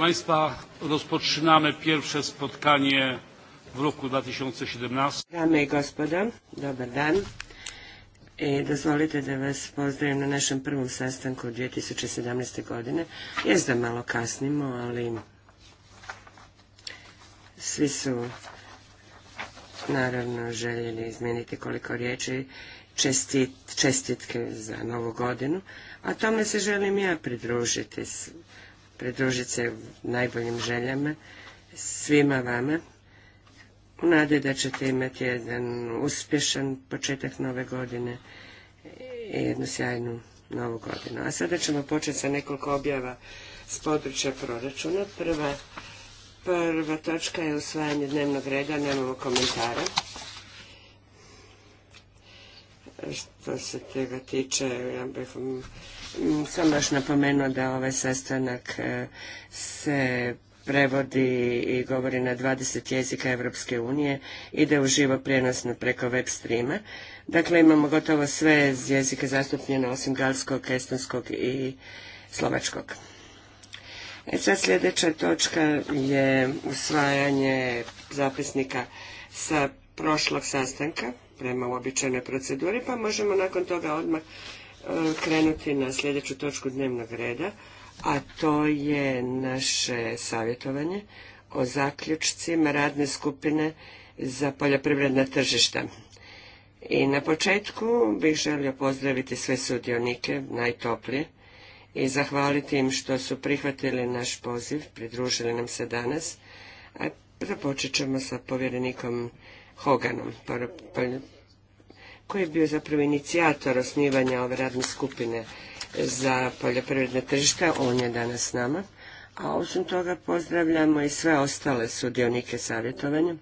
Państwa, rozpoczynamy pierwsze spotkanie w roku 2017. Dame i gospodo, dobar dan. I e, dozvolite da vas pozdravim na našem prvom sastanku 2017. godine. Jest da malo kasnimo, ali svi su naravno željeli izmijeniti koliko riječi čestit, čestitke za novu godinu, a tome se želim ja pridružiti pridružiti se najboljim željama svima vama u nadi da ćete imati jedan uspješan početak nove godine i jednu sjajnu novu godinu. A sada ćemo početi sa nekoliko objava s područja proračuna. Prva, točka je usvajanje dnevnog reda, nemamo komentara. Što se tega tiče, ja bih sam još napomenuo da ovaj sastanak e, se prevodi i govori na 20 jezika Evropske unije, ide u živo prijenosno preko web streama. Dakle, imamo gotovo sve jezike zastupljene osim galskog, estonskog i slovačkog. E sad sljedeća točka je usvajanje zapisnika sa prošlog sastanka prema uobičajenoj proceduri, pa možemo nakon toga odmah krenuti na sljedeću točku dnevnog reda, a to je naše savjetovanje o zaključcima radne skupine za poljoprivredna tržišta. I na početku bih želio pozdraviti sve sudionike najtoplije i zahvaliti im što su prihvatili naš poziv, pridružili nam se danas. A započet ćemo sa povjerenikom Hoganom, koji je bio zapravo inicijator osnivanja ove radne skupine za poljoprivredne tržišta, on je danas s nama. A osim toga pozdravljamo i sve ostale sudionike savjetovanja.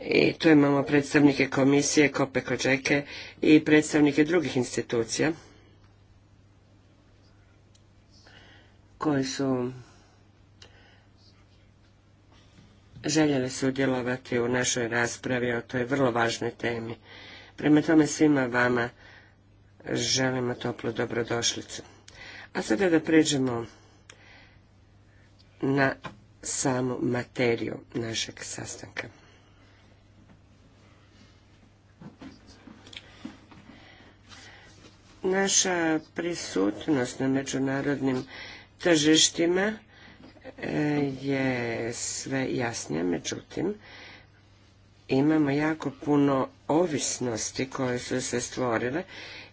I tu imamo predstavnike komisije, kope Kođeke i predstavnike drugih institucija koji su željele sudjelovati u našoj raspravi o toj vrlo važnoj temi. Prema tome svima vama želimo toplu dobrodošlicu. A sada da pređemo na samu materiju našeg sastanka. Naša prisutnost na međunarodnim tržištima je sve jasnije, međutim, imamo jako puno ovisnosti koje su se stvorile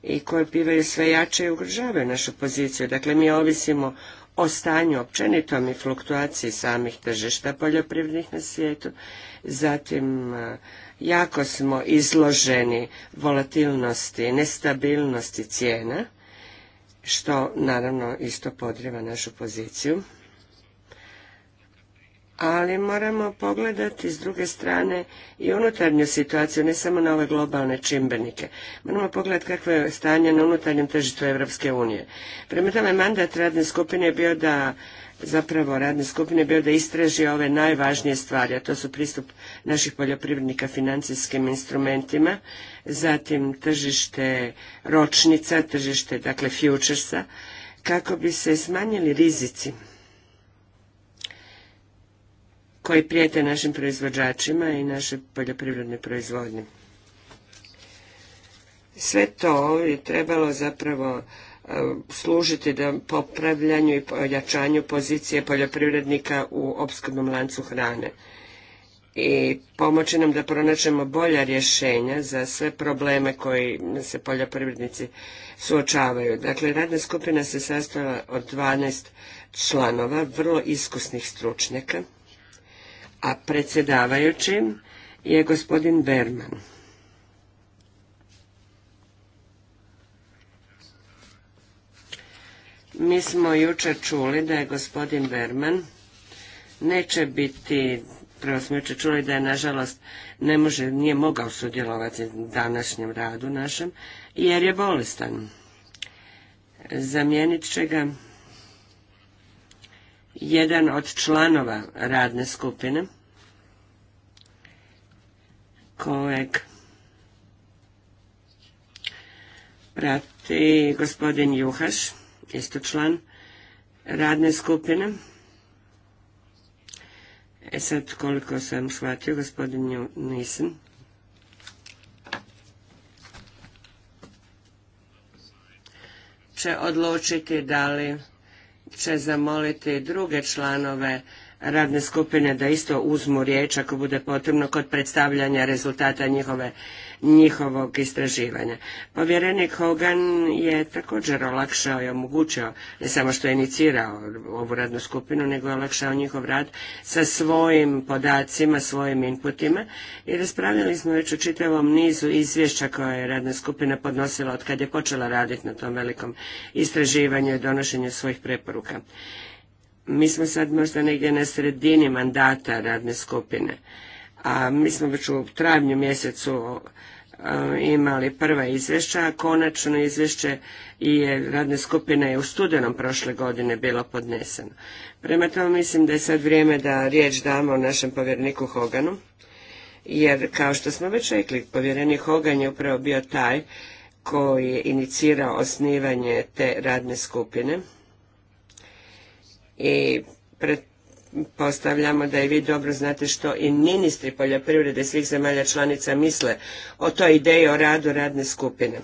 i koje pivaju sve jače i ugrožavaju našu poziciju. Dakle, mi ovisimo o stanju općenitom i fluktuaciji samih tržišta poljoprivrednih na svijetu. Zatim, e, jako smo izloženi volatilnosti, nestabilnosti cijena, što naravno isto podriva našu poziciju ali moramo pogledati s druge strane i unutarnju situaciju, ne samo na ove globalne čimbenike. Moramo pogledati kakvo je stanje na unutarnjem tržištu Europske unije. Prema tome, mandat radne skupine je bio da zapravo radne skupine je bio da istraži ove najvažnije stvari, a to su pristup naših poljoprivrednika financijskim instrumentima, zatim tržište ročnica, tržište dakle futuresa, kako bi se smanjili rizici koji prijete našim proizvođačima i našoj poljoprivrednoj proizvodnji. Sve to je trebalo zapravo e, služiti da popravljanju i pojačanju pozicije poljoprivrednika u opskrbnom lancu hrane i pomoći nam da pronaćemo bolja rješenja za sve probleme koji se poljoprivrednici suočavaju. Dakle, radna skupina se sastojala od 12 članova, vrlo iskusnih stručnjaka a predsjedavajući je gospodin Berman. Mi smo jučer čuli da je gospodin Berman neće biti, prvo smo jučer čuli da je nažalost ne može, nije mogao sudjelovati u današnjem radu našem, jer je bolestan. Zamijenit će ga jedan od članova radne skupine kojeg prati gospodin Juhaš, isto član radne skupine. E sad, koliko sam shvatio, gospodin nisam. će odlučiti da li će zamoliti druge članove radne skupine da isto uzmu riječ ako bude potrebno kod predstavljanja rezultata njihove, njihovog istraživanja. Povjerenik Hogan je također olakšao i omogućio, ne samo što je inicirao ovu radnu skupinu, nego je olakšao njihov rad sa svojim podacima, svojim inputima i raspravljali smo već u čitavom nizu izvješća koje je radna skupina podnosila od kad je počela raditi na tom velikom istraživanju i donošenju svojih preporuka. Mi smo sad možda negdje na sredini mandata radne skupine, a mi smo već u travnju mjesecu e, imali prva izvješća, a konačno izvješće i radne skupine je u studenom prošle godine bilo podneseno. Prema tome mislim da je sad vrijeme da riječ damo našem povjereniku Hoganu, jer kao što smo već rekli, povjerenik Hogan je upravo bio taj koji je inicirao osnivanje te radne skupine i pretpostavljamo da i vi dobro znate što i ministri poljoprivrede svih zemalja članica misle o toj ideji o radu radne skupine.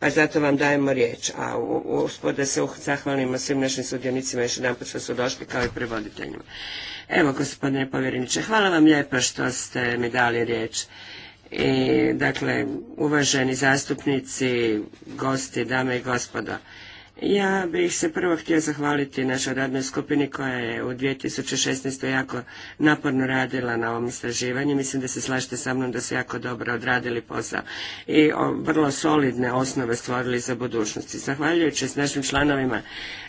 Pa zato vam dajemo riječ, a uspod da se zahvalimo svim našim sudionicima još jedan što su došli kao i prevoditeljima. Evo gospodine povjereniče, hvala vam lijepa što ste mi dali riječ. I, dakle, uvaženi zastupnici, gosti, dame i gospodo, ja bih se prvo htio zahvaliti našoj radnoj skupini koja je u 2016. jako naporno radila na ovom istraživanju. Mislim da se slažete sa mnom da su jako dobro odradili posao i vrlo solidne osnove stvorili za i Zahvaljujući s našim članovima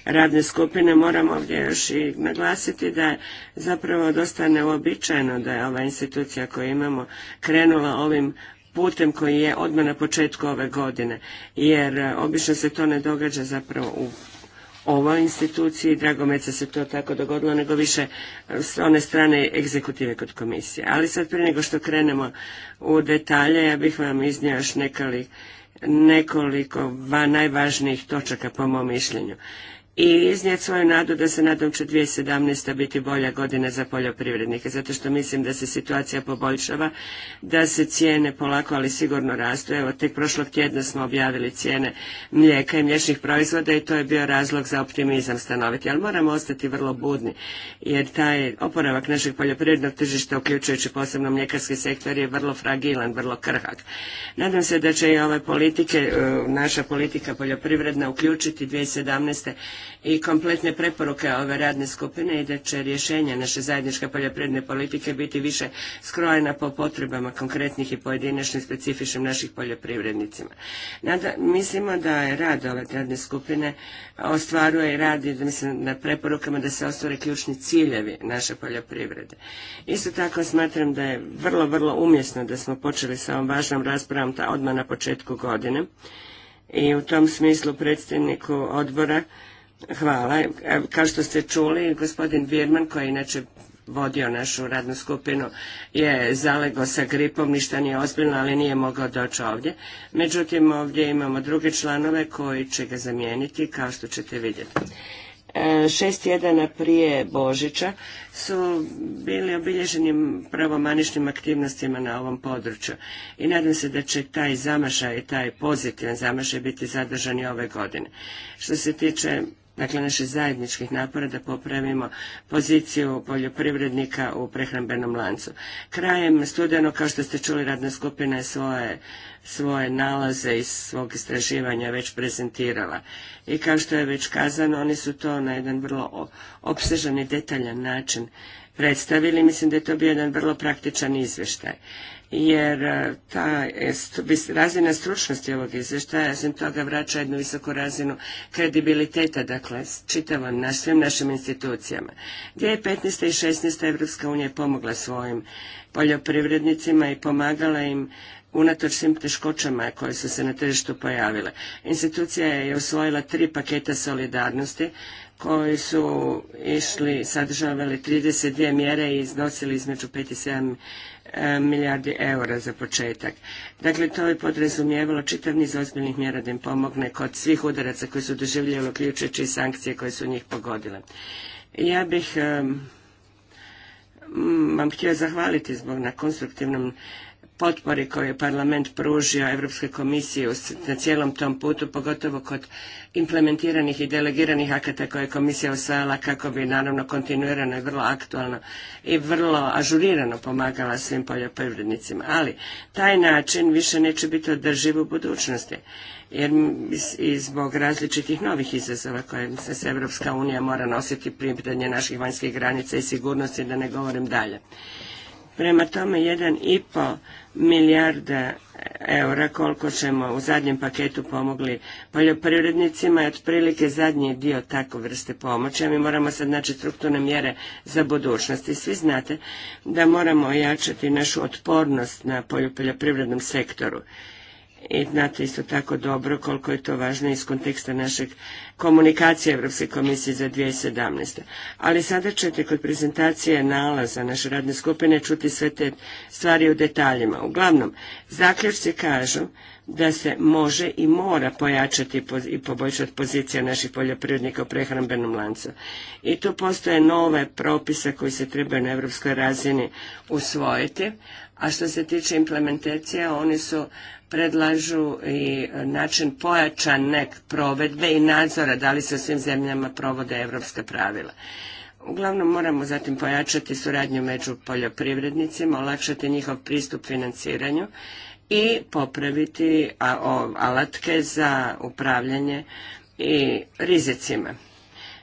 radne skupine moram ovdje još i naglasiti da je zapravo dosta neuobičajeno da je ova institucija koju imamo krenula ovim putem koji je odmah na početku ove godine, jer e, obično se to ne događa zapravo u ovoj instituciji, drago da se to tako dogodilo, nego više e, s one strane egzekutive kod komisije. Ali sad prije nego što krenemo u detalje, ja bih vam iznio još nekoliko najvažnijih točaka po mom mišljenju i iznijeti svoju nadu da se nadam će 2017. biti bolja godina za poljoprivrednike, zato što mislim da se situacija poboljšava, da se cijene polako ali sigurno rastu. Evo, tek prošlog tjedna smo objavili cijene mlijeka i mliječnih proizvoda i to je bio razlog za optimizam stanoviti, ali moramo ostati vrlo budni, jer taj oporavak našeg poljoprivrednog tržišta, uključujući posebno mljekarski sektor, je vrlo fragilan, vrlo krhak. Nadam se da će i ove politike, e, naša politika poljoprivredna uključiti 2017 i kompletne preporuke ove radne skupine i da će rješenja naše zajedničke poljoprivredne politike biti više skrojena po potrebama konkretnih i pojedinačnih specifičnim naših poljoprivrednicima. mislimo da je rad ove radne skupine ostvaruje i radi na preporukama da se ostvare ključni ciljevi naše poljoprivrede. Isto tako smatram da je vrlo, vrlo umjesno da smo počeli sa ovom važnom raspravom odmah na početku godine i u tom smislu predstavniku odbora Hvala. E, kao što ste čuli, gospodin Birman, koji je inače vodio našu radnu skupinu, je zalego sa gripom, ništa nije ozbiljno, ali nije mogao doći ovdje. Međutim, ovdje imamo druge članove koji će ga zamijeniti, kao što ćete vidjeti. E, šest tjedana prije Božića su bili obilježeni pravomaničnim aktivnostima na ovom području i nadam se da će taj zamašaj, taj pozitivan zamašaj biti zadržan i ove godine. Što se tiče dakle naših zajedničkih napora da popravimo poziciju poljoprivrednika u prehrambenom lancu. Krajem studenog, kao što ste čuli, radna skupina je svoje svoje nalaze iz svog istraživanja već prezentirala. I kao što je već kazano, oni su to na jedan vrlo opsežan i detaljan način predstavili. Mislim da je to bio jedan vrlo praktičan izvještaj jer e, ta razina stručnosti ovog izvještaja osim toga vraća jednu visoku razinu kredibiliteta, dakle, čitavom na svim našim institucijama. 2015. i 2016. Evropska unija je pomogla svojim poljoprivrednicima i pomagala im unatoč svim teškoćama koje su se na tržištu pojavile. Institucija je usvojila tri paketa solidarnosti koji su išli, sadržavali 32 mjere i iznosili između 5 i 7 e, milijardi eura za početak. Dakle, to je podrazumijevalo čitav niz ozbiljnih mjera da im pomogne kod svih udaraca koji su doživljeli, uključujući sankcije koje su njih pogodile. Ja bih e, vam htio zahvaliti zbog na konstruktivnom potpori koju je parlament pružio Europske komisije na cijelom tom putu, pogotovo kod implementiranih i delegiranih akata koje je komisija usvajala kako bi naravno kontinuirano i vrlo aktualno i vrlo ažurirano pomagala svim poljoprivrednicima. Ali taj način više neće biti održiv u budućnosti jer i zbog različitih novih izazova kojim se Europska unija mora nositi pitanje naših vanjskih granica i sigurnosti, da ne govorim dalje. Prema tome, jedan i pol milijarda eura koliko ćemo u zadnjem paketu pomogli poljoprivrednicima i otprilike zadnji dio takve vrste pomoći, mi moramo sad naći strukturne mjere za budućnost. I svi znate da moramo ojačati našu otpornost na poljoprivrednom sektoru i znate isto tako dobro koliko je to važno iz konteksta našeg komunikacije Europske komisije za 2017. Ali sada ćete kod prezentacije nalaza naše radne skupine čuti sve te stvari u detaljima. Uglavnom, zaključci kažu da se može i mora pojačati i poboljšati pozicija naših poljoprivrednika u prehrambenom lancu. I tu postoje nove propise koji se trebaju na europskoj razini usvojiti, a što se tiče implementacije, oni su predlažu i način nek provedbe i nadzora da li se svim zemljama provode evropska pravila. Uglavnom moramo zatim pojačati suradnju među poljoprivrednicima, olakšati njihov pristup financiranju i popraviti alatke za upravljanje i rizicima.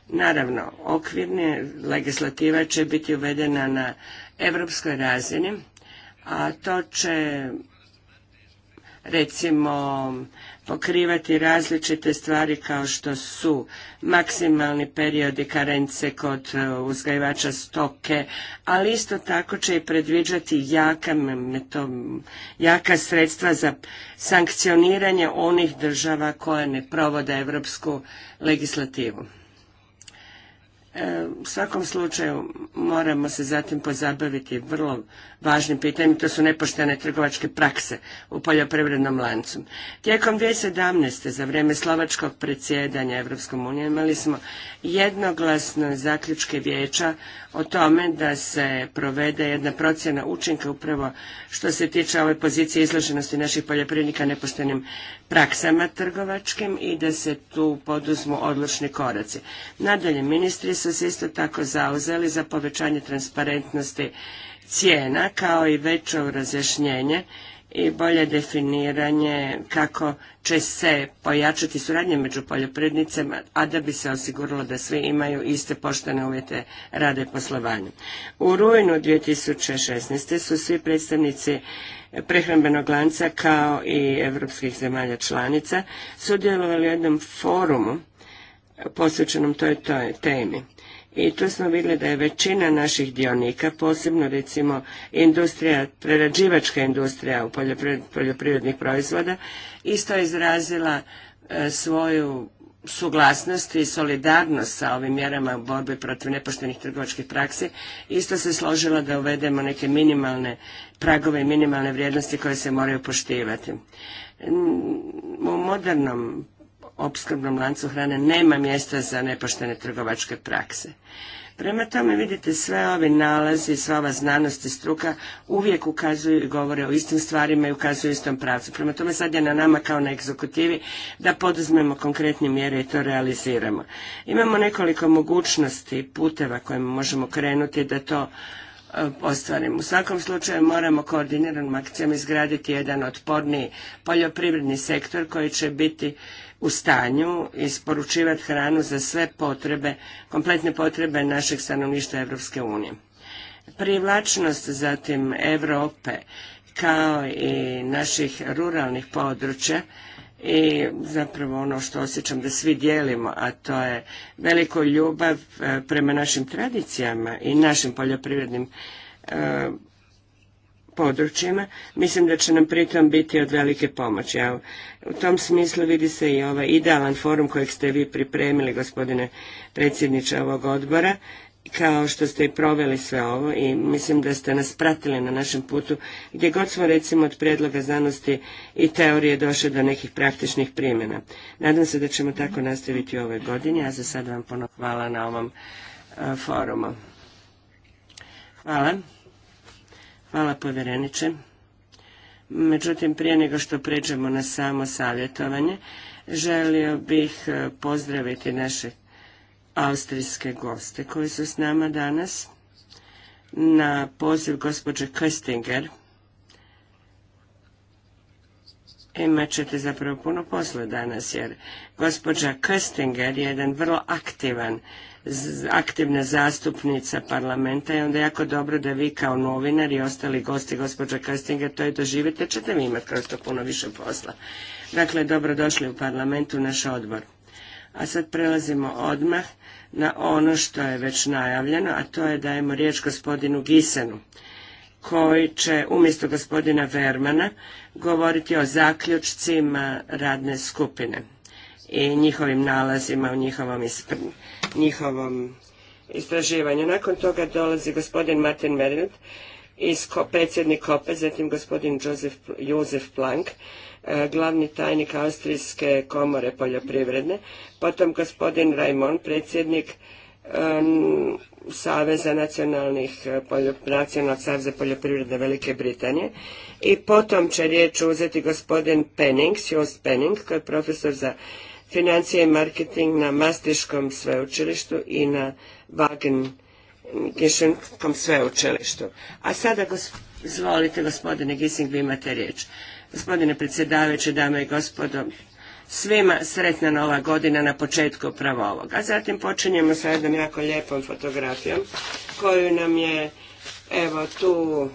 Naravno, okvirne legislativa će biti uvedena na evropskoj razini a to će recimo pokrivati različite stvari kao što su maksimalni periodi karence kod e, uzgajivača stoke, ali isto tako će i predviđati jaka, jaka sredstva za sankcioniranje onih država koje ne provode europsku legislativu. E, u svakom slučaju moramo se zatim pozabaviti vrlo važnim pitanjem, to su nepoštene trgovačke prakse u poljoprivrednom lancu. Tijekom 2017. za vrijeme slovačkog predsjedanja Europskom unijom imali smo jednoglasno zaključke vijeća o tome da se provede jedna procjena učinka upravo što se tiče ove pozicije izloženosti naših poljoprivrednika nepoštenim praksama trgovačkim i da se tu poduzmu odlučni koraci. Nadalje, ministri su se isto tako zauzeli za povećanje transparentnosti cijena kao i veće razjašnjenje i bolje definiranje kako će se pojačati suradnje među poljoprivrednicima, a da bi se osiguralo da svi imaju iste poštene uvjete rade i poslovanja. U rujnu 2016. su svi predstavnici prehrambenog lanca kao i evropskih zemalja članica sudjelovali u jednom forumu posvećenom toj temi i tu smo vidjeli da je većina naših dionika, posebno recimo industrija, prerađivačka industrija u poljoprivrednih proizvoda, isto izrazila e, svoju suglasnost i solidarnost sa ovim mjerama u borbi protiv nepoštenih trgovačkih praksi, isto se složila da uvedemo neke minimalne pragove i minimalne vrijednosti koje se moraju poštivati. U modernom opskrbnom lancu hrane nema mjesta za nepoštene trgovačke prakse. Prema tome vidite sve ovi nalazi, sva ova znanost i struka uvijek ukazuju i govore o istim stvarima i ukazuju istom pravcu. Prema tome sad je na nama kao na egzekutivi da poduzmemo konkretne mjere i to realiziramo. Imamo nekoliko mogućnosti puteva kojima možemo krenuti da to e, ostvarimo. U svakom slučaju moramo koordiniranom akcijom izgraditi jedan otporniji poljoprivredni sektor koji će biti u stanju isporučivati hranu za sve potrebe, kompletne potrebe našeg stanovništva Europske unije. Privlačnost zatim Europe kao i naših ruralnih područja i zapravo ono što osjećam da svi dijelimo, a to je veliko ljubav eh, prema našim tradicijama i našim poljoprivrednim eh, područjima, mislim da će nam pritom biti od velike pomoći. Evo, u tom smislu vidi se i ovaj idealan forum kojeg ste vi pripremili, gospodine predsjedniče ovog odbora, kao što ste i proveli sve ovo i mislim da ste nas pratili na našem putu gdje god smo recimo od prijedloga znanosti i teorije došli do nekih praktičnih primjena. Nadam se da ćemo tako nastaviti u ovoj godini, a za sad vam puno hvala na ovom e, forumu. Hvala. Hvala povjereniče. Međutim, prije nego što pređemo na samo savjetovanje, želio bih e, pozdraviti naše austrijske goste koji su s nama danas na poziv gospođe Köstinger. Imat ćete zapravo puno posla danas jer gospođa Köstinger je jedan vrlo aktivan aktivna zastupnica parlamenta i onda je jako dobro da vi kao novinar i ostali gosti gospođa Kastinga to i doživite, ćete vi imati kroz to puno više posla. Dakle, dobrodošli u parlamentu naš odbor. A sad prelazimo odmah na ono što je već najavljeno, a to je dajemo riječ gospodinu Gisenu, koji će umjesto gospodina Vermana govoriti o zaključcima radne skupine i njihovim nalazima u njihovom, njihovom istraživanju. Nakon toga dolazi gospodin Martin i predsjednik COPE, zatim gospodin Josef Plank, e, glavni tajnik Austrijske komore poljoprivredne, potom gospodin Raimon, predsjednik e, Saveza nacionalnih, e, nacionalnog saveza poljoprivredne Velike Britanije i potom će riječ uzeti gospodin Penning Sjust Penning, koji je profesor za Financija i marketing na Mastriškom sveučilištu i na Wagenkišenskom sveučilištu. A sada, izvolite gospodine Gising, vi imate riječ. Gospodine predsjedavajući, dame i gospodo, svima sretna nova godina na početku pravo ovoga. A zatim počinjemo sa jednom jako lijepom fotografijom koju nam je evo tu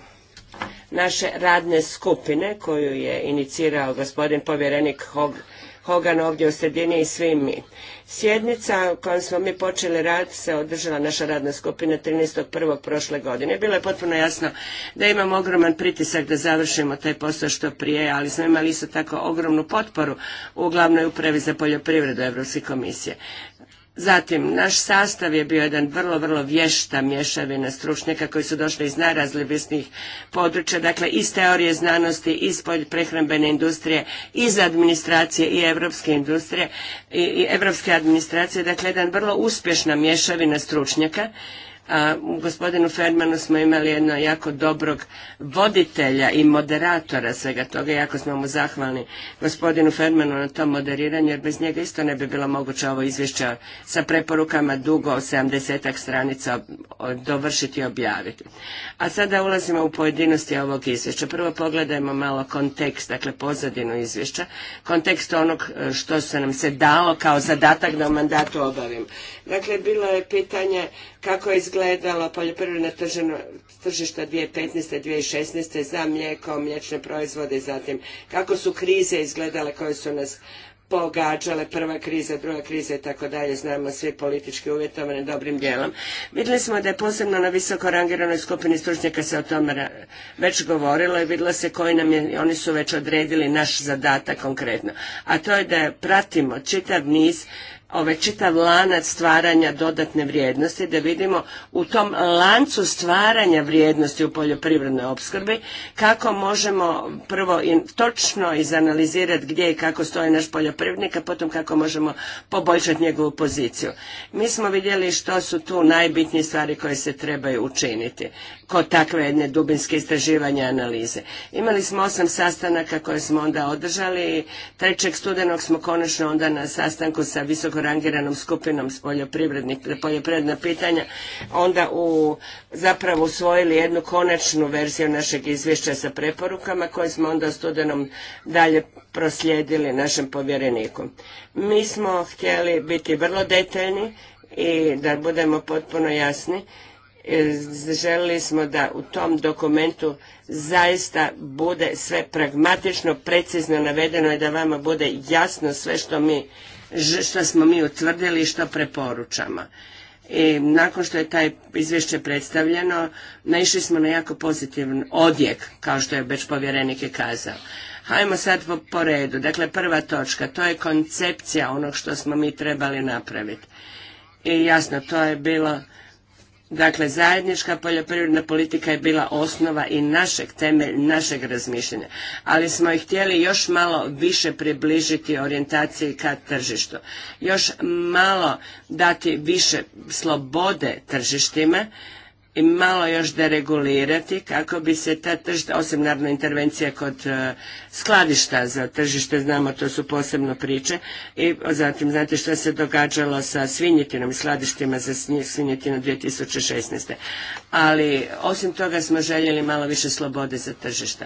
naše radne skupine koju je inicirao gospodin povjerenik Hogg. Hogan ovdje u sredini i svi mi. Sjednica kojom smo mi počeli rad se održala naša radna skupina 13.1. prošle godine. Bilo je potpuno jasno da imamo ogroman pritisak da završimo taj posao što prije, ali smo imali isto tako ogromnu potporu u glavnoj upravi za poljoprivredu Europske komisije. Zatim, naš sastav je bio jedan vrlo, vrlo vješta mješavina stručnjaka koji su došli iz najrazljivisnijih područja, dakle iz teorije znanosti, iz prehrambene industrije, iz administracije i evropske industrije i, i evropske administracije, dakle jedan vrlo uspješna mješavina stručnjaka u gospodinu Fermanu smo imali jedno jako dobrog voditelja i moderatora svega toga. Jako smo mu zahvalni gospodinu Fermanu na tom moderiranju jer bez njega isto ne bi bilo moguće ovo izvješće sa preporukama dugo 70 stranica dovršiti i objaviti. A sada ulazimo u pojedinosti ovog izvješća. Prvo pogledajmo malo kontekst, dakle pozadinu izvješća, kontekst onog e, što se nam se dalo kao zadatak da u mandatu obavim. Dakle, bilo je pitanje kako je izgledalo poljoprivredno tržište 2015. 2016. za mlijeko, mliječne proizvode zatim kako su krize izgledale koje su nas pogađale prva kriza, druga kriza i tako dalje, znamo svi politički uvjetovane dobrim dijelom. Vidjeli smo da je posebno na visoko rangiranoj skupini stručnjaka se o tome već govorilo i vidjelo se koji nam je, oni su već odredili naš zadatak konkretno, a to je da pratimo čitav niz ovaj čitav lanac stvaranja dodatne vrijednosti, da vidimo u tom lancu stvaranja vrijednosti u poljoprivrednoj opskrbi kako možemo prvo točno izanalizirati gdje i kako stoje naš poljoprivrednik, a potom kako možemo poboljšati njegovu poziciju. Mi smo vidjeli što su tu najbitnije stvari koje se trebaju učiniti kod takve jedne dubinske istraživanja analize. Imali smo osam sastanaka koje smo onda održali. trećeg studenog smo konačno onda na sastanku sa visoko rangiranom skupinom s poljoprivredna pitanja, onda u, zapravo usvojili jednu konačnu verziju našeg izvješća sa preporukama koje smo onda studenom dalje proslijedili našem povjereniku. Mi smo htjeli biti vrlo detaljni i da budemo potpuno jasni e, želili smo da u tom dokumentu zaista bude sve pragmatično, precizno navedeno i da vama bude jasno sve što mi što smo mi utvrdili i što preporučamo. I nakon što je taj izvješće predstavljeno, naišli smo na jako pozitivan odjek, kao što je već povjerenik je kazao. Hajmo sad po, po redu. Dakle, prva točka, to je koncepcija onog što smo mi trebali napraviti. I jasno, to je bilo Dakle, zajednička poljoprivredna politika je bila osnova i našeg temelj, našeg razmišljanja, ali smo ih htjeli još malo više približiti orijentaciji ka tržištu, još malo dati više slobode tržištima i malo još deregulirati kako bi se ta tržišta, osim naravno intervencija kod e, skladišta za tržište, znamo to su posebno priče i zatim znate što se događalo sa svinjetinom i skladištima za svinjetinu 2016. Ali osim toga smo željeli malo više slobode za tržišta.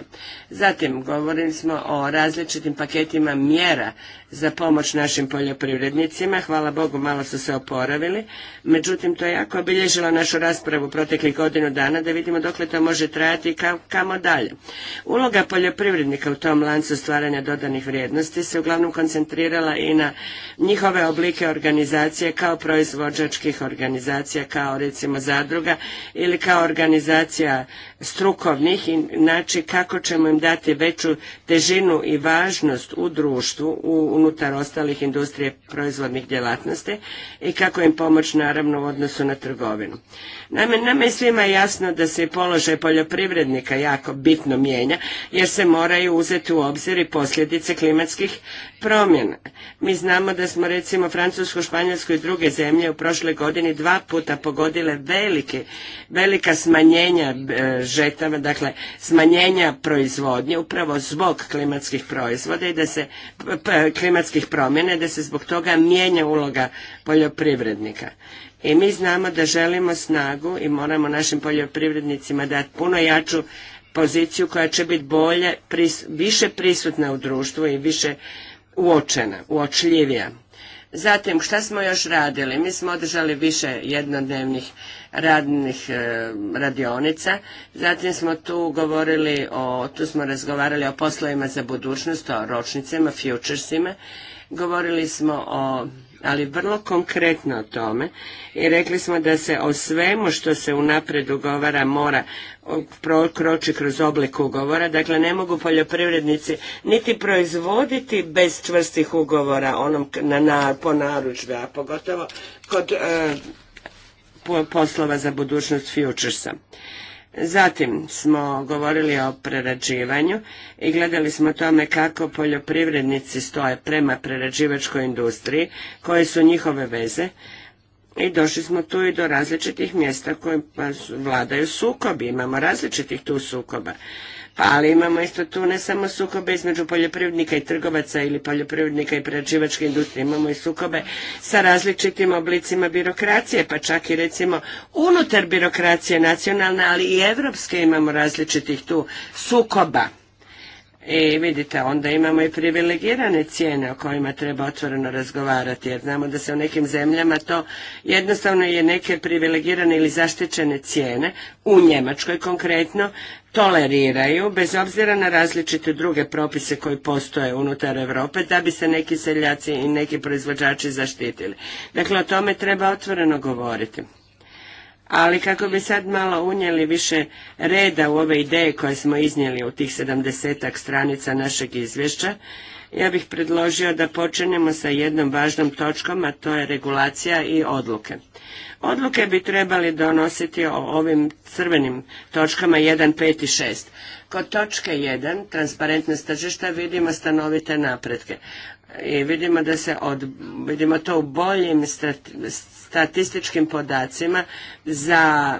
Zatim govorili smo o različitim paketima mjera za pomoć našim poljoprivrednicima. Hvala Bogu malo su se oporavili. Međutim, to je jako obilježilo našu raspravu protiv proteklih godinu dana da vidimo dokle to može trajati i kamo dalje. Uloga poljoprivrednika u tom lancu stvaranja dodanih vrijednosti se uglavnom koncentrirala i na njihove oblike organizacije kao proizvođačkih organizacija, kao recimo zadruga ili kao organizacija strukovnih i znači kako ćemo im dati veću težinu i važnost u društvu unutar ostalih industrije proizvodnih djelatnosti i kako im pomoć naravno u odnosu na trgovinu. Naime, nama je svima jasno da se položaj poljoprivrednika jako bitno mijenja jer se moraju uzeti u obzir i posljedice klimatskih promjena. Mi znamo da smo recimo Francusku, Španjolsku i druge zemlje u prošloj godini dva puta pogodile velike, velika smanjenja e, žetava, dakle smanjenja proizvodnje upravo zbog klimatskih proizvoda i da se klimatskih promjena da se zbog toga mijenja uloga poljoprivrednika. I mi znamo da želimo snagu i moramo našim poljoprivrednicima dati puno jaču poziciju koja će biti bolje, više prisutna u društvu i više uočena, uočljivija. Zatim, šta smo još radili? Mi smo održali više jednodnevnih radnih e, radionica, zatim smo tu govorili o, tu smo razgovarali o poslovima za budućnost, o ročnicama, futuresima, govorili smo o ali vrlo konkretno o tome i rekli smo da se o svemu što se unaprijed ugovara mora kroči kroz oblik ugovora. Dakle, ne mogu poljoprivrednici niti proizvoditi bez čvrstih ugovora onom na, na, po naručbe, a pogotovo kod e, poslova za budućnost futuresa. Zatim smo govorili o prerađivanju i gledali smo tome kako poljoprivrednici stoje prema prerađivačkoj industriji, koje su njihove veze i došli smo tu i do različitih mjesta koje vladaju sukobi. Imamo različitih tu sukoba. Pa ali imamo isto tu ne samo sukobe između poljoprivrednika i trgovaca ili poljoprivrednika i prerađivačke industrije, imamo i sukobe sa različitim oblicima birokracije, pa čak i recimo unutar birokracije nacionalne, ali i evropske imamo različitih tu sukoba i vidite, onda imamo i privilegirane cijene o kojima treba otvoreno razgovarati, jer znamo da se u nekim zemljama to jednostavno je neke privilegirane ili zaštićene cijene, u Njemačkoj konkretno, toleriraju, bez obzira na različite druge propise koji postoje unutar Europe, da bi se neki seljaci i neki proizvođači zaštitili. Dakle, o tome treba otvoreno govoriti ali kako bi sad malo unijeli više reda u ove ideje koje smo iznijeli u tih sedamdesetak stranica našeg izvješća, ja bih predložio da počinjemo sa jednom važnom točkom, a to je regulacija i odluke. Odluke bi trebali donositi o ovim crvenim točkama 1, 5 i 6. Kod točke 1, transparentnost tržišta, vidimo stanovite napretke. I vidimo da se od, vidimo to u boljim statističkim podacima za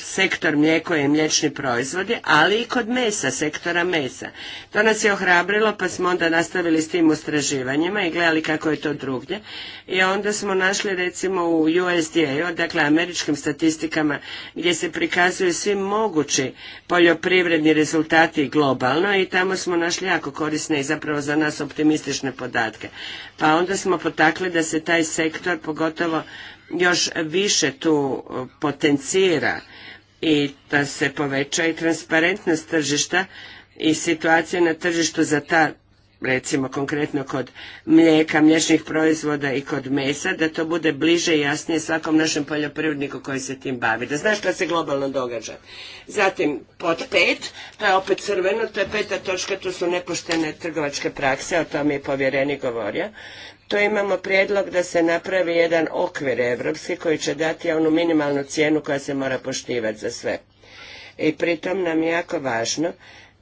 sektor mlijeko i mliječni proizvodi, ali i kod mesa, sektora mesa. To nas je ohrabrilo pa smo onda nastavili s tim istraživanjima i gledali kako je to drugdje. I onda smo našli recimo u USDA-u, dakle američkim statistikama gdje se prikazuju svi mogući poljoprivredni rezultati globalno i tamo smo našli jako korisne i zapravo za nas optimistične podatke. Pa onda smo potakli da se taj sektor pogotovo još više tu eh, potencira i da se poveća i transparentnost tržišta i situacija na tržištu za ta recimo konkretno kod mlijeka, mliječnih proizvoda i kod mesa, da to bude bliže i jasnije svakom našem poljoprivredniku koji se tim bavi. Da znaš šta se globalno događa. Zatim, pod pet, to je opet crveno, to je peta točka, to su nepoštene trgovačke prakse, o tome je povjereni govorio. To imamo prijedlog da se napravi jedan okvir evropski koji će dati onu minimalnu cijenu koja se mora poštivati za sve. I pritom nam je jako važno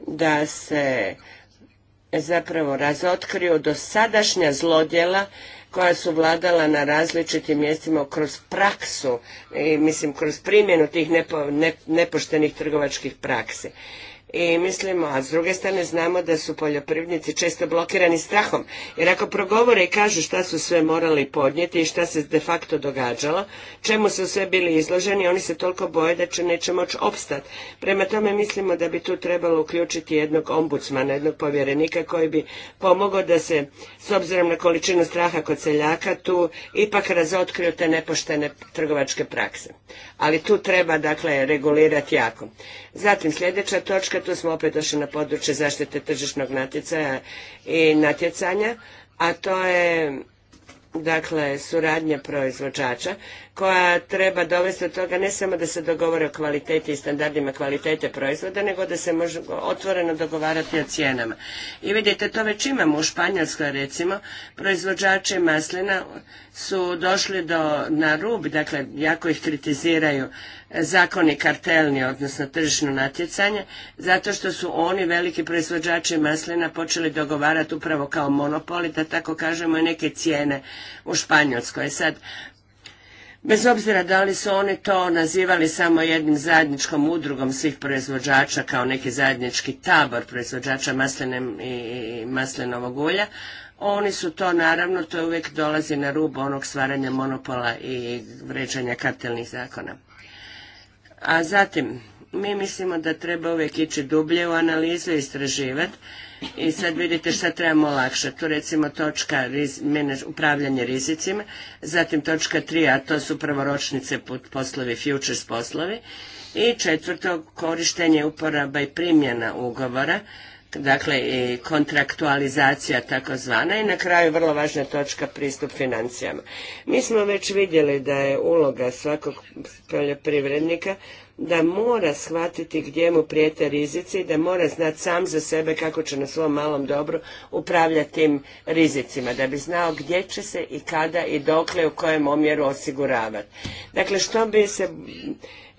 da se zapravo razotkriju dosadašnja zlodjela koja su vladala na različitim mjestima kroz praksu i mislim kroz primjenu tih nepoštenih trgovačkih praksi i mislimo, a s druge strane znamo da su poljoprivrednici često blokirani strahom, jer ako progovore i kažu šta su sve morali podnijeti i šta se de facto događalo, čemu su sve bili izloženi, oni se toliko boje da će neće moći opstat. Prema tome mislimo da bi tu trebalo uključiti jednog ombudsmana, jednog povjerenika koji bi pomogao da se, s obzirom na količinu straha kod seljaka, tu ipak razotkriju te nepoštene trgovačke prakse. Ali tu treba, dakle, regulirati jako. Zatim, sljedeća točka tu smo opet došli na područje zaštite tržišnog natjecaja i natjecanja, a to je dakle suradnja proizvođača koja treba dovesti do toga ne samo da se dogovore o kvaliteti i standardima kvalitete proizvoda nego da se može otvoreno dogovarati o cijenama. I vidite to već imamo u Španjolskoj recimo proizvođači maslina su došli do, na rub, dakle jako ih kritiziraju zakoni kartelni, odnosno tržišno natjecanje, zato što su oni veliki proizvođači maslina počeli dogovarati upravo kao monopoli, da tako kažemo, i neke cijene u Španjolskoj. Sad, bez obzira da li su oni to nazivali samo jednim zajedničkom udrugom svih proizvođača kao neki zajednički tabor proizvođača masline i maslinovog ulja, oni su to naravno, to uvijek dolazi na rubu onog stvaranja monopola i vređanja kartelnih zakona. A zatim, mi mislimo da treba uvijek ići dublje u analizu i istraživati i sad vidite šta trebamo olakšati. Tu recimo točka upravljanje rizicima, zatim točka tri, a to su prvoročnice poslovi, futures poslovi i četvrto korištenje uporaba i primjena ugovora dakle i kontraktualizacija takozvana i na kraju vrlo važna točka pristup financijama. Mi smo već vidjeli da je uloga svakog poljoprivrednika da mora shvatiti gdje mu prijete rizici, da mora znati sam za sebe kako će na svom malom dobru upravljati tim rizicima, da bi znao gdje će se i kada i dokle u kojem omjeru osiguravati. Dakle, što bi se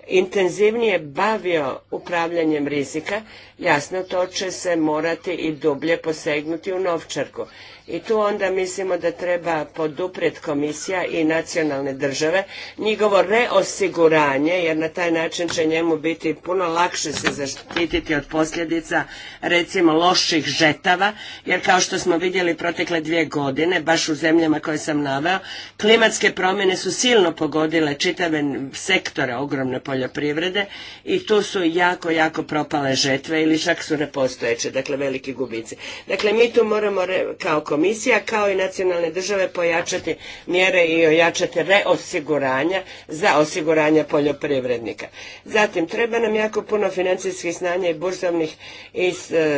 intenzivnije bavio upravljanjem rizika, jasno to će se morati i dublje posegnuti u novčarku. I tu onda mislimo da treba poduprijeti komisija i nacionalne države njihovo reosiguranje jer na taj način će njemu biti puno lakše se zaštititi od posljedica recimo loših žetava jer kao što smo vidjeli protekle dvije godine baš u zemljama koje sam naveo klimatske promjene su silno pogodile čitave sektore ogromne poljoprivrede i tu su jako, jako propale žetve ili čak su nepostojeće, dakle veliki gubici. Dakle, mi tu moramo kao misija, kao i nacionalne države pojačati mjere i ojačati reosiguranja za osiguranje poljoprivrednika. Zatim, treba nam jako puno financijskih znanja i burzovnih e,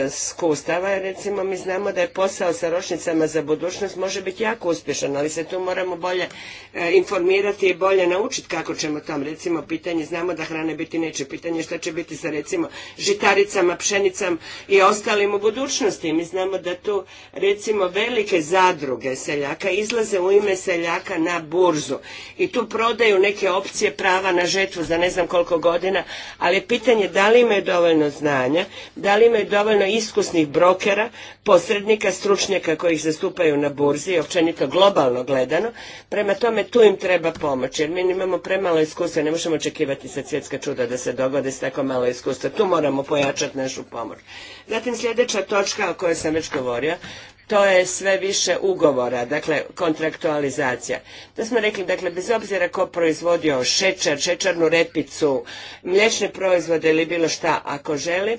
iskustava. Recimo, mi znamo da je posao sa ročnicama za budućnost može biti jako uspješan, ali se tu moramo bolje e, informirati i bolje naučiti kako ćemo to, Recimo, pitanje, znamo da hrane biti neće. Pitanje što će biti sa, recimo, žitaricama, pšenicama i ostalim u budućnosti. Mi znamo da tu, recimo, velike zadruge seljaka izlaze u ime seljaka na burzu i tu prodaju neke opcije prava na žetvu za ne znam koliko godina, ali je pitanje da li imaju dovoljno znanja, da li imaju dovoljno iskusnih brokera, posrednika, stručnjaka koji ih zastupaju na burzi i općenito globalno gledano. Prema tome tu im treba pomoć jer mi imamo premalo iskustva, ne možemo očekivati sa svjetska čuda da se dogode s tako malo iskustva. Tu moramo pojačati našu pomoć. Zatim sljedeća točka o kojoj sam već govorio, to je sve više ugovora, dakle kontraktualizacija. To smo rekli, dakle bez obzira ko proizvodio šećer, šećernu repicu, mliječne proizvode ili bilo šta ako želi,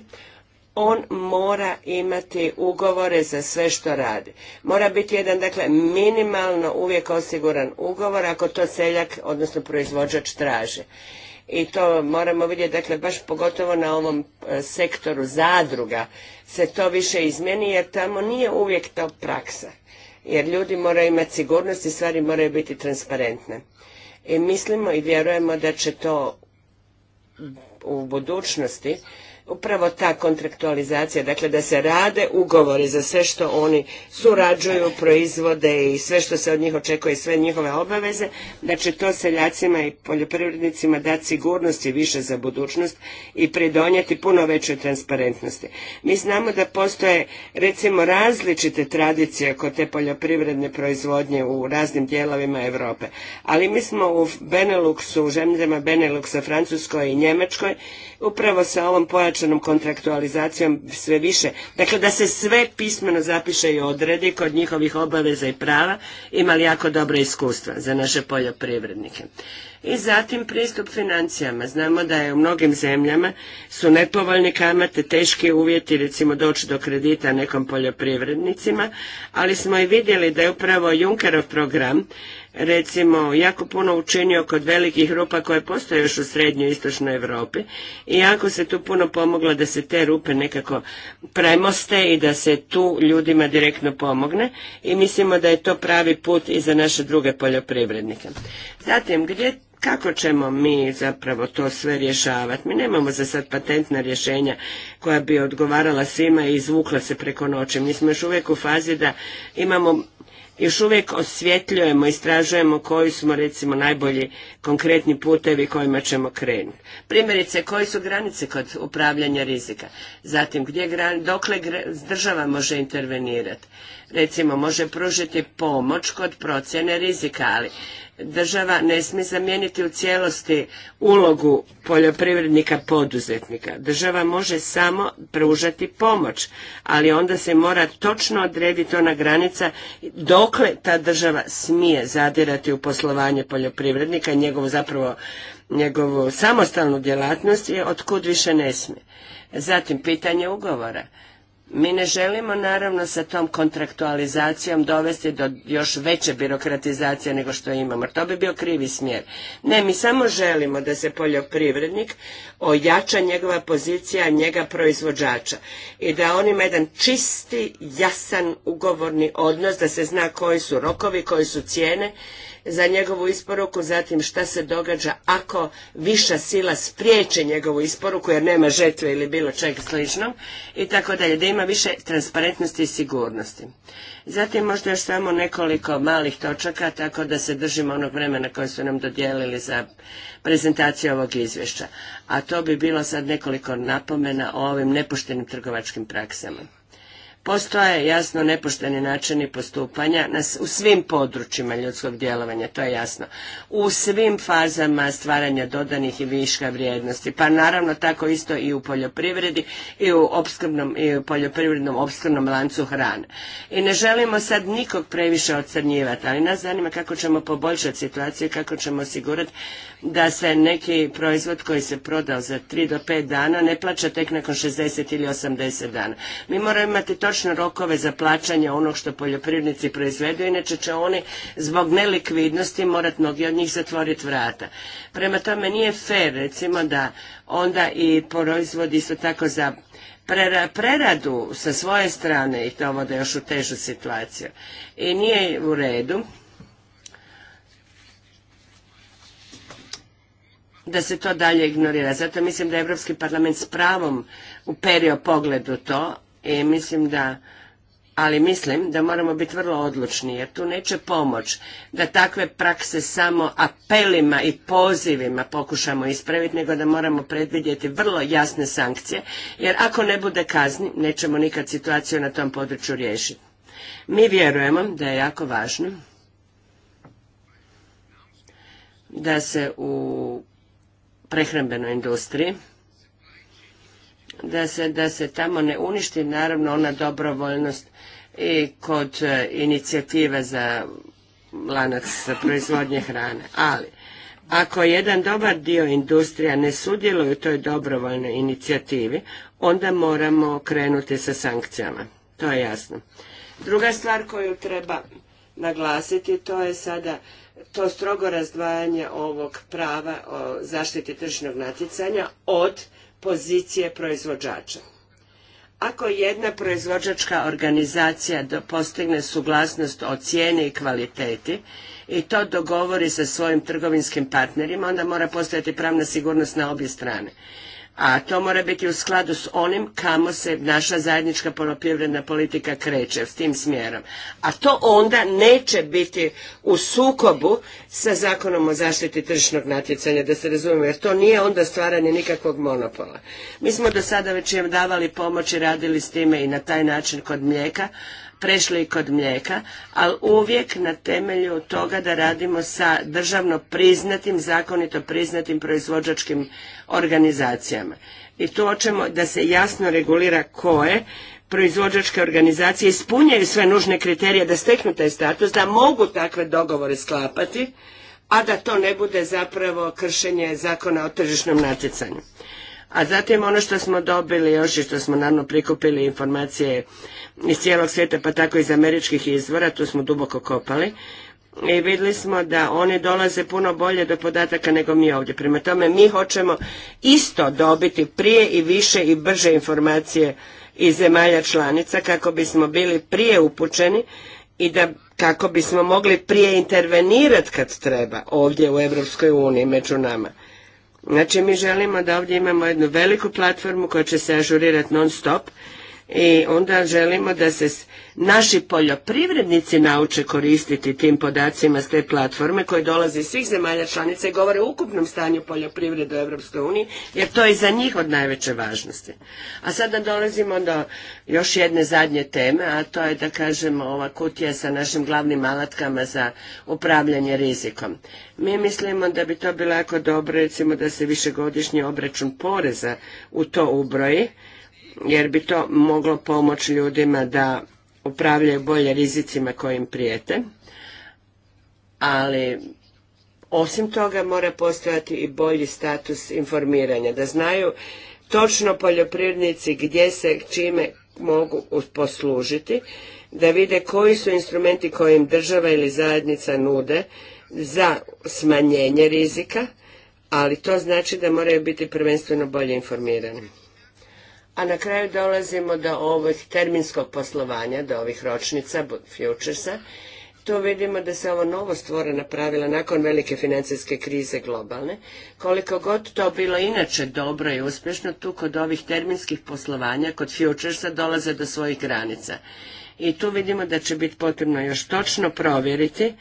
on mora imati ugovore za sve što radi. Mora biti jedan, dakle, minimalno uvijek osiguran ugovor ako to seljak, odnosno proizvođač traže i to moramo vidjeti, dakle baš pogotovo na ovom e, sektoru zadruga se to više izmjeni jer tamo nije uvijek to praksa. Jer ljudi moraju imati sigurnost i stvari moraju biti transparentne. I mislimo i vjerujemo da će to u budućnosti upravo ta kontraktualizacija, dakle da se rade ugovori za sve što oni surađuju, proizvode i sve što se od njih očekuje, sve njihove obaveze, da će to seljacima i poljoprivrednicima dati i više za budućnost i pridonijeti puno većoj transparentnosti. Mi znamo da postoje recimo različite tradicije kod te poljoprivredne proizvodnje u raznim dijelovima Europe, ali mi smo u Beneluxu, u zemljama Beneluxa, Francuskoj i Njemačkoj upravo sa ovom pojačanom kontraktualizacijom sve više. Dakle, da se sve pismeno zapiše i odredi kod njihovih obaveza i prava imali jako dobro iskustva za naše poljoprivrednike. I zatim pristup financijama. Znamo da je u mnogim zemljama su nepovoljne kamate, teški uvjeti recimo doći do kredita nekom poljoprivrednicima, ali smo i vidjeli da je upravo Junckerov program recimo jako puno učinio kod velikih rupa koje postoje još u srednjoj istočnoj Europi i jako se tu puno pomoglo da se te rupe nekako premoste i da se tu ljudima direktno pomogne i mislimo da je to pravi put i za naše druge poljoprivrednike. Zatim, gdje kako ćemo mi zapravo to sve rješavati? Mi nemamo za sad patentna rješenja koja bi odgovarala svima i izvukla se preko noći. Mi smo još uvijek u fazi da imamo još uvijek osvjetljujemo, istražujemo koji smo recimo najbolji konkretni putevi kojima ćemo krenuti. Primjerice, koje su granice kod upravljanja rizika? Zatim, gdje dokle država može intervenirati? Recimo, može pružiti pomoć kod procjene rizika, ali država ne smije zamijeniti u cijelosti ulogu poljoprivrednika poduzetnika. Država može samo pružati pomoć, ali onda se mora točno odrediti ona granica dokle ta država smije zadirati u poslovanje poljoprivrednika, njegovu zapravo njegovu samostalnu djelatnost i otkud više ne smije. Zatim pitanje ugovora. Mi ne želimo naravno sa tom kontraktualizacijom dovesti do još veće birokratizacije nego što imamo. To bi bio krivi smjer. Ne, mi samo želimo da se poljoprivrednik ojača njegova pozicija, njega proizvođača i da on ima jedan čisti, jasan ugovorni odnos, da se zna koji su rokovi, koji su cijene za njegovu isporuku, zatim šta se događa ako viša sila spriječi njegovu isporuku jer nema žetve ili bilo čega slično. i tako dalje, da ima više transparentnosti i sigurnosti. Zatim možda još samo nekoliko malih točaka tako da se držimo onog vremena koje su nam dodijelili za prezentaciju ovog izvješća. A to bi bilo sad nekoliko napomena o ovim nepoštenim trgovačkim praksama. Postoje jasno nepošteni načini postupanja u svim područjima ljudskog djelovanja, to je jasno. U svim fazama stvaranja dodanih i viška vrijednosti, pa naravno tako isto i u poljoprivredi i u, opskrbnom, i u poljoprivrednom opskrbnom lancu hrane. I ne želimo sad nikog previše ocrnjivati, ali nas zanima kako ćemo poboljšati situaciju i kako ćemo osigurati da se neki proizvod koji se prodao za 3 do 5 dana ne plaća tek nakon 60 ili 80 dana. Mi moramo imati to rokove za plaćanje onog što poljoprivrednici proizvedu, inače će oni zbog nelikvidnosti morati mnogi od njih zatvoriti vrata. Prema tome nije fer recimo da onda i proizvodi isto tako za preradu sa svoje strane ih dovode još u težu situaciju. I nije u redu da se to dalje ignorira. Zato mislim da je Europski parlament s pravom uperio pogled u to, i e, mislim da ali mislim da moramo biti vrlo odlučni jer tu neće pomoć da takve prakse samo apelima i pozivima pokušamo ispraviti nego da moramo predvidjeti vrlo jasne sankcije jer ako ne bude kazni nećemo nikad situaciju na tom području riješiti. Mi vjerujemo da je jako važno da se u prehrambenoj industriji da se, da se tamo ne uništi naravno ona dobrovoljnost i kod e, inicijative za lanac za proizvodnje hrane. Ali, ako jedan dobar dio industrija ne sudjeluje u toj dobrovoljnoj inicijativi, onda moramo krenuti sa sankcijama. To je jasno. Druga stvar koju treba naglasiti, to je sada to strogo razdvajanje ovog prava o zaštiti tržišnog natjecanja od pozicije proizvođača. Ako jedna proizvođačka organizacija postigne suglasnost o cijeni i kvaliteti i to dogovori sa svojim trgovinskim partnerima, onda mora postojati pravna sigurnost na obje strane a to mora biti u skladu s onim kamo se naša zajednička poljoprivredna politika kreće s tim smjerom. A to onda neće biti u sukobu sa zakonom o zaštiti tržišnog natjecanja, da se razumijemo, jer to nije onda stvaranje nikakvog monopola. Mi smo do sada već im davali pomoć i radili s time i na taj način kod mlijeka, prešli i kod mlijeka, ali uvijek na temelju toga da radimo sa državno priznatim, zakonito priznatim proizvođačkim organizacijama. I tu hoćemo da se jasno regulira koje proizvođačke organizacije ispunjaju sve nužne kriterije da steknu taj status, da mogu takve dogovore sklapati, a da to ne bude zapravo kršenje zakona o tržišnom natjecanju. A zatim ono što smo dobili još i što smo naravno prikupili informacije iz cijelog svijeta pa tako iz američkih izvora, tu smo duboko kopali, i vidjeli smo da oni dolaze puno bolje do podataka nego mi ovdje. Prema tome mi hoćemo isto dobiti prije i više i brže informacije iz zemalja članica kako bismo bili prije upućeni i da kako bismo mogli prije intervenirati kad treba ovdje u Europskoj uniji među nama. Znači mi želimo da ovdje imamo jednu veliku platformu koja će se ažurirati non stop i onda želimo da se naši poljoprivrednici nauče koristiti tim podacima s te platforme koje dolaze iz svih zemalja članica i govore o ukupnom stanju poljoprivrede u Europskoj uniji, jer to je za njih od najveće važnosti. A sada dolazimo do još jedne zadnje teme, a to je da kažemo ova kutija sa našim glavnim alatkama za upravljanje rizikom. Mi mislimo da bi to bilo jako dobro, recimo da se višegodišnji obračun poreza u to ubroji, jer bi to moglo pomoći ljudima da upravljaju bolje rizicima kojim prijete, ali osim toga mora postojati i bolji status informiranja, da znaju točno poljoprivrednici gdje se čime mogu poslužiti, da vide koji su instrumenti koje im država ili zajednica nude za smanjenje rizika, ali to znači da moraju biti prvenstveno bolje informirani a na kraju dolazimo do ovih terminskog poslovanja, do ovih ročnica, futuresa. Tu vidimo da se ovo novo stvorena pravila nakon velike financijske krize globalne. Koliko god to bilo inače dobro i uspješno, tu kod ovih terminskih poslovanja, kod futuresa dolaze do svojih granica. I tu vidimo da će biti potrebno još točno provjeriti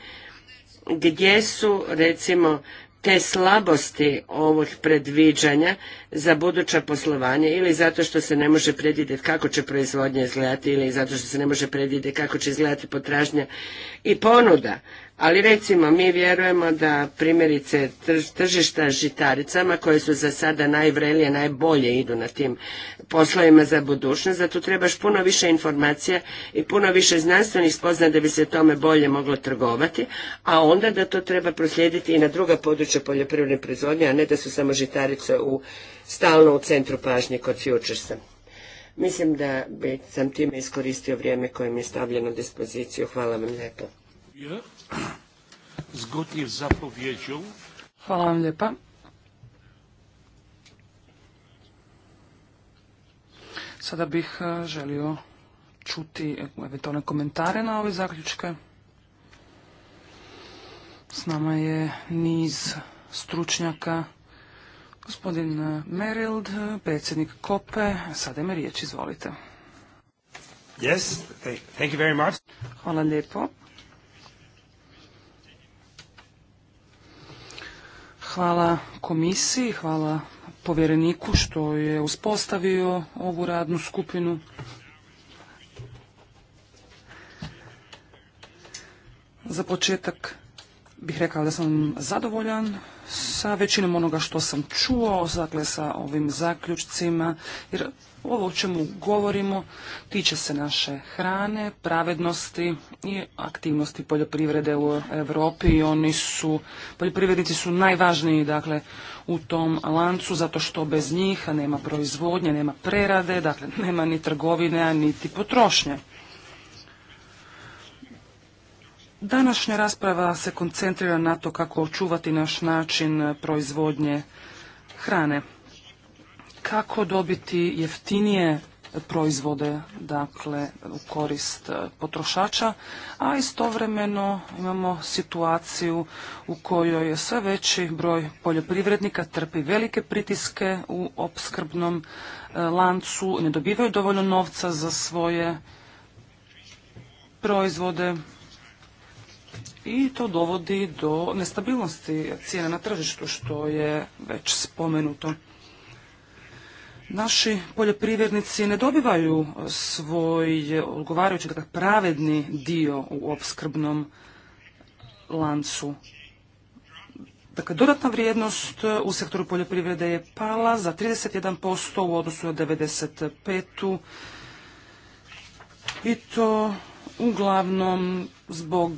gdje su recimo te slabosti ovog predviđanja za buduća poslovanja ili zato što se ne može predvidjeti kako će proizvodnja izgledati ili zato što se ne može predvidjeti kako će izgledati potražnja i ponuda ali recimo mi vjerujemo da primjerice tržišta žitaricama koje su za sada najvrelije, najbolje idu na tim poslovima za budućnost, zato trebaš puno više informacija i puno više znanstvenih spozna da bi se tome bolje moglo trgovati, a onda da to treba proslijediti i na druga područja poljoprivredne proizvodnje, a ne da su samo žitarice u, stalno u centru pažnje kod futuresa. Mislim da sam time iskoristio vrijeme koje mi je stavljeno u dispoziciju. Hvala vam lijepo. Zgodnie z zapowiedzią. Hvala vam lijepa. Sada bih e, želio čuti eventualne komentare na ove zaključke. S nama je niz stručnjaka. Gospodin e, Merild, predsjednik Kope, sada ima riječ, izvolite. Yes, Hvala lijepo. Hvala komisiji, hvala povjereniku što je uspostavio ovu radnu skupinu. Za početak bih rekao da sam zadovoljan sa većinom onoga što sam čuo, dakle sa ovim zaključcima, jer ovo o čemu govorimo tiče se naše hrane, pravednosti i aktivnosti poljoprivrede u Europi i oni su, poljoprivrednici su najvažniji dakle u tom lancu zato što bez njih nema proizvodnje, nema prerade, dakle nema ni trgovine, niti potrošnje. Današnja rasprava se koncentrira na to kako očuvati naš način proizvodnje hrane kako dobiti jeftinije proizvode dakle u korist e, potrošača, a istovremeno imamo situaciju u kojoj je sve veći broj poljoprivrednika trpi velike pritiske u opskrbnom e, lancu, ne dobivaju dovoljno novca za svoje proizvode i to dovodi do nestabilnosti cijena na tržištu što je već spomenuto naši poljoprivrednici ne dobivaju svoj odgovarajući dakle, pravedni dio u opskrbnom lancu. Dakle, dodatna vrijednost u sektoru poljoprivrede je pala za 31% u odnosu na 95. I to uglavnom zbog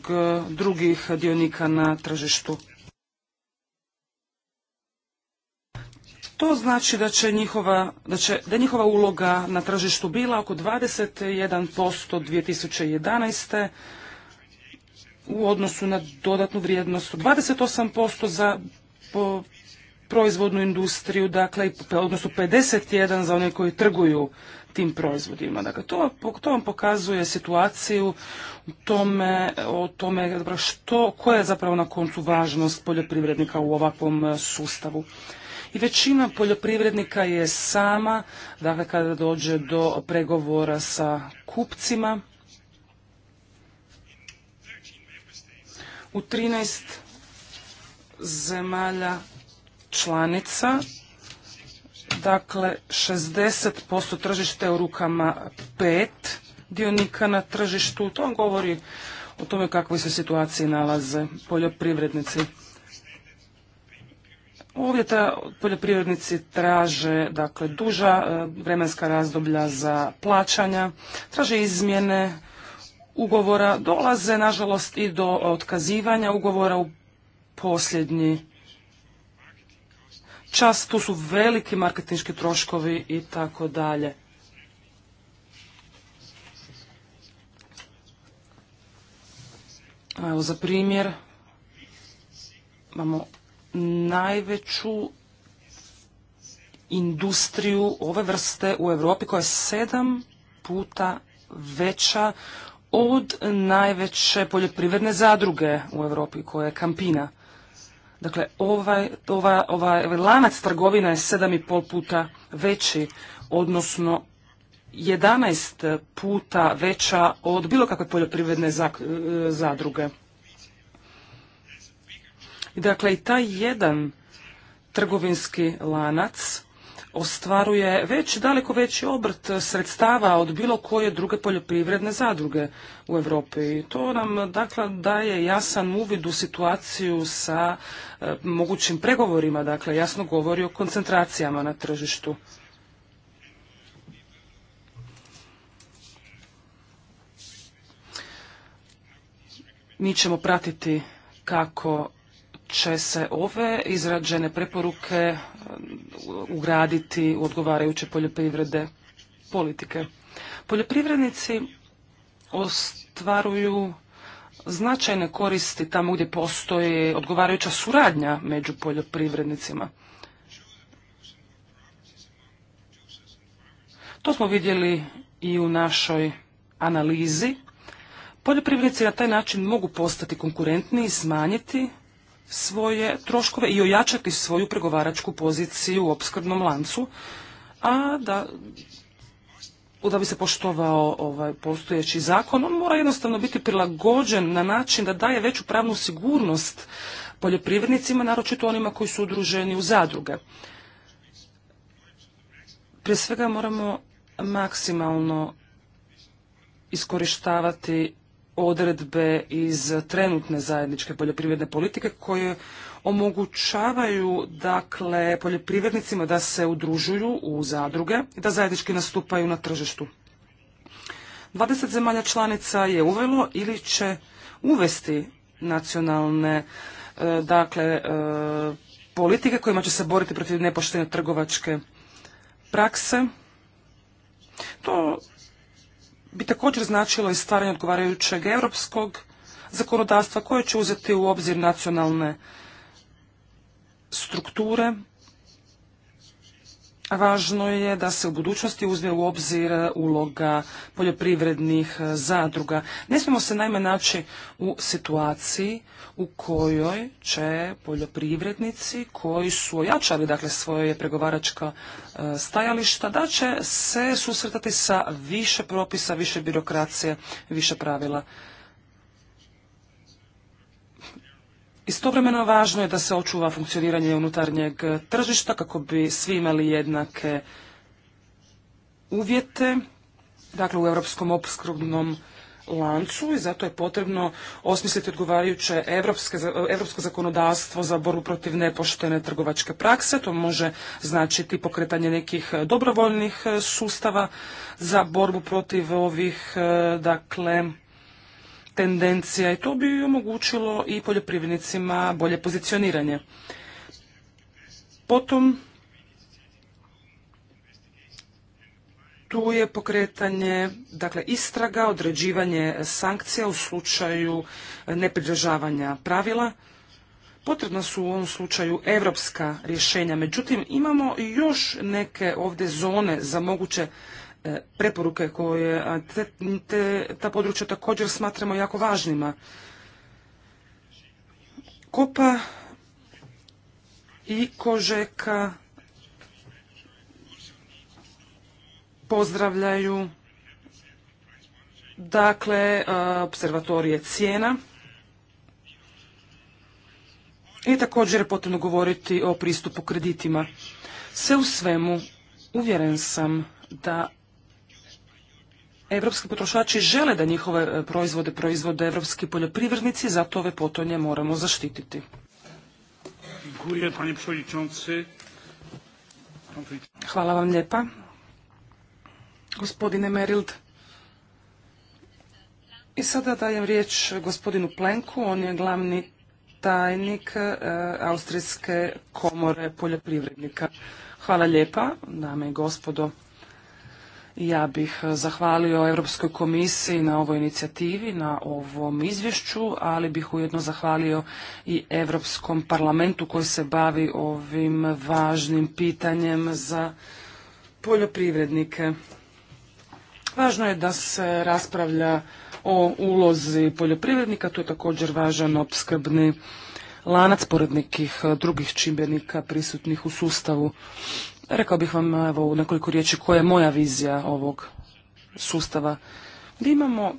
drugih dionika na tržištu. To znači da će njihova, da će, da je njihova uloga na tržištu bila oko 21% 2011. u odnosu na dodatnu vrijednost 28% za proizvodnu industriju, dakle, odnosno 51 za one koji trguju tim proizvodima. Dakle, to, vam pokazuje situaciju u tome, o tome što, koja je zapravo na koncu važnost poljoprivrednika u ovakvom e, sustavu i većina poljoprivrednika je sama, dakle kada dođe do pregovora sa kupcima. U 13 zemalja članica dakle 60% tržište u rukama pet dionika na tržištu. To vam govori o tome kakvoj se situaciji nalaze poljoprivrednici. Ovdje poljoprivrednici traže dakle, duža e, vremenska razdoblja za plaćanja, traže izmjene ugovora, dolaze nažalost i do otkazivanja ugovora u posljednji čas, tu su veliki marketinški troškovi i tako dalje. Evo za primjer, imamo najveću industriju ove vrste u Europi koja je sedam puta veća od najveće poljoprivredne zadruge u Europi koja je Kampina. Dakle, ovaj, ova, ovaj lanac trgovina je pol puta veći, odnosno 11 puta veća od bilo kakve poljoprivredne eh, zadruge dakle i taj jedan trgovinski lanac ostvaruje već daleko veći obrt sredstava od bilo koje druge poljoprivredne zadruge u Europi. I to nam dakle daje jasan uvid u situaciju sa e, mogućim pregovorima, dakle jasno govori o koncentracijama na tržištu. Mi ćemo pratiti kako će se ove izrađene preporuke e, ugraditi u odgovarajuće poljoprivredne politike. Poljoprivrednici ostvaruju značajne koristi tamo gdje postoji odgovarajuća suradnja među poljoprivrednicima. To smo vidjeli i u našoj analizi. Poljoprivrednici na taj način mogu postati konkurentni i smanjiti svoje troškove i ojačati svoju pregovaračku poziciju u opskrbnom lancu, a da da bi se poštovao ovaj postojeći zakon, on mora jednostavno biti prilagođen na način da daje veću pravnu sigurnost poljoprivrednicima, naročito onima koji su udruženi u zadruge. Prije svega moramo maksimalno iskorištavati odredbe iz trenutne zajedničke poljoprivredne politike koje omogućavaju dakle poljoprivrednicima da se udružuju u zadruge i da zajednički nastupaju na tržištu. 20 zemalja članica je uvelo ili će uvesti nacionalne e, dakle e, politike kojima će se boriti protiv nepoštene trgovačke prakse. To bi također značilo i stvaranje odgovarajućeg europskog zakonodavstva koje će uzeti u obzir nacionalne strukture Važno je da se u budućnosti uzme u obzir uloga poljoprivrednih eh, zadruga. Ne smijemo se naime naći u situaciji u kojoj će poljoprivrednici koji su ojačali dakle svoje pregovaračka eh, stajališta da će se susretati sa više propisa, više birokracije, više pravila. Istovremeno važno je da se očuva funkcioniranje unutarnjeg tržišta kako bi svi imali jednake uvjete, dakle u europskom opskrbnom lancu i zato je potrebno osmisliti odgovarajuće europsko zakonodavstvo za borbu protiv nepoštene trgovačke prakse. To može značiti pokretanje nekih dobrovoljnih sustava za borbu protiv ovih dakle tendencija i to bi omogućilo i poljoprivrednicima bolje pozicioniranje. Potom tu je pokretanje, dakle istraga, određivanje sankcija u slučaju nepridržavanja pravila. Potrebna su u ovom slučaju europska rješenja, međutim imamo još neke ovdje zone za moguće preporuke koje ta područja također smatramo jako važnima. Kopa i Kožeka pozdravljaju dakle observatorije cijena i također je potrebno govoriti o pristupu kreditima. Sve u svemu uvjeren sam da Evropski potrošači žele da njihove e, proizvode proizvode evropski poljoprivrednici, zato ove potonje moramo zaštititi. Hvala vam lijepa. Gospodine Merild. I sada dajem riječ gospodinu Plenku, on je glavni tajnik e, Austrijske komore poljoprivrednika. Hvala lijepa, dame i gospodo. Ja bih zahvalio Europskoj komisiji na ovoj inicijativi, na ovom izvješću, ali bih ujedno zahvalio i Europskom parlamentu koji se bavi ovim važnim pitanjem za poljoprivrednike. Važno je da se raspravlja o ulozi poljoprivrednika, tu je također važan opskrbni lanac pored nekih drugih čimbenika prisutnih u sustavu. Rekao bih vam evo u nekoliko riječi koja je moja vizija ovog sustava. Mi imamo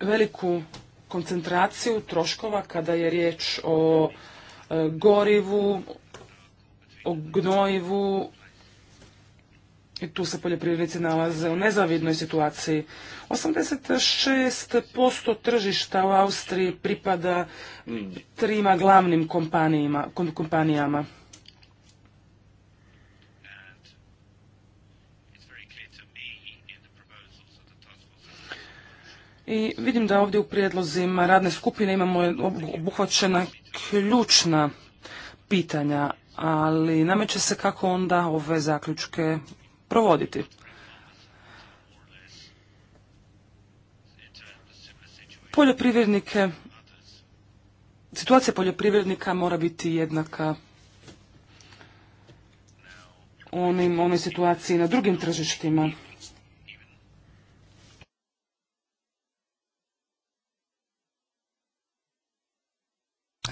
veliku koncentraciju troškova kada je riječ o e, gorivu, o gnojivu, i tu se poljoprivrednici nalaze u nezavidnoj situaciji. 86% tržišta u Austriji pripada trima glavnim kompanijama. I vidim da ovdje u prijedlozima radne skupine imamo obuhvaćena ključna pitanja, ali nameće se kako onda ove zaključke provoditi. Poljoprivrednike, situacija poljoprivrednika mora biti jednaka onim, onoj situaciji na drugim tržištima.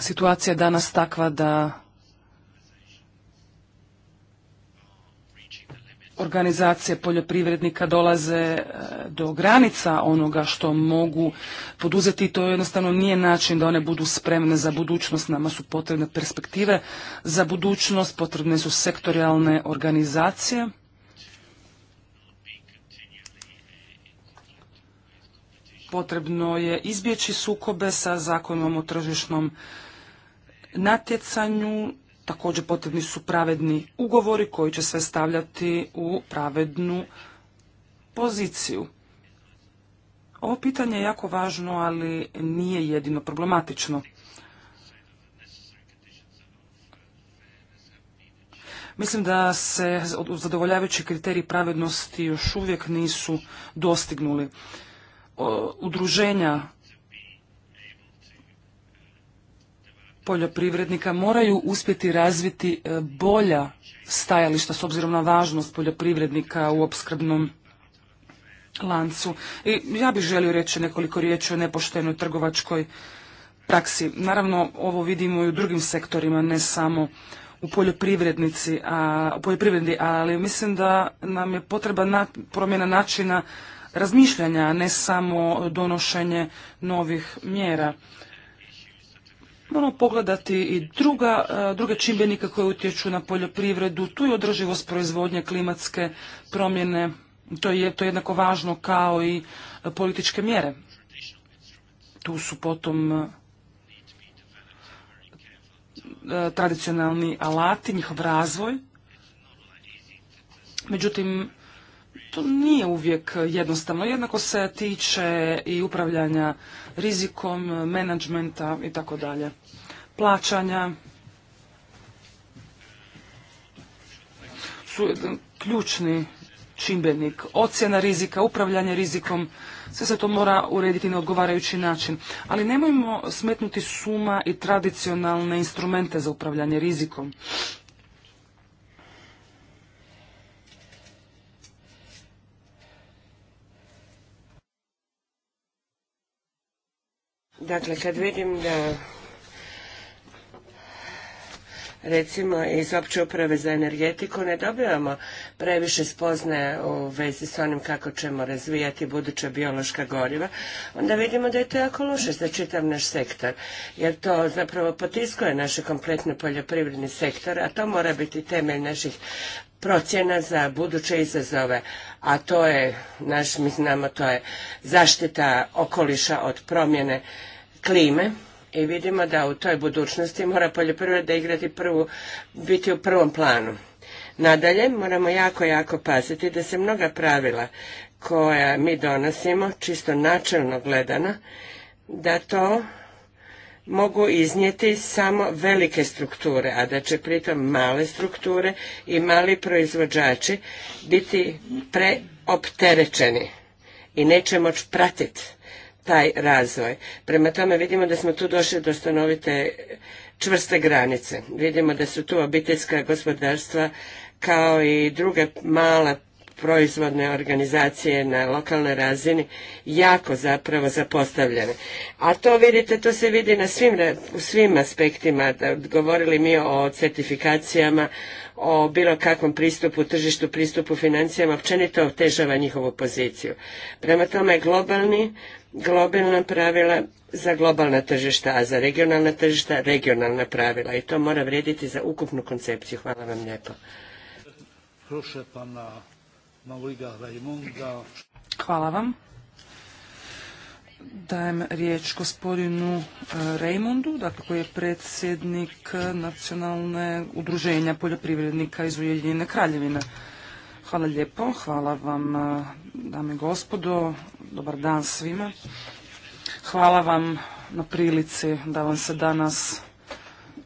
Situacija je danas takva da organizacije poljoprivrednika dolaze e, do granica onoga što mogu poduzeti i to jednostavno nije način da one budu spremne za budućnost. Nama su potrebne perspektive za budućnost, potrebne su sektorijalne organizacije. Potrebno je izbjeći sukobe sa zakonom o tržišnom natjecanju Također potrebni su pravedni ugovori koji će sve stavljati u pravednu poziciju. Ovo pitanje je jako važno, ali nije jedino problematično. Mislim da se zadovoljavajući kriteriji pravednosti još uvijek nisu dostignuli. Udruženja poljoprivrednika moraju uspjeti razviti e, bolja stajališta s obzirom na važnost poljoprivrednika u opskrbnom lancu. I ja bih želio reći nekoliko riječi o nepoštenoj trgovačkoj praksi. Naravno, ovo vidimo i u drugim sektorima, ne samo u poljoprivrednici, a, u poljoprivredi, ali mislim da nam je potreba promjena načina razmišljanja, a ne samo donošenje novih mjera. Moramo pogledati i druga, e, druge čimbenike koje utječu na poljoprivredu, tu je održivost proizvodnje klimatske promjene, to je, to jednako važno kao i političke mjere. Tu su potom e, tradicionalni alati, njihov razvoj. Međutim, to nije uvijek jednostavno. Jednako se tiče i upravljanja rizikom, menadžmenta i tako dalje plaćanja su jedan ključni čimbenik. Ocjena rizika, upravljanje rizikom, sve se to mora urediti na odgovarajući način. Ali nemojmo smetnuti suma i tradicionalne instrumente za upravljanje rizikom. Dakle, kad vidim da recimo iz opće uprave za energetiku ne dobivamo previše spoznaje u vezi s onim kako ćemo razvijati buduća biološka goriva, onda vidimo da je to jako loše za čitav naš sektor, jer to zapravo potiskuje naš kompletno poljoprivredni sektor, a to mora biti temelj naših procjena za buduće izazove, a to je, naš, mi znamo, to je zaštita okoliša od promjene klime, i vidimo da u toj budućnosti mora poljoprivreda igrati prvu, biti u prvom planu. Nadalje, moramo jako, jako paziti da se mnoga pravila koja mi donosimo, čisto načelno gledano, da to mogu iznijeti samo velike strukture, a da će pritom male strukture i mali proizvođači biti preopterećeni i neće moći pratiti taj razvoj. Prema tome vidimo da smo tu došli do stanovite čvrste granice. Vidimo da su tu obiteljska gospodarstva kao i druge mala proizvodne organizacije na lokalnoj razini jako zapravo zapostavljene. A to vidite, to se vidi na svim, u svim aspektima, da govorili mi o certifikacijama, o bilo kakvom pristupu tržištu, pristupu financijama, općenito otežava njihovu poziciju. Prema tome globalni, globalna pravila za globalna tržišta, a za regionalna tržišta regionalna pravila i to mora vrijediti za ukupnu koncepciju. Hvala vam lijepo. pana Hvala vam. Dajem riječ gospodinu e, Reimondu, dakle koji je predsjednik nacionalne udruženja poljoprivrednika iz Ujedinjene kraljevine. Hvala lijepo, hvala vam e, dame i gospodo, dobar dan svima. Hvala vam na prilici da vam se danas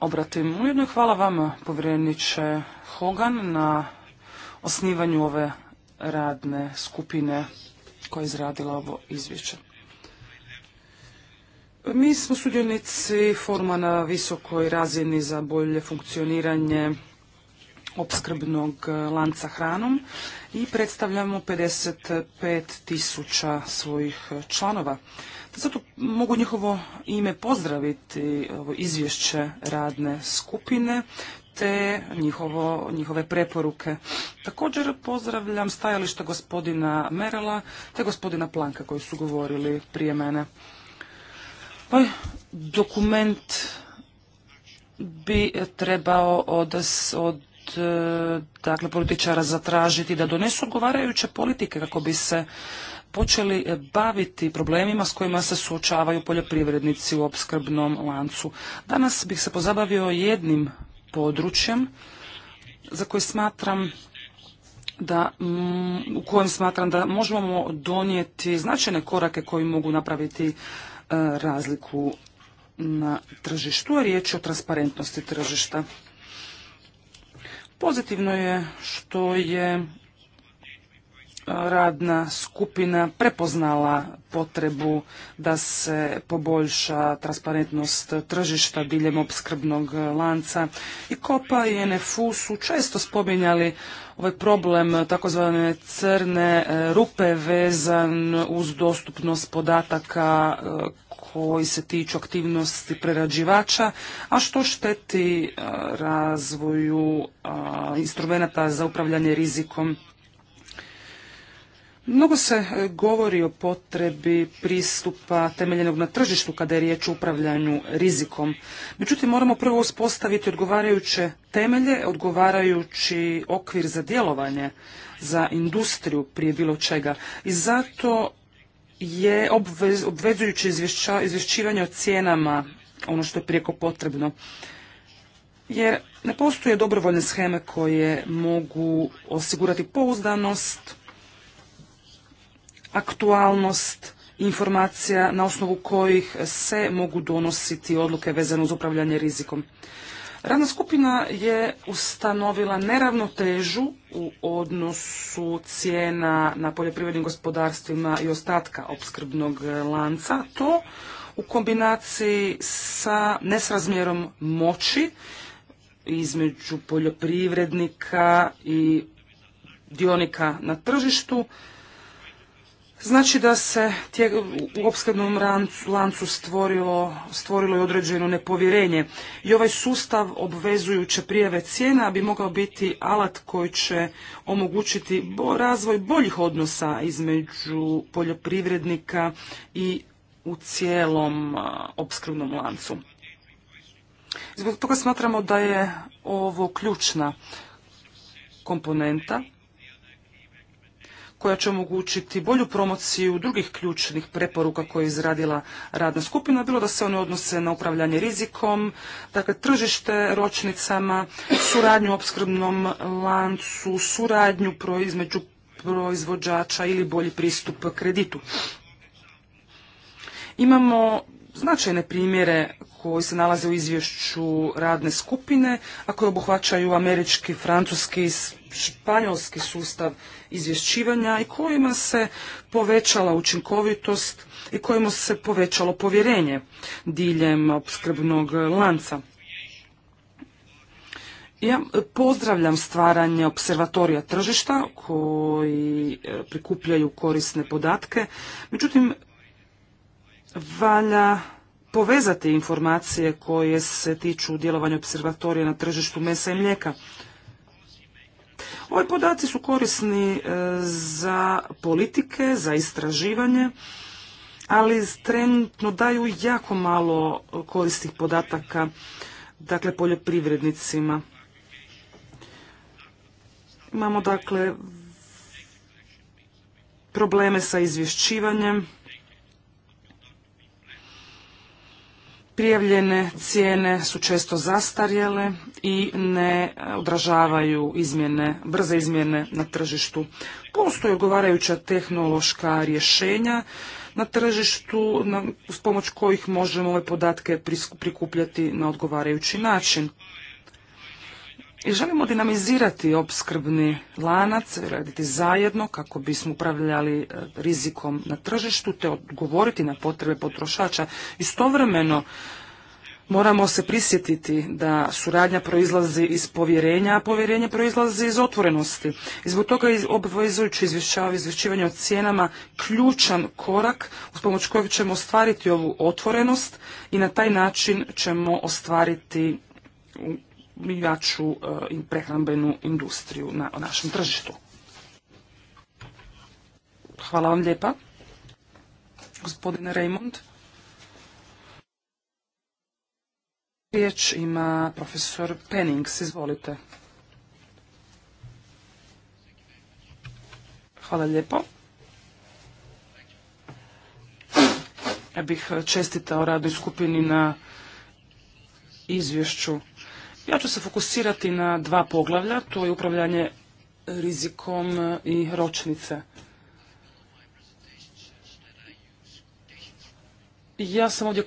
obratim. Ujedno hvala vam povjereniče Hogan na osnivanju ove radne skupine koja je izradila ovo izvješće. Mi smo sudionici forma na visokoj razini za bolje funkcioniranje opskrbnog lanca hranom i predstavljamo 55 tisuća svojih članova. Zato mogu njihovo ime pozdraviti izvješće radne skupine te njihovo, njihove preporuke. Također pozdravljam stajališta gospodina Merela te gospodina Planka koji su govorili prije mene. Ovaj dokument bi trebao od, od dakle, političara zatražiti da donesu odgovarajuće politike kako bi se počeli baviti problemima s kojima se suočavaju poljoprivrednici u opskrbnom lancu. Danas bih se pozabavio jednim područjem za koje smatram da, u kojem smatram da možemo donijeti značajne korake koji mogu napraviti e, razliku na tržištu, a riječ je o transparentnosti tržišta. Pozitivno je što je radna skupina prepoznala potrebu da se poboljša transparentnost tržišta diljem opskrbnog lanca. I Kopa i NFU su često spominjali ovaj problem takozvane crne e, rupe vezan uz dostupnost podataka e, koji se tiču aktivnosti prerađivača, a što šteti e, razvoju instrumenta za upravljanje rizikom Mnogo se e, govori o potrebi pristupa temeljenog na tržištu kada je riječ o upravljanju rizikom. Međutim, moramo prvo uspostaviti odgovarajuće temelje, odgovarajući okvir za djelovanje, za industriju prije bilo čega. I zato je obvezujuće izvješća, izvješćivanje o cijenama ono što je prijeko potrebno. Jer ne postoje dobrovoljne sheme koje mogu osigurati pouzdanost, aktualnost informacija na osnovu kojih se mogu donositi odluke vezane uz upravljanje rizikom. Radna skupina je ustanovila neravnotežu u odnosu cijena na poljoprivrednim gospodarstvima i ostatka opskrbnog lanca. To u kombinaciji sa nesrazmjerom moći između poljoprivrednika i dionika na tržištu Znači da se u opskrbnom lancu stvorilo, stvorilo je određeno nepovjerenje i ovaj sustav obvezujuće prijeve cijena bi mogao biti alat koji će omogućiti razvoj boljih odnosa između poljoprivrednika i u cijelom opskrbnom lancu. Zbog toga smatramo da je ovo ključna komponenta koja će omogućiti bolju promociju drugih ključnih preporuka koje je izradila radna skupina, bilo da se one odnose na upravljanje rizikom, dakle tržište ročnicama, suradnju u opskrbnom lancu, suradnju između proizvođača ili bolji pristup kreditu. Imamo značajne primjere koji se nalaze u izvješću radne skupine, a koje obuhvaćaju američki, francuski i španjolski sustav izvješćivanja i kojima se povećala učinkovitost i kojima se povećalo povjerenje diljem opskrbnog lanca. Ja pozdravljam stvaranje observatorija tržišta koji e, prikupljaju korisne podatke, međutim valja povezati informacije koje se tiču djelovanja observatorija na tržištu mesa i mlijeka. Ovi podaci su korisni e, za politike, za istraživanje, ali trenutno daju jako malo korisnih podataka dakle poljoprivrednicima. Imamo dakle probleme sa izvješćivanjem Prijavljene cijene su često zastarjele i ne odražavaju izmjene, brze izmjene na tržištu. Postoje odgovarajuća tehnološka rješenja na tržištu na, s pomoć kojih možemo ove podatke prikupljati na odgovarajući način. I želimo dinamizirati opskrbni lanac, raditi zajedno kako bismo upravljali e, rizikom na tržištu te odgovoriti na potrebe potrošača. Istovremeno moramo se prisjetiti da suradnja proizlazi iz povjerenja, a povjerenje proizlazi iz otvorenosti. I zbog toga obvezujući o izvješćivanje o cijenama ključan korak uz pomoć kojeg ćemo ostvariti ovu otvorenost i na taj način ćemo ostvariti jaču e, prehrambenu industriju na našem tržištu. Hvala vam lijepa. Gospodine Raymond. Riječ ima profesor Pennings, izvolite. Hvala lijepo. Ja bih čestitao radnoj skupini na izvješću. Ja ću se fokusirati na dva poglavlja, to je upravljanje rizikom i ročnice. Ja sam ovdje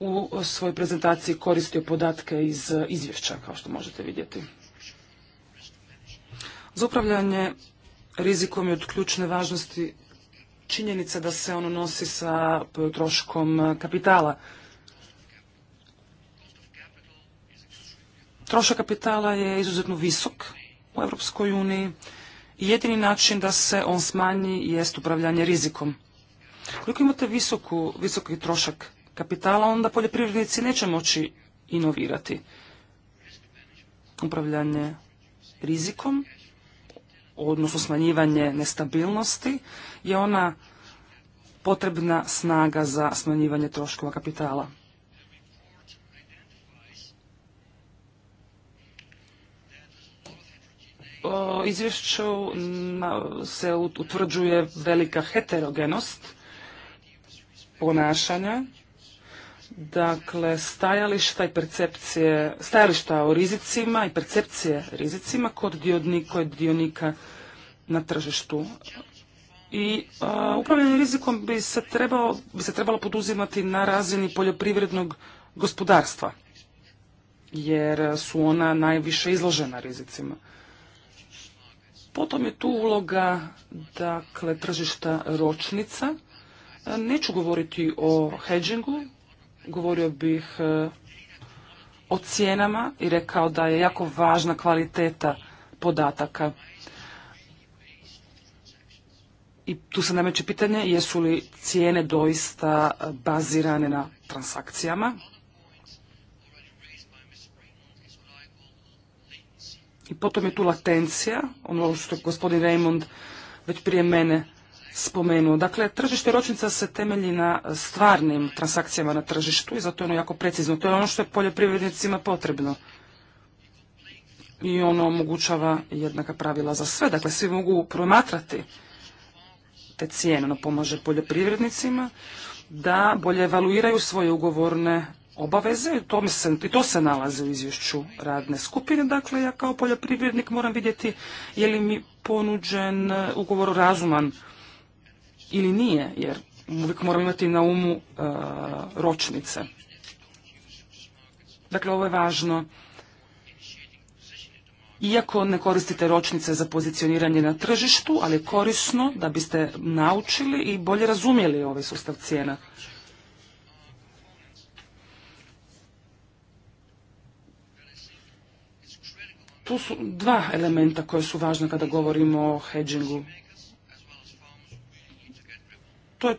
u svojoj prezentaciji koristio podatke iz izvješća, kao što možete vidjeti. Za upravljanje rizikom je od ključne važnosti činjenica da se ono nosi sa troškom kapitala. Trošak kapitala je izuzetno visok u Europskoj uniji i jedini način da se on smanji jest upravljanje rizikom. Koliko imate visoku, visoki trošak kapitala, onda poljoprivrednici neće moći inovirati. Upravljanje rizikom, odnosno smanjivanje nestabilnosti, je ona potrebna snaga za smanjivanje troškova kapitala. o izvješću se utvrđuje velika heterogenost ponašanja, dakle stajališta i percepcije, stajališta o rizicima i percepcije rizicima kod dionika, dionika na tržištu. I upravljanje rizikom bi se, trebalo bi se trebalo poduzimati na razini poljoprivrednog gospodarstva, jer su ona najviše izložena rizicima. Potom je tu uloga dakle, tržišta ročnica. E, neću govoriti o hedgingu, govorio bih e, o cijenama i rekao da je jako važna kvaliteta podataka. I tu se nameće pitanje jesu li cijene doista bazirane na transakcijama. I potom je tu latencija, ono što je gospodin Raymond već prije mene spomenuo. Dakle, tržište ročnica se temelji na stvarnim transakcijama na tržištu i zato je ono jako precizno. To je ono što je poljoprivrednicima potrebno. I ono omogućava jednaka pravila za sve. Dakle, svi mogu promatrati te cijene. Ono pomaže poljoprivrednicima da bolje evaluiraju svoje ugovorne obaveze i to, se, i to se nalazi u izvješću radne skupine. Dakle, ja kao poljoprivrednik moram vidjeti je li mi ponuđen e, ugovor razuman ili nije, jer uvijek moram imati na umu e, ročnice. Dakle, ovo je važno. Iako ne koristite ročnice za pozicioniranje na tržištu, ali je korisno da biste naučili i bolje razumjeli ovaj sustav cijena. tu su dva elementa koje su važna kada govorimo o hedgingu. To je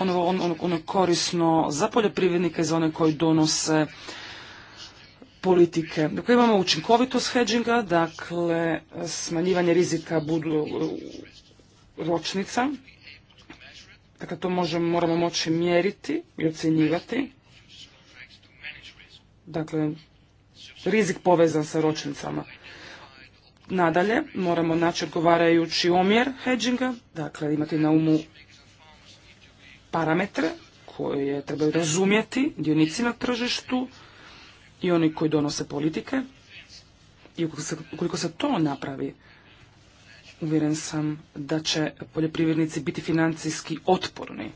ono, ono, ono, ono korisno za poljoprivrednike i za one koji donose politike. Dakle, imamo učinkovitost hedginga, dakle, smanjivanje rizika budu ročnica. Dakle, to možemo, moramo moći mjeriti i ocjenjivati. Dakle, rizik povezan sa ročnicama. Nadalje, moramo naći odgovarajući omjer hedginga, dakle imati na umu parametre koje trebaju razumjeti dionici na tržištu i oni koji donose politike. I ukoliko se, ukoliko se to napravi, uvjeren sam da će poljoprivrednici biti financijski otporni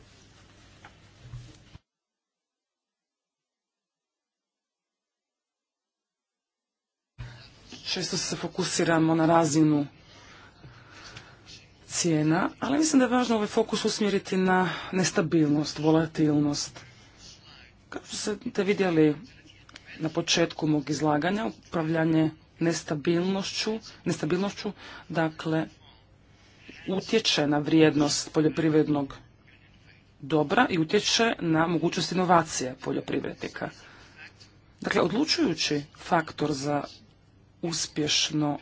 Često se fokusiramo na razinu cijena, ali mislim da je važno ovaj fokus usmjeriti na nestabilnost, volatilnost. Kao što ste vidjeli na početku mog izlaganja, upravljanje nestabilnošću, nestabilnošću dakle, utječe na vrijednost poljoprivrednog dobra i utječe na mogućnost inovacije poljoprivrednika. Dakle, odlučujući faktor za uspješno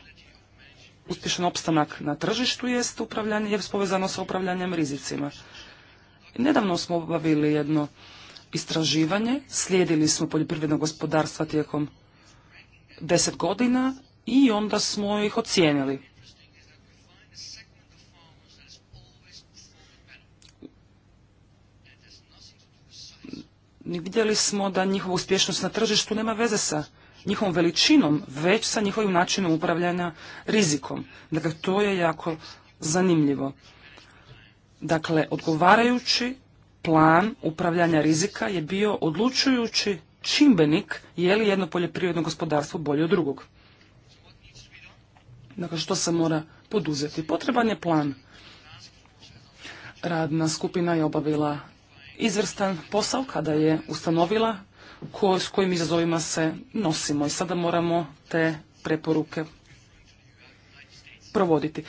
uspješan opstanak na tržištu jest upravljanje, je povezano sa upravljanjem rizicima. Nedavno smo obavili jedno istraživanje, slijedili smo poljoprivredno gospodarstva tijekom deset godina i onda smo ih ocijenili. Vidjeli smo da njihova uspješnost na tržištu nema veze sa njihovom veličinom, već sa njihovim načinom upravljanja rizikom. Dakle, to je jako zanimljivo. Dakle, odgovarajući plan upravljanja rizika je bio odlučujući čimbenik je li jedno poljoprivredno gospodarstvo bolje od drugog. Dakle, što se mora poduzeti? Potreban je plan. Radna skupina je obavila izvrstan posao kada je ustanovila ko, s kojim izazovima se nosimo i sada moramo te preporuke provoditi.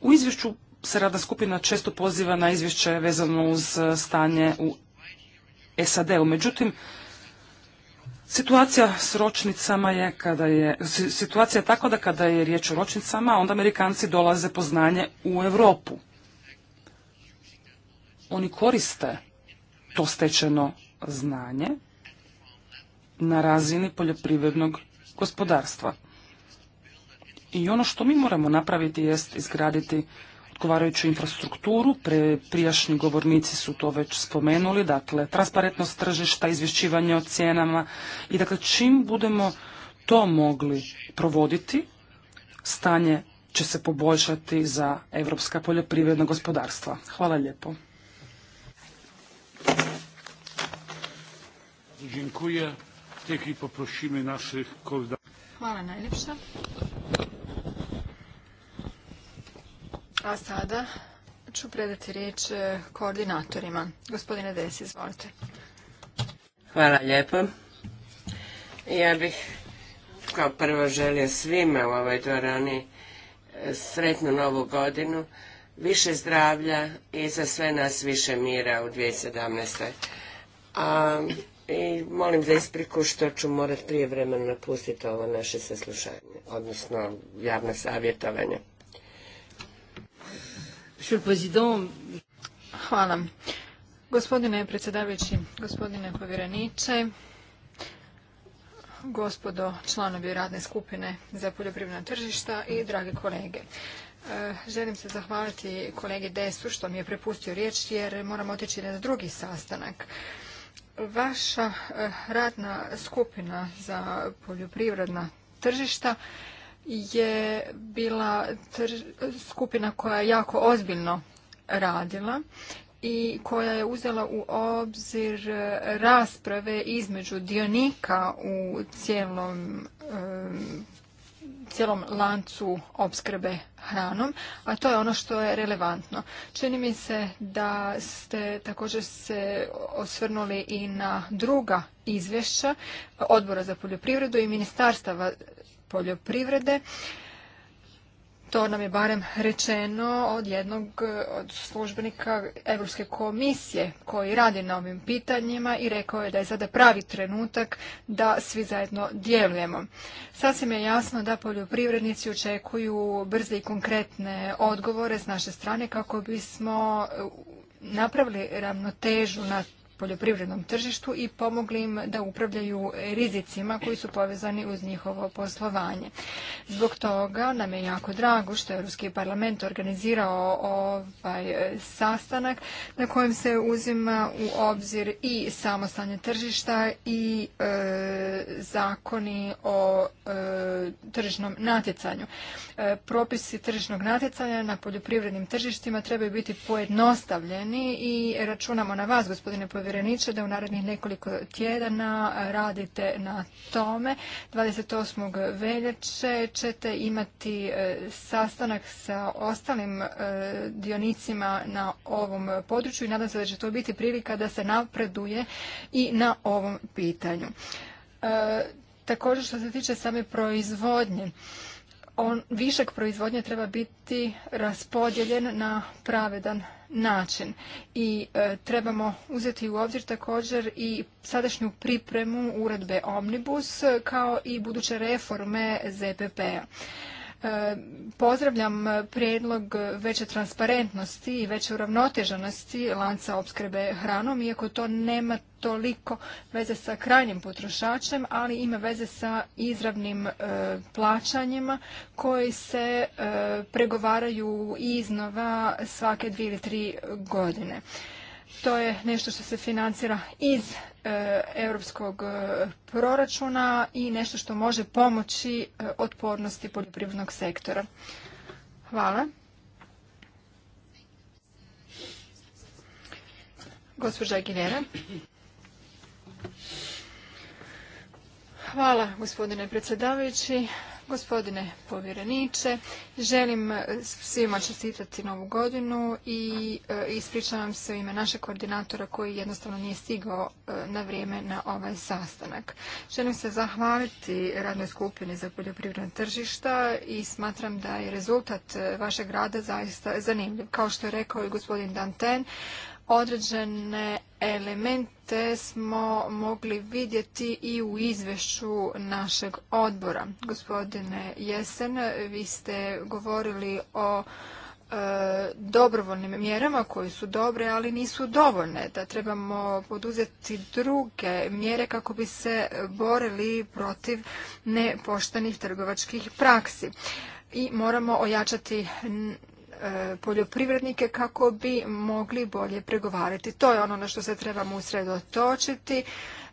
U izvješću se radna skupina često poziva na izvješće vezano uz e, stanje u SAD-u. Međutim, situacija s ročnicama je kada je, situacija je tako da kada je riječ o ročnicama, onda Amerikanci dolaze po znanje u Europu. Oni koriste to stečeno znanje na razini poljoprivrednog gospodarstva. I ono što mi moramo napraviti jest izgraditi odgovarajuću infrastrukturu, prijašnji govornici su to već spomenuli, dakle transparentnost tržišta, izvješćivanje o cijenama i dakle čim budemo to mogli provoditi, stanje će se poboljšati za evropska poljoprivredna gospodarstva. Hvala lijepo. Dziękuję i poprosimy naszych Hvala najljepša. A sada ću predati riječ e, koordinatorima. Gospodine Desi, izvolite. Hvala lijepo. Ja bih kao prvo želio svima u ovoj dvorani e, sretnu novu godinu, više zdravlja i za sve nas više mira u 2017. A, i molim za ispriku što ću morat prije vremena napustiti ovo naše saslušanje, odnosno javne savjetovanje. Hvala. Gospodine predsjedavajući, gospodine povjereniče, gospodo članovi radne skupine za poljoprivredna tržišta i drage kolege. E, želim se zahvaliti kolegi Desu što mi je prepustio riječ jer moram otići na drugi sastanak. Vaša e, radna skupina za poljoprivredna tržišta je bila skupina koja je jako ozbiljno radila i koja je uzela u obzir rasprave između dionika u cijelom e, cijelom lancu opskrbe hranom, a to je ono što je relevantno. Čini mi se da ste također se osvrnuli i na druga izvješća Odbora za poljoprivredu i Ministarstava poljoprivrede to nam je barem rečeno od jednog od službenika Europske komisije koji radi na ovim pitanjima i rekao je da je sada pravi trenutak da svi zajedno djelujemo. Sasvim je jasno da poljoprivrednici očekuju brze i konkretne odgovore s naše strane kako bismo napravili ravnotežu na poljoprivrednom tržištu i pomogli im da upravljaju rizicima koji su povezani uz njihovo poslovanje. Zbog toga nam je jako drago što je Europski parlament organizirao ovaj sastanak na kojem se uzima u obzir i samostanje tržišta i e, zakoni o e, tržišnom natjecanju. E, propisi tržišnog natjecanja na poljoprivrednim tržištima trebaju biti pojednostavljeni i računamo na vas, gospodine povjereniče da u narednih nekoliko tjedana radite na tome. 28. veljače ćete imati e, sastanak sa ostalim e, dionicima na ovom području i nadam se da će to biti prilika da se napreduje i na ovom pitanju. E, također što se tiče same proizvodnje, on višak proizvodnje treba biti raspodijeljen na pravedan način i e, trebamo uzeti u obzir također i sadašnju pripremu uredbe Omnibus kao i buduće reforme ZPP-a. E, pozdravljam prijedlog veće transparentnosti i veće uravnoteženosti lanca opskrbe hranom, iako to nema toliko veze sa krajnjim potrošačem, ali ima veze sa izravnim e, plaćanjima koji se e, pregovaraju iznova svake dvije ili tri godine. To je nešto što se financira iz e, europskog e, proračuna i nešto što može pomoći e, otpornosti poljoprivrednog sektora. Hvala. Gospođa Aguilera. Hvala, gospodine predsjedavajući. Gospodine povjereniče, želim svima čestitati novu godinu i e, ispričavam se u ime našeg koordinatora koji jednostavno nije stigao e, na vrijeme na ovaj sastanak. Želim se zahvaliti radnoj skupini za poljoprivredna tržišta i smatram da je rezultat e, vašeg rada zaista zanimljiv. Kao što je rekao i gospodin Danten, Određene elemente smo mogli vidjeti i u izvješću našeg odbora. Gospodine Jesen, vi ste govorili o e, dobrovoljnim mjerama koje su dobre, ali nisu dovoljne, da trebamo poduzeti druge mjere kako bi se borili protiv nepoštenih trgovačkih praksi. I moramo ojačati E, poljoprivrednike kako bi mogli bolje pregovarati. To je ono na što se trebamo usredotočiti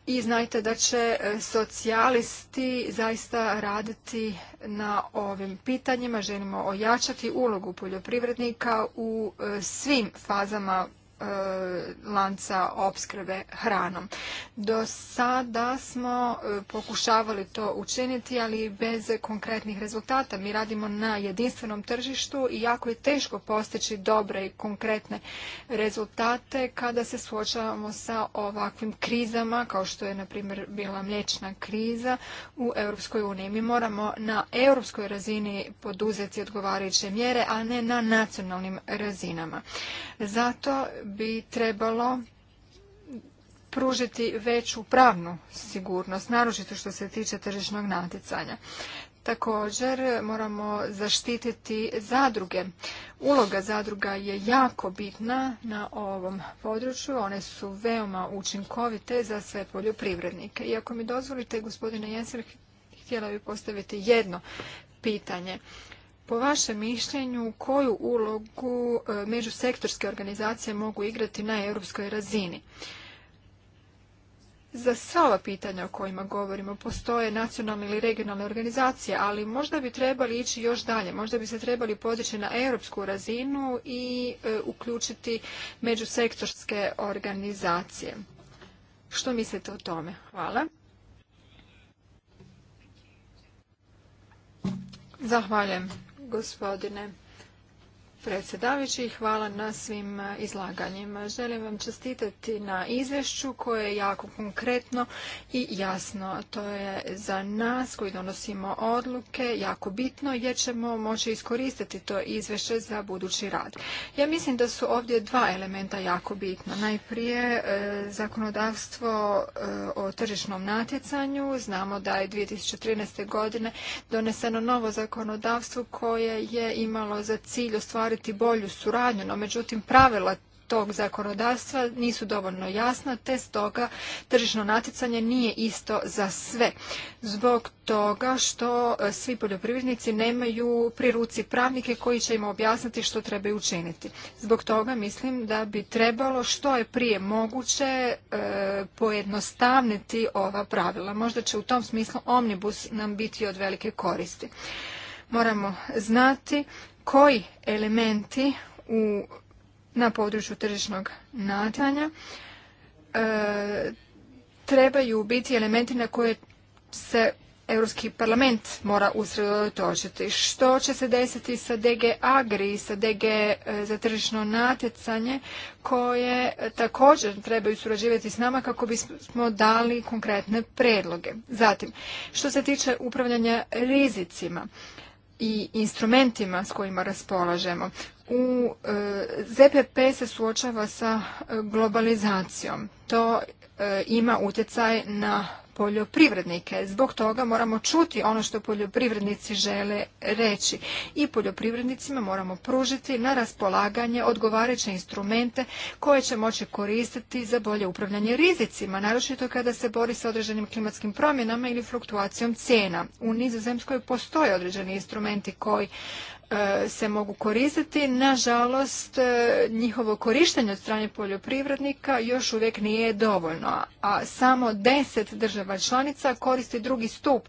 i znajte da će e, socijalisti zaista raditi na ovim pitanjima. Želimo ojačati ulogu poljoprivrednika u e, svim fazama E, lanca opskrbe hranom. Do sada smo e, pokušavali to učiniti, ali bez konkretnih rezultata. Mi radimo na jedinstvenom tržištu i jako je teško postići dobre i konkretne rezultate kada se suočavamo sa ovakvim krizama, kao što je, na primjer, bila mliječna kriza u EU. Mi moramo na europskoj razini poduzeti odgovarajuće mjere, a ne na nacionalnim razinama. Zato bi trebalo pružiti veću pravnu sigurnost, naročito što se tiče tržišnog natjecanja. Također moramo zaštititi zadruge. Uloga zadruga je jako bitna na ovom području. One su veoma učinkovite za sve poljoprivrednike. I ako mi dozvolite, gospodine Jensen, htjela bih postaviti jedno pitanje po vašem mišljenju koju ulogu e, međusektorske organizacije mogu igrati na europskoj razini? Za sva ova pitanja o kojima govorimo postoje nacionalne ili regionalne organizacije, ali možda bi trebali ići još dalje. Možda bi se trebali podići na europsku razinu i e, uključiti međusektorske organizacije. Što mislite o tome? Hvala. Zahvaljujem gospodine predsjedavajući hvala na svim e, izlaganjima. Želim vam čestitati na izvješću koje je jako konkretno i jasno. To je za nas koji donosimo odluke jako bitno jer ćemo moći iskoristiti to izvješće za budući rad. Ja mislim da su ovdje dva elementa jako bitna. Najprije e, zakonodavstvo e, o tržišnom natjecanju. Znamo da je 2013. godine doneseno novo zakonodavstvo koje je imalo za cilj ostvariti ostvariti bolju suradnju, no međutim pravila tog zakonodavstva nisu dovoljno jasna, te stoga tržišno natjecanje nije isto za sve. Zbog toga što e, svi poljoprivrednici nemaju pri ruci pravnike koji će im objasniti što trebaju učiniti. Zbog toga mislim da bi trebalo što je prije moguće e, pojednostavniti ova pravila. Možda će u tom smislu omnibus nam biti od velike koristi. Moramo znati koji elementi u, na području tržišnog natjecanja e, trebaju biti elementi na koje se Europski parlament mora usredotočiti. Što će se desiti sa DG Agri, sa DG e, za tržišno natjecanje, koje također trebaju surađivati s nama kako bismo dali konkretne predloge. Zatim, što se tiče upravljanja rizicima, i instrumentima s kojima raspolažemo. U e, ZPP se suočava sa e, globalizacijom. To e, ima utjecaj na poljoprivrednike. Zbog toga moramo čuti ono što poljoprivrednici žele reći i poljoprivrednicima moramo pružiti na raspolaganje odgovarajuće instrumente koje će moći koristiti za bolje upravljanje rizicima, naročito kada se bori sa određenim klimatskim promjenama ili fluktuacijom cijena. U Nizozemskoj postoje određeni instrumenti koji E, se mogu koristiti. Nažalost, e, njihovo korištenje od strane poljoprivrednika još uvijek nije dovoljno, a samo deset država članica koristi drugi stup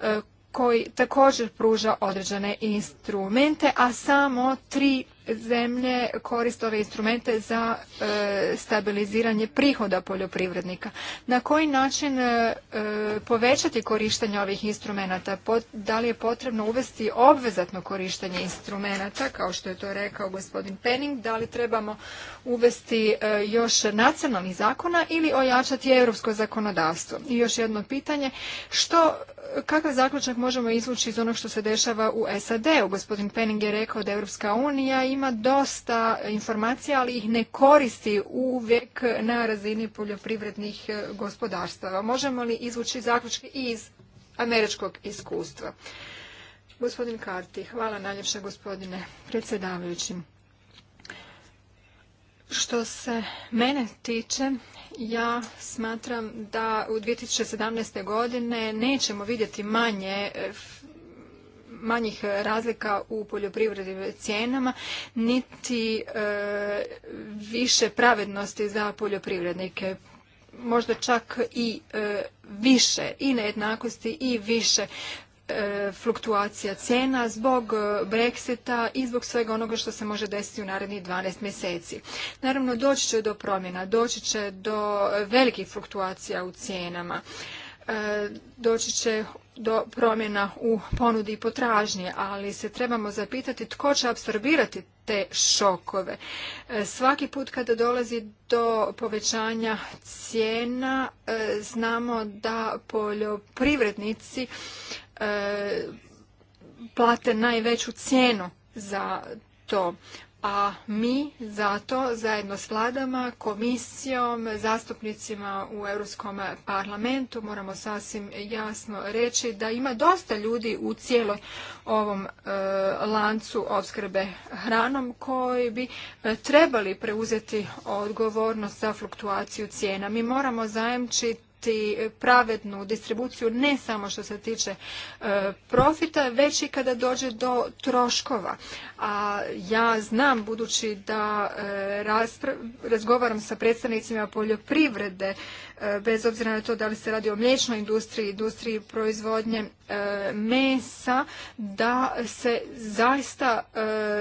e, koji također pruža određene instrumente, a samo tri zemlje koriste ove instrumente za e, stabiliziranje prihoda poljoprivrednika. Na koji način e, e, povećati korištenje ovih instrumenata? Da li je potrebno uvesti obvezatno korištenje instrumenata, kao što je to rekao gospodin Penning? Da li trebamo uvesti još nacionalnih zakona ili ojačati europsko zakonodavstvo? I još jedno pitanje, što kakav zaključak možemo izvući iz onog što se dešava u SAD-u? Gospodin Penning je rekao da Europska unija ima dosta informacija, ali ih ne koristi uvijek na razini poljoprivrednih e, gospodarstava. Možemo li izvući zaključke iz američkog iskustva? Gospodin Karti, hvala najljepša gospodine predsjedavajući. Što se mene tiče, ja smatram da u 2017. godine nećemo vidjeti manje manjih razlika u poljoprivrednim cijenama, niti e, više pravednosti za poljoprivrednike. Možda čak i e, više i nejednakosti i više E, fluktuacija cijena zbog e, Brexita i zbog svega onoga što se može desiti u narednih 12 mjeseci. Naravno, doći će do promjena, doći će do velikih fluktuacija u cijenama, e, doći će do promjena u ponudi i potražnji, ali se trebamo zapitati tko će apsorbirati te šokove. Svaki put kada dolazi do povećanja cijena, znamo da poljoprivrednici E, plate najveću cijenu za to. A mi zato zajedno s vladama, komisijom, zastupnicima u Europskom parlamentu moramo sasvim jasno reći da ima dosta ljudi u cijeloj ovom e, lancu opskrbe hranom koji bi e, trebali preuzeti odgovornost za fluktuaciju cijena. Mi moramo zajamčiti imati pravednu distribuciju ne samo što se tiče e, profita, već i kada dođe do troškova. A ja znam, budući da e, razgovaram sa predstavnicima poljoprivrede, E, bez obzira na to da li se radi o mliječnoj industriji, industriji proizvodnje e, mesa, da se zaista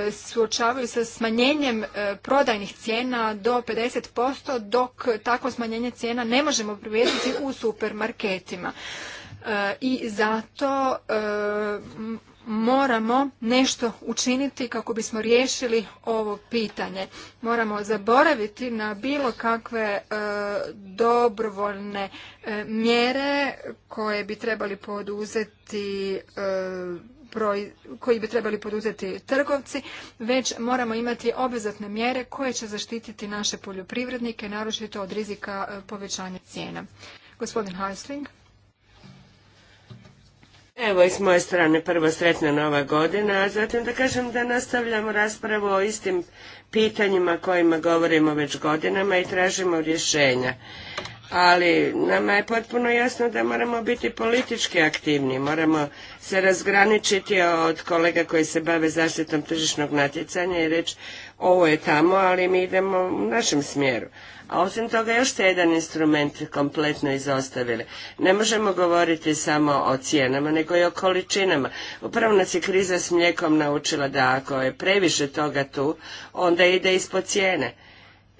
e, suočavaju sa smanjenjem prodajnih cijena do 50%, dok takvo smanjenje cijena ne možemo primijetiti u supermarketima i zato moramo nešto učiniti kako bismo riješili ovo pitanje. Moramo zaboraviti na bilo kakve e, dobrovoljne e, mjere koje bi trebali poduzeti e, koji bi trebali poduzeti trgovci, već moramo imati obvezatne mjere koje će zaštititi naše poljoprivrednike, naročito od rizika e, povećanja cijena. Gospodin Heisling. Evo i s moje strane prvo sretna nova godina, a zatim da kažem da nastavljamo raspravu o istim pitanjima kojima govorimo već godinama i tražimo rješenja. Ali nama je potpuno jasno da moramo biti politički aktivni, moramo se razgraničiti od kolega koji se bave zaštitom tržišnog natjecanja i reći ovo je tamo, ali mi idemo u našem smjeru. A osim toga još ste jedan instrument kompletno izostavili. Ne možemo govoriti samo o cijenama, nego i o količinama. Upravo nas je kriza s mlijekom naučila da ako je previše toga tu, onda ide ispod cijene.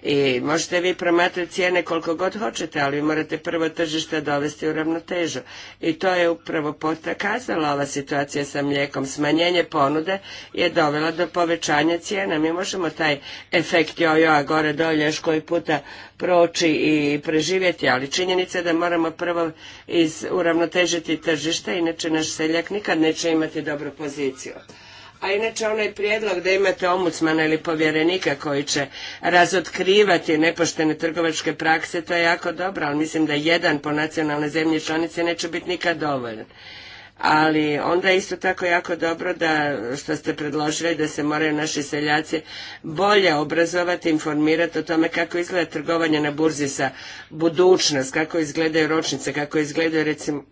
I možete vi promatrati cijene koliko god hoćete, ali morate prvo tržište dovesti u ravnotežu. I to je upravo pokazala ova situacija sa mlijekom. Smanjenje ponude je dovela do povećanja cijena. Mi možemo taj efekt jojoa gore dolje još koji puta proći i preživjeti, ali činjenica je da moramo prvo iz, uravnotežiti tržište, inače naš seljak nikad neće imati dobru poziciju. A inače onaj prijedlog da imate ombudsmana ili povjerenika koji će razotkrivati nepoštene trgovačke prakse, to je jako dobro, ali mislim da jedan po nacionalne zemlje članice neće biti nikad dovoljan. Ali onda je isto tako jako dobro da što ste predložili da se moraju naši seljaci bolje obrazovati, informirati o tome kako izgleda trgovanje na burzi sa budućnost, kako izgledaju ročnice, kako izgledaju recimo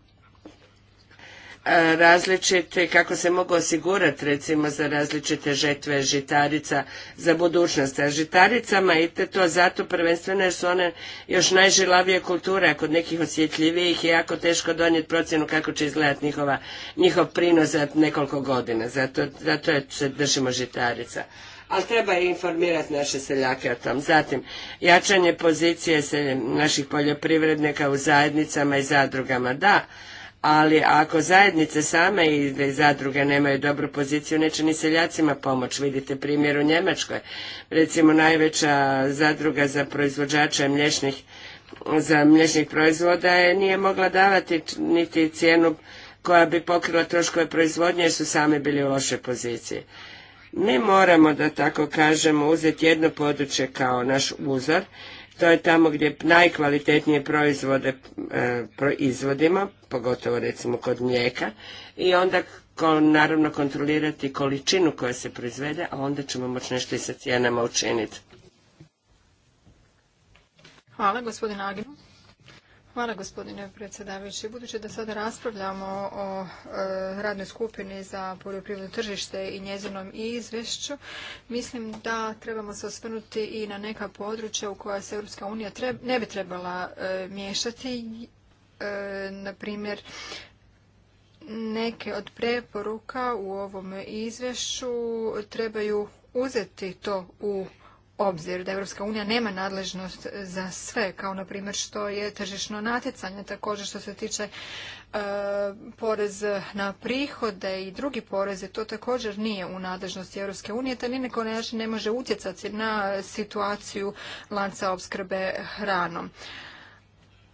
različite, kako se mogu osigurati recimo za različite žetve žitarica za budućnost. A žitaricama i to zato prvenstveno jer su one još najžilavije kulture, a kod nekih osjetljivijih je jako teško donijeti procjenu kako će izgledati njihova, njihov prinos za nekoliko godina. Zato, je, se držimo žitarica ali treba i informirati naše seljake o tom. Zatim, jačanje pozicije se, naših poljoprivrednika u zajednicama i zadrugama. Da, ali ako zajednice same i zadruge nemaju dobru poziciju, neće ni seljacima pomoć. Vidite primjer u Njemačkoj. Recimo najveća zadruga za proizvođače mlječnih, za mlječnih proizvoda je, nije mogla davati niti cijenu koja bi pokrila troškove proizvodnje jer su sami bili u lošoj poziciji. Mi moramo, da tako kažemo, uzeti jedno područje kao naš uzor to je tamo gdje najkvalitetnije proizvode e, proizvodimo, pogotovo recimo kod mlijeka i onda ko, naravno kontrolirati količinu koja se proizvede, a onda ćemo moći nešto i sa cijenama učiniti. Hvala, gospodin Aginu. Hvala gospodine predsjedavajući. Budući da sada raspravljamo o e, radnoj skupini za poljoprivredno tržište i njezinom izvješću, mislim da trebamo se osvrnuti i na neka područja u koja se EU unija ne bi trebala e, miješati, e, na primjer neke od preporuka u ovom izvješću trebaju uzeti to u obzir da Europska unija nema nadležnost za sve, kao na primjer što je tržišno natjecanje, također što se tiče poreza porez na prihode i drugi poreze, to također nije u nadležnosti Europske unije, te ni neko način ne može utjecati na situaciju lanca opskrbe hranom.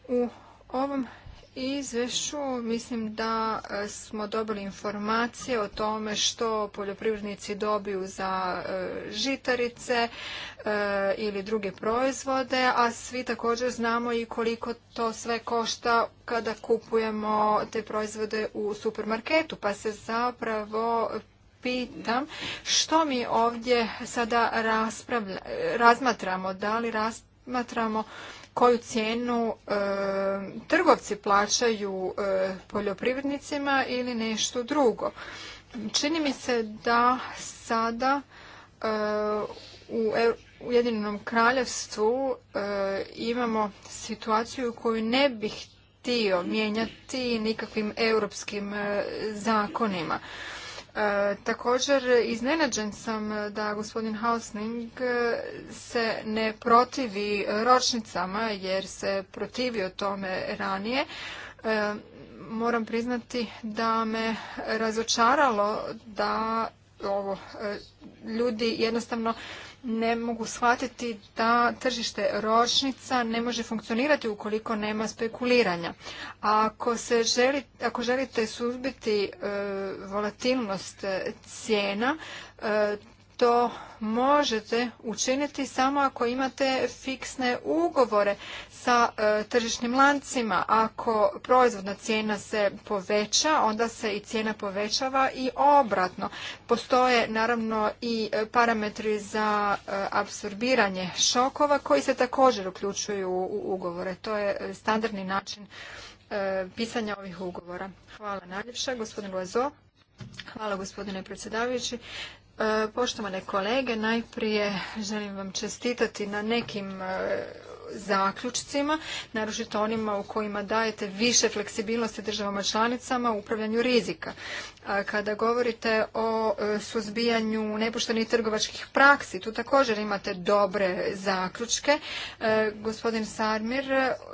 U ovom izvješću mislim da e, smo dobili informacije o tome što poljoprivrednici dobiju za e, žitarice e, ili druge proizvode, a svi također znamo i koliko to sve košta kada kupujemo te proizvode u supermarketu, pa se zapravo pitam što mi ovdje sada razmatramo, da li razmatramo koju cijenu e, trgovci plaćaju e, poljoprivrednicima ili nešto drugo. Čini mi se da sada e, u Ujedinjenom kraljevstvu imamo situaciju koju ne bih htio mijenjati nikakvim europskim zakonima također iznenađen sam da gospodin Hausning se ne protivi ročnicama jer se protivio tome ranije. E, moram priznati da me razočaralo da ovo e, ljudi jednostavno ne mogu shvatiti da tržište ročnica ne može funkcionirati ukoliko nema spekuliranja. ako, ako želite suzbiti e, volatilnost e, cijena, e, to možete učiniti samo ako imate fiksne ugovore sa e, tržišnim lancima. Ako proizvodna cijena se poveća, onda se i cijena povećava i obratno. Postoje naravno i e, parametri za e, apsorbiranje šokova koji se također uključuju u ugovore. To je standardni način pisanja ovih ugovora. Hvala najljepša. Gospodin Lozo. Hvala gospodine predsjedavajući. E, poštovane kolege, najprije želim vam čestitati na nekim e, zaključcima, naročito onima u kojima dajete više fleksibilnosti državama članicama u upravljanju rizika. Kada govorite o e, suzbijanju nepoštenih trgovačkih praksi, tu također imate dobre zaključke. E, gospodin Sarmir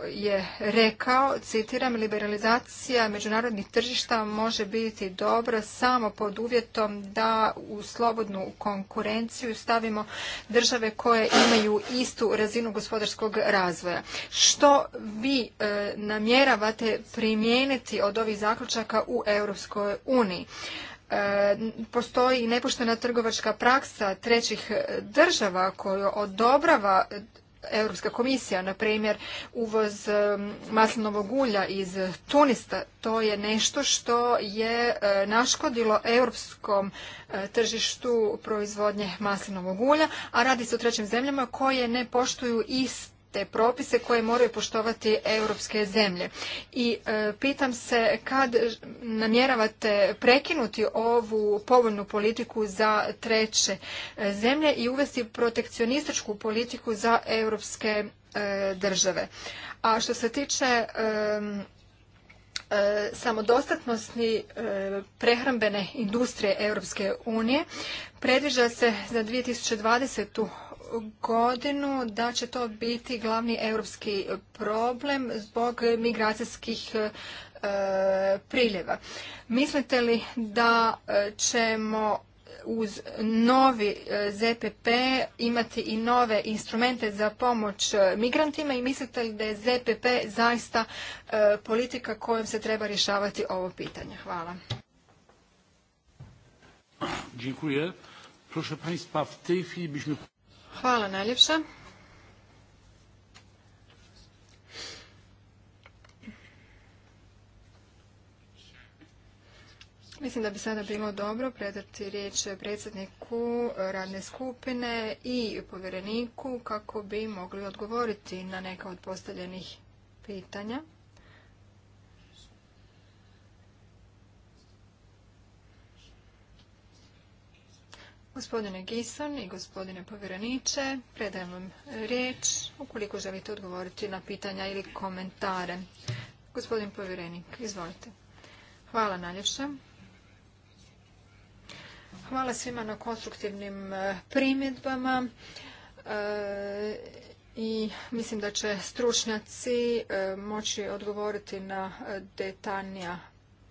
je rekao, citiram, liberalizacija međunarodnih tržišta može biti dobra samo pod uvjetom da u slobodnu konkurenciju stavimo države koje imaju istu razinu gospodarskog razvoja. Što vi e, namjeravate primijeniti od ovih zaključaka u Europskoj uniji? E, postoji nepoštena trgovačka praksa trećih država koju odobrava Europska komisija, na primjer uvoz e, maslinovog ulja iz Tunista, to je nešto što je naškodilo europskom tržištu proizvodnje maslinovog ulja, a radi se o trećim zemljama koje ne poštuju iste te propise koje moraju poštovati europske zemlje. I e, pitam se kad namjeravate prekinuti ovu povoljnu politiku za treće e, zemlje i uvesti protekcionističku politiku za europske e, države. A što se tiče e, samodostatnosti prehrambene industrije Europske unije predviđa se za 2020 godinu da će to biti glavni europski problem zbog migracijskih e, priljeva. Mislite li da e, ćemo uz novi e, ZPP imati i nove instrumente za pomoć migrantima i mislite li da je ZPP zaista politika kojom se treba rješavati ovo pitanje? Hvala. Dziękuję. Proszę Państwa, w byśmy... Hvala najljepša. Mislim da bi sada bilo dobro predati riječ predsjedniku radne skupine i povjereniku kako bi mogli odgovoriti na neka od postavljenih pitanja. Gospodine Gison i gospodine povjereniče, predajem vam riječ ukoliko želite odgovoriti na pitanja ili komentare. Gospodin povjerenik, izvolite. Hvala najljepša. Hvala svima na konstruktivnim e, primjedbama e, i mislim da će stručnjaci e, moći odgovoriti na detaljnija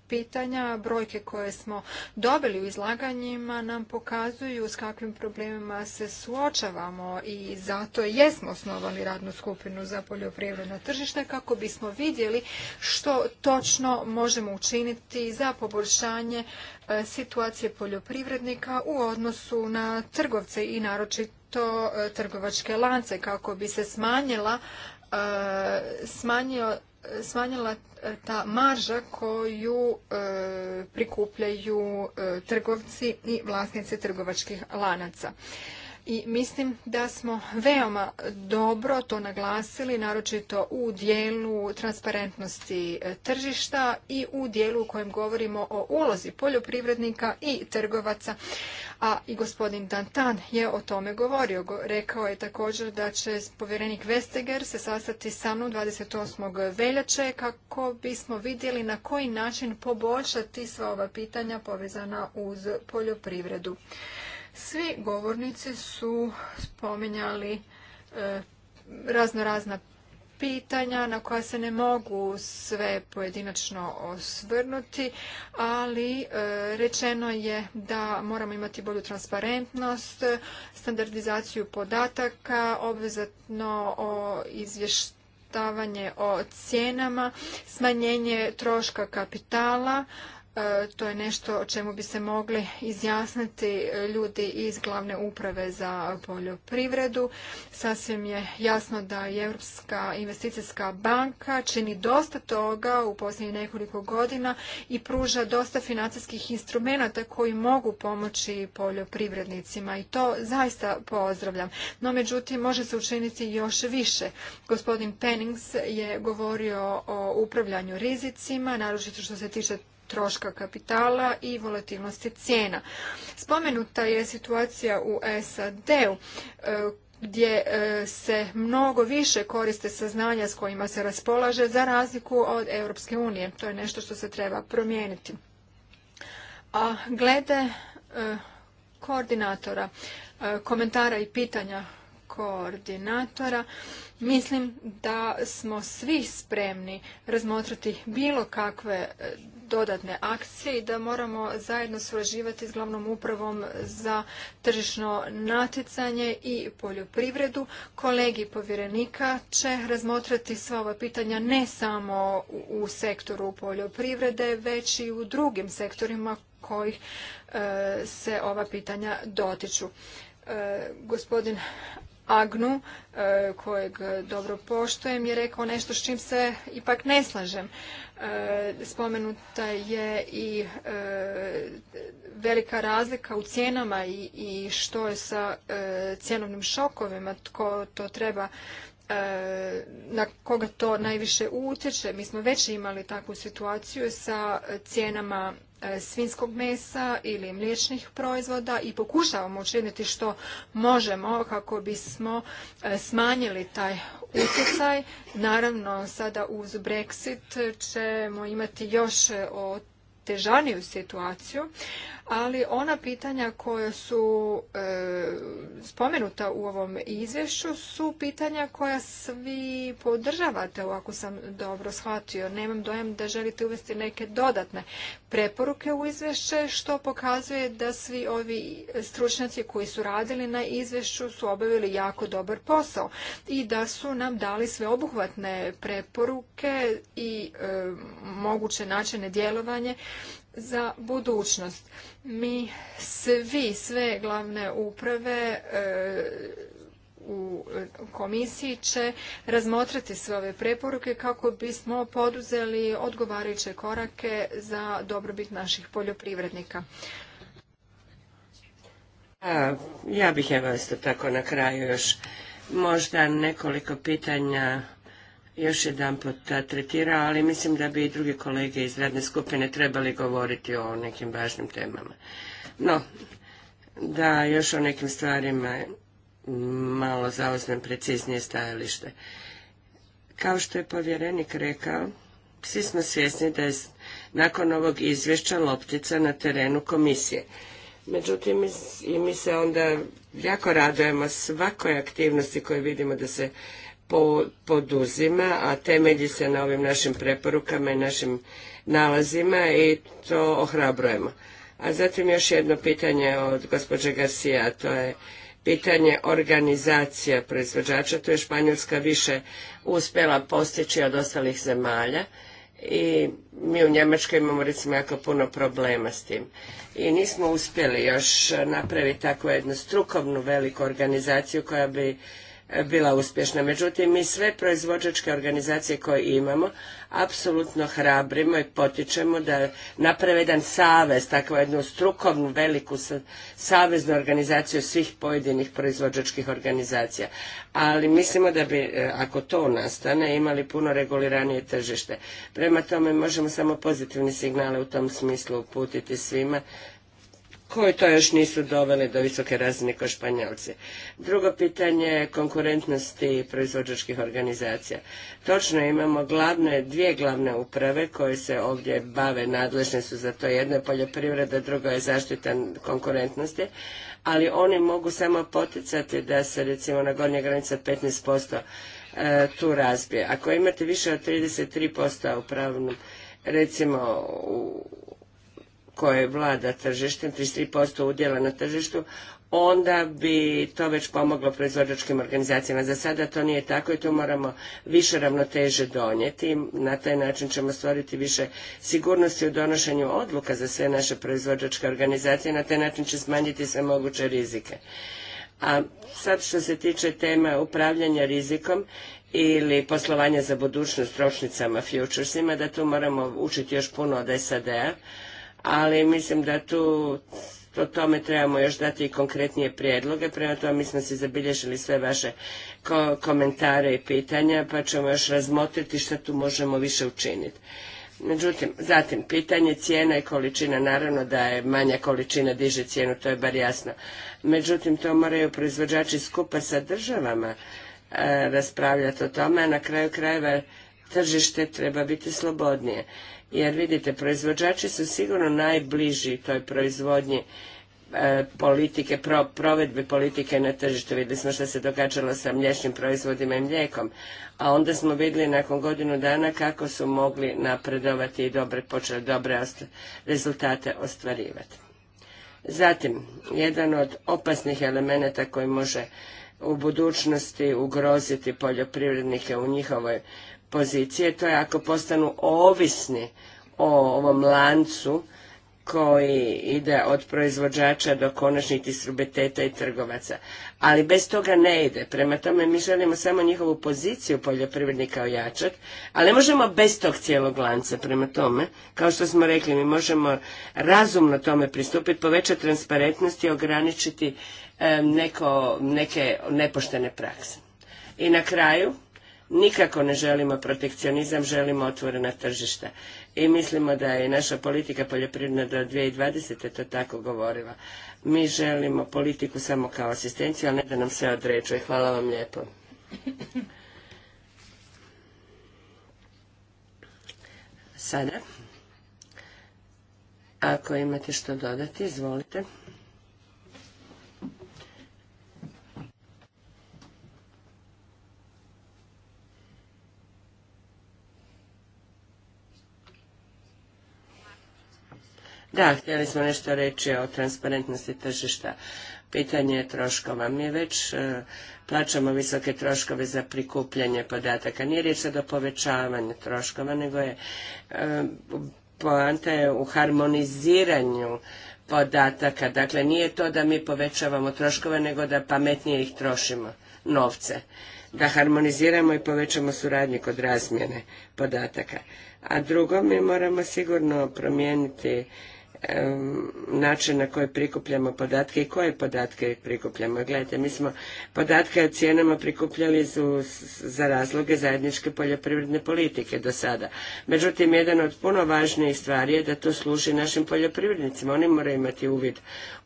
pitanja. Brojke koje smo dobili u izlaganjima nam pokazuju s kakvim problemima se suočavamo i zato jesmo osnovali radnu skupinu za poljoprivredno tržište kako bismo vidjeli što točno možemo učiniti za poboljšanje e, situacije poljoprivrednika u odnosu na trgovce i naročito e, trgovačke lance kako bi se smanjila e, smanjio smanjila e, ta marža koju e, prikupljaju e, trgovci i vlasnici trgovačkih lanaca i mislim da smo veoma dobro to naglasili, naročito u dijelu transparentnosti e, tržišta i u dijelu u kojem govorimo o ulozi poljoprivrednika i trgovaca, a i gospodin Dantan je o tome govorio. Rekao je također da će povjerenik Vesteger se sastati sa mnom 28. veljače kako bismo vidjeli na koji način poboljšati sva ova pitanja povezana uz poljoprivredu. Svi govornici su spominjali e, razno razna pitanja na koja se ne mogu sve pojedinačno osvrnuti, ali e, rečeno je da moramo imati bolju transparentnost, standardizaciju podataka, obvezatno o izvještavanje o cijenama, smanjenje troška kapitala, E, to je nešto o čemu bi se mogli izjasniti ljudi iz glavne uprave za poljoprivredu. Sasvim je jasno da je Europska investicijska banka čini dosta toga u posljednjih nekoliko godina i pruža dosta financijskih instrumenata koji mogu pomoći poljoprivrednicima i to zaista pozdravljam. No međutim, može se učiniti još više. Gospodin Pennings je govorio o upravljanju rizicima, naročito što se tiče troška kapitala i volatilnosti cijena. Spomenuta je situacija u SAD-u e, gdje e, se mnogo više koriste saznanja s kojima se raspolaže za razliku od Europske unije. To je nešto što se treba promijeniti. A glede e, koordinatora, komentara i pitanja koordinatora, mislim da smo svi spremni razmotriti bilo kakve dodatne akcije i da moramo zajedno surađivati s glavnom upravom za tržišno natjecanje i poljoprivredu. Kolegi povjerenika će razmotrati sva ova pitanja ne samo u sektoru poljoprivrede, već i u drugim sektorima kojih e, se ova pitanja dotiču. E, gospodin Agnu, e, kojeg dobro poštojem, je rekao nešto s čim se ipak ne slažem. E, spomenuta je i e, velika razlika u cijenama i što je sa e, cjenovnim šokovima, tko to treba na koga to najviše utječe. Mi smo već imali takvu situaciju sa cijenama E, svinskog mesa ili mliječnih proizvoda i pokušavamo učiniti što možemo kako bismo e, smanjili taj utjecaj. Naravno, sada uz Brexit ćemo imati još e, od težaniju situaciju, ali ona pitanja koja su e, spomenuta u ovom izvješću su pitanja koja svi podržavate, ako sam dobro shvatio. Nemam dojam da želite uvesti neke dodatne preporuke u izvješće, što pokazuje da svi ovi stručnjaci koji su radili na izvješću su obavili jako dobar posao i da su nam dali sveobuhvatne preporuke i e, moguće načine djelovanje za budućnost. Mi svi, sve glavne uprave e, u komisiji će razmotrati sve ove preporuke kako bismo poduzeli odgovarajuće korake za dobrobit naših poljoprivrednika. ja bih evo isto tako na kraju još možda nekoliko pitanja još jedan put tretirao, ali mislim da bi i drugi kolege iz radne skupine trebali govoriti o nekim važnim temama. No, da još o nekim stvarima malo zauzmem preciznije stajalište. Kao što je povjerenik rekao, svi smo svjesni da je nakon ovog izvješća loptica na terenu komisije. Međutim, i mi se onda jako radujemo svakoj aktivnosti koju vidimo da se poduzima, a temelji se na ovim našim preporukama i našim nalazima i to ohrabrujemo. A zatim još jedno pitanje od gospođe Garcia, to je pitanje organizacija proizvođača. to je Španjolska više uspjela postići od ostalih zemalja i mi u Njemačkoj imamo recimo jako puno problema s tim. I nismo uspjeli još napraviti takvu jednu strukovnu veliku organizaciju koja bi bila uspješna. Međutim, mi sve proizvođačke organizacije koje imamo apsolutno hrabrimo i potičemo da naprave jedan savez, takvu jednu strukovnu veliku saveznu organizaciju svih pojedinih proizvođačkih organizacija. Ali mislimo da bi, e, ako to nastane, imali puno reguliranije tržište. Prema tome možemo samo pozitivne signale u tom smislu uputiti svima koji to još nisu doveli do visoke razine kao Španjolci. Drugo pitanje je konkurentnosti proizvođačkih organizacija. Točno imamo glavne, dvije glavne uprave koje se ovdje bave, nadležne su za to. jedno je poljoprivreda, druga je zaštita konkurentnosti, ali oni mogu samo poticati da se recimo na gornja granica 15% e, tu razbije. Ako imate više od 33% u pravnom, recimo u koje vlada tržištem, 33% udjela na tržištu, onda bi to već pomoglo proizvođačkim organizacijama. Za sada to nije tako i tu moramo više ravnoteže donijeti. Na taj način ćemo stvoriti više sigurnosti u donošenju odluka za sve naše proizvođačke organizacije. Na taj način će smanjiti sve moguće rizike. A sad što se tiče tema upravljanja rizikom ili poslovanja za budućnost ročnicama, futuresima, da tu moramo učiti još puno od SAD-a ali mislim da tu o tome trebamo još dati i konkretnije prijedloge. Prema tome mi smo si zabilježili sve vaše komentare i pitanja pa ćemo još razmotriti što tu možemo više učiniti. Međutim, zatim, pitanje cijena i količina, naravno da je manja količina diže cijenu, to je bar jasno. Međutim, to moraju proizvođači skupa sa državama e, raspravljati o tome, a na kraju krajeva tržište treba biti slobodnije jer vidite, proizvođači su sigurno najbliži toj proizvodnji e, politike, provedbe politike na tržištu. Vidjeli smo što se događalo sa mliječnim proizvodima i mlijekom, a onda smo vidjeli nakon godinu dana kako su mogli napredovati i dobre, počeli dobre rezultate ostvarivati. Zatim, jedan od opasnih elemenata koji može u budućnosti ugroziti poljoprivrednike u njihovoj pozicije, to je ako postanu ovisni o ovom lancu koji ide od proizvođača do konačnih distributeta i trgovaca. Ali bez toga ne ide. Prema tome mi želimo samo njihovu poziciju poljoprivrednika ojačati, ali ne možemo bez tog cijelog lanca. Prema tome, kao što smo rekli, mi možemo razumno tome pristupiti, povećati transparentnost i ograničiti neke nepoštene prakse. I na kraju, Nikako ne želimo protekcionizam, želimo otvorena tržišta. I mislimo da je naša politika poljoprivredna do 2020. to tako govorila. Mi želimo politiku samo kao asistenciju, a ne da nam se određuje. Hvala vam lijepo. Sada, ako imate što dodati, izvolite. Da, htjeli smo nešto reći o transparentnosti tržišta. Pitanje je troškova. Mi već e, plaćamo visoke troškove za prikupljanje podataka. Nije riječ o povećavanju troškova, nego je e, poanta je u harmoniziranju podataka. Dakle, nije to da mi povećavamo troškove, nego da pametnije ih trošimo, novce. Da harmoniziramo i povećamo suradnju kod razmjene podataka. A drugo, mi moramo sigurno promijeniti način na koji prikupljamo podatke i koje podatke prikupljamo. Gledajte, mi smo podatke o cijenama prikupljali za, razloge zajedničke poljoprivredne politike do sada. Međutim, jedan od puno važnijih stvari je da to služi našim poljoprivrednicima. Oni moraju imati uvid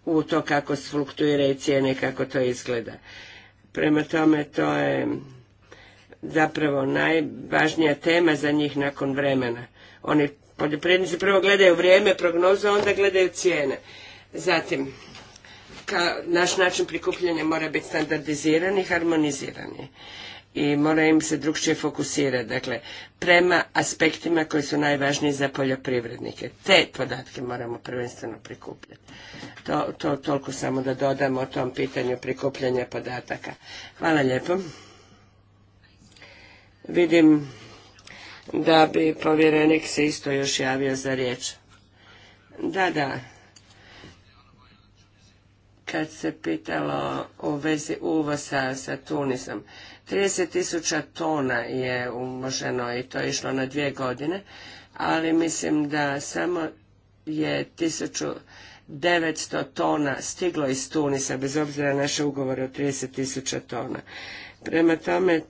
u to kako fluktuira i cijene, kako to izgleda. Prema tome, to je zapravo najvažnija tema za njih nakon vremena. Oni poljoprivrednici prvo gledaju vrijeme, prognoze, onda gledaju cijene. Zatim, ka, naš način prikupljanja mora biti standardiziran i harmoniziran i mora im se drugčije fokusirati, dakle, prema aspektima koji su najvažniji za poljoprivrednike. Te podatke moramo prvenstveno prikupljati. To, to toliko samo da dodamo o tom pitanju prikupljanja podataka. Hvala lijepo. Vidim da bi povjerenik se isto još javio za riječ. Da, da. Kad se pitalo u vezi uvoza sa Tunisom, 30.000 tisuća tona je umoženo i to je išlo na dvije godine, ali mislim da samo je 1900 tona stiglo iz Tunisa, bez obzira na naše ugovore o 30.000 tisuća tona. Prema tome,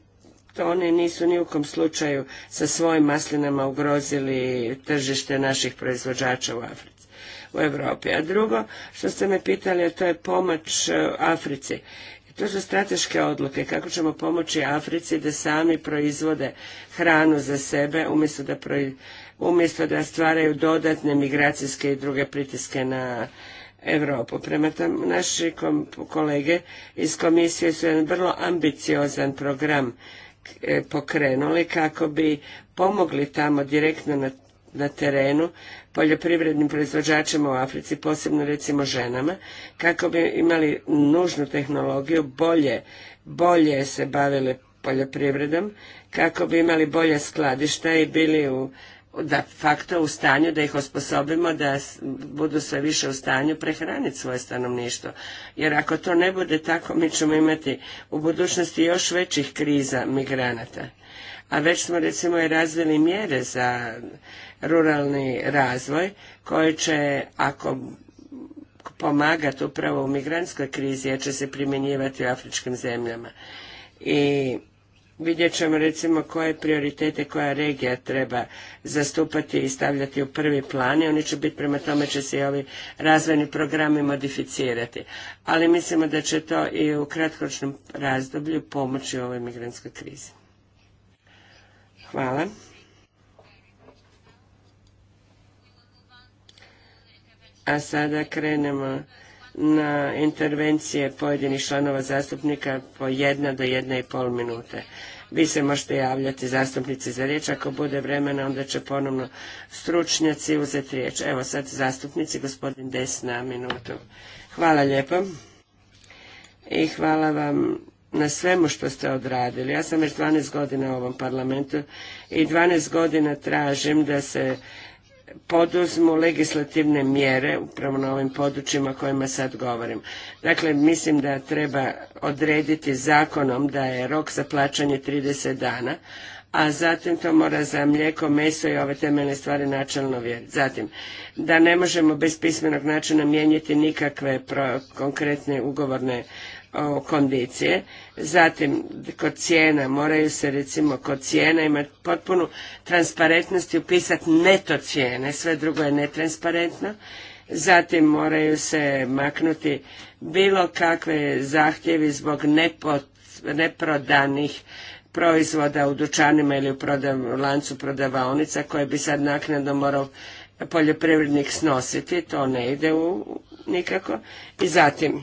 to oni nisu ni u kom slučaju sa svojim maslinama ugrozili tržište naših proizvođača u Africi u Europi. A drugo, što ste me pitali, to je pomoć e, Africi. To su strateške odluke kako ćemo pomoći Africi da sami proizvode hranu za sebe umjesto da, umjesto da stvaraju dodatne migracijske i druge pritiske na Europu. Prema tom, naši kom... kolege iz komisije su jedan vrlo ambiciozan program E, pokrenuli kako bi pomogli tamo direktno na, terenu poljoprivrednim proizvođačima u Africi, posebno recimo ženama, kako bi imali nužnu tehnologiju, bolje, bolje se bavile poljoprivredom, kako bi imali bolje skladišta i bili u da facto u stanju da ih osposobimo da budu sve više u stanju prehraniti svoje stanovništvo. Jer ako to ne bude tako, mi ćemo imati u budućnosti još većih kriza migranata. A već smo recimo i razvili mjere za ruralni razvoj koje će, ako pomagati upravo u migrantskoj krizi, jer će se primjenjivati u afričkim zemljama. I vidjet ćemo recimo koje prioritete koja regija treba zastupati i stavljati u prvi plan i oni će biti prema tome će se i ovi razvojni programi modificirati. Ali mislimo da će to i u kratkoročnom razdoblju pomoći ovoj migrantskoj krizi. Hvala. A sada krenemo na intervencije pojedinih članova zastupnika po jedna do jedna i pol minute. Vi se možete javljati zastupnici za riječ, ako bude vremena onda će ponovno stručnjaci uzeti riječ. Evo sad zastupnici, gospodin Des na minutu. Hvala lijepo i hvala vam na svemu što ste odradili. Ja sam već 12 godina u ovom parlamentu i 12 godina tražim da se poduzmu legislativne mjere upravo na ovim područjima o kojima sad govorim. Dakle, mislim da treba odrediti zakonom da je rok za plaćanje 30 dana, a zatim to mora za mlijeko, meso i ove temeljne stvari načelno vjeriti. Zatim, da ne možemo bez pismenog načina mijenjati nikakve konkretne ugovorne kondicije. Zatim, kod cijena moraju se recimo kod cijena imati potpunu transparentnost i upisati neto cijene, sve drugo je netransparentno. Zatim moraju se maknuti bilo kakve zahtjevi zbog neprodanih proizvoda u dućanima ili u lancu prodavaonica koje bi sad naknadno morao poljoprivrednik snositi, to ne ide u, nikako. I zatim,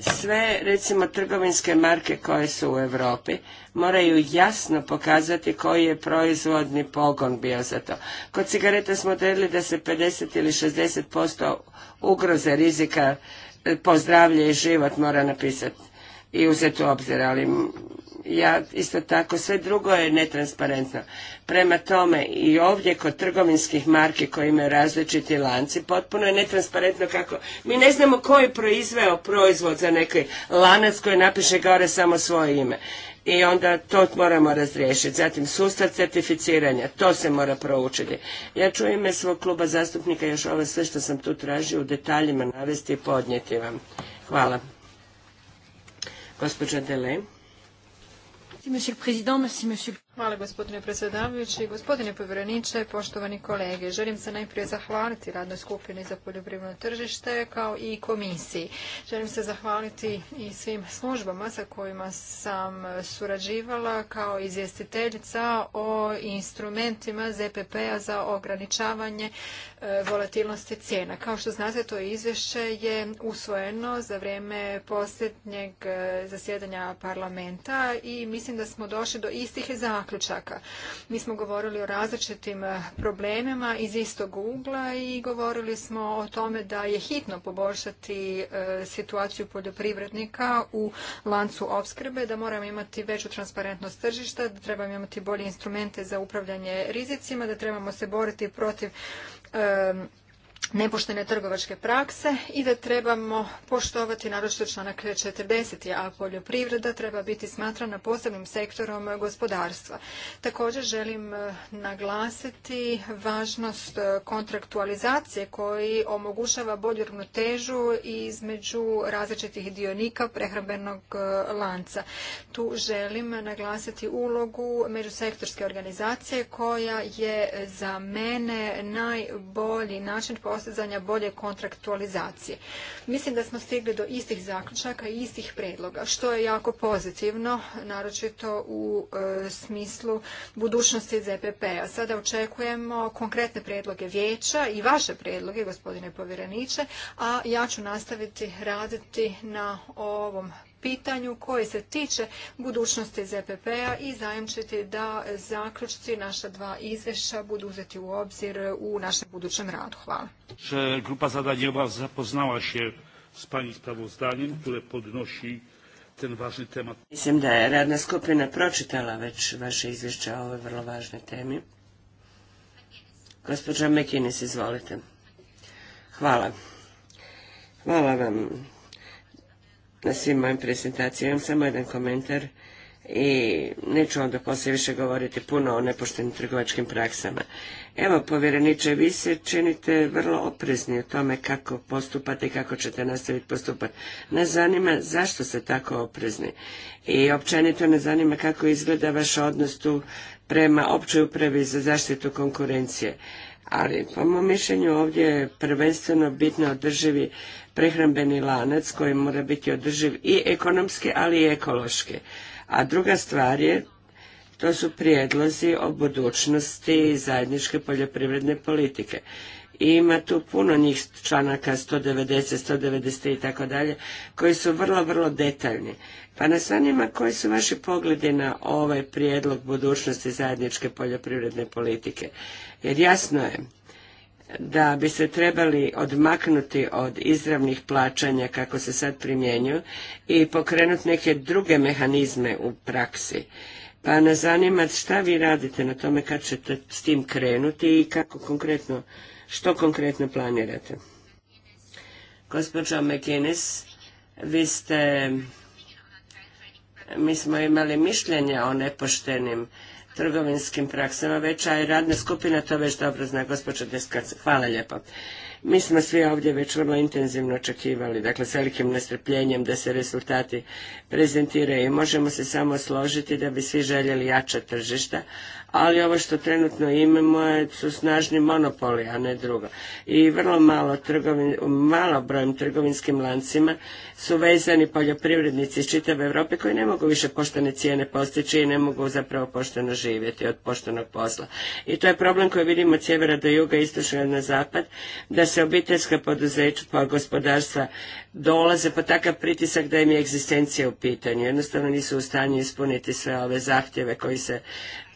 sve recimo trgovinske marke koje su u Europi moraju jasno pokazati koji je proizvodni pogon bio za to. Kod cigareta smo odredili da se 50 ili 60% ugroze rizika e, po zdravlje i život mora napisati i uzeti u obzir, ali ja isto tako, sve drugo je netransparentno. Prema tome i ovdje kod trgovinskih marki koji imaju različiti lanci, potpuno je netransparentno kako, mi ne znamo ko je proizveo proizvod za neki lanac koji napiše gore samo svoje ime i onda to moramo razriješiti. Zatim sustav certificiranja, to se mora proučiti. Ja ću ime svog kluba zastupnika još ovo sve što sam tu tražio u detaljima navesti i podnijeti vam. Hvala. Gospođa Delej. Monsieur le Président. le commissaire Hvala gospodine predsjedavajući. Gospodine povjereniče, poštovani kolege, želim se najprije zahvaliti radnoj skupini za poljoprivredno tržište kao i komisiji. Želim se zahvaliti i svim službama sa kojima sam surađivala kao izvjestiteljica o instrumentima ZPP-a za ograničavanje e, volatilnosti cijena. Kao što znate, to izvješće je usvojeno za vrijeme posljednjeg e, zasjedanja parlamenta i mislim da smo došli do istih za zaključaka. Mi smo govorili o različitim eh, problemima iz istog ugla i govorili smo o tome da je hitno poboljšati eh, situaciju poljoprivrednika u lancu opskrbe, da moramo imati veću transparentnost tržišta, da trebamo imati bolje instrumente za upravljanje rizicima, da trebamo se boriti protiv eh, nepoštene trgovačke prakse i da trebamo poštovati naročito članak 40, a poljoprivreda treba biti smatrana posebnim sektorom gospodarstva. Također želim e, naglasiti važnost e, kontraktualizacije koji omogućava bolju ravnotežu između različitih dionika prehrambenog e, lanca. Tu želim naglasiti ulogu međusektorske organizacije koja je za mene najbolji način postizanja bolje kontraktualizacije. Mislim da smo stigli do istih zaključaka i istih predloga, što je jako pozitivno, naročito u e, smislu budućnosti ZPP-a. Sada očekujemo konkretne predloge vijeća i vaše predloge, gospodine povjereniče, a ja ću nastaviti raditi na ovom pitanju koje se tiče budućnosti ZPP-a i zajemčiti da zaključci naša dva izvješća budu uzeti u obzir u našem budućem radu. Hvala. grupa zadanjeva zapoznala se s Pani spravozdanjem, kule podnosi ten važni temat. Mislim da je radna skupina pročitala već vaše izvješće o ovoj vrlo važnoj temi. Gospođa Mekinis, izvolite. Hvala. Hvala vam na svim mojim prezentacijama. Imam samo jedan komentar i neću onda poslije više govoriti puno o nepoštenim trgovačkim praksama. Evo, povjereniče, vi se činite vrlo oprezni u tome kako postupate i kako ćete nastaviti postupati. Ne zanima zašto ste tako oprezni i općenito ne zanima kako izgleda vaš odnos tu prema općoj upravi za zaštitu konkurencije. Ali po mom mišljenju ovdje je prvenstveno bitno održivi prehrambeni lanac koji mora biti održiv i ekonomski, ali i ekološki. A druga stvar je, to su prijedlozi o budućnosti zajedničke poljoprivredne politike. I ima tu puno njih članaka 190, 190 i tako dalje, koji su vrlo, vrlo detaljni. Pa nas zanima koji su vaši pogledi na ovaj prijedlog budućnosti zajedničke poljoprivredne politike. Jer jasno je da bi se trebali odmaknuti od izravnih plaćanja kako se sad primjenjuju i pokrenuti neke druge mehanizme u praksi. Pa nas zanima šta vi radite na tome kad ćete s tim krenuti i kako konkretno, što konkretno planirate. Gospođo McInnes, vi ste mi smo imali mišljenja o nepoštenim trgovinskim praksama već, a i radna skupina to već dobro zna, gospođa Deskac. Hvala lijepo. Mi smo svi ovdje već vrlo intenzivno očekivali, dakle s velikim nestrpljenjem da se rezultati prezentiraju i možemo se samo složiti da bi svi željeli jača tržišta, ali ovo što trenutno imamo su snažni monopoli, a ne drugo. I vrlo malo trgovin, malo brojem trgovinskim lancima su vezani poljoprivrednici iz čitave Europe koji ne mogu više poštene cijene postići i ne mogu zapravo pošteno živjeti od poštenog posla. I to je problem koji vidimo od sjevera do juga, istočno na zapad, da se obiteljska poduzeća, pa gospodarstva dolaze pa takav pritisak da im je egzistencija u pitanju. Jednostavno nisu u stanju ispuniti sve ove zahtjeve koji se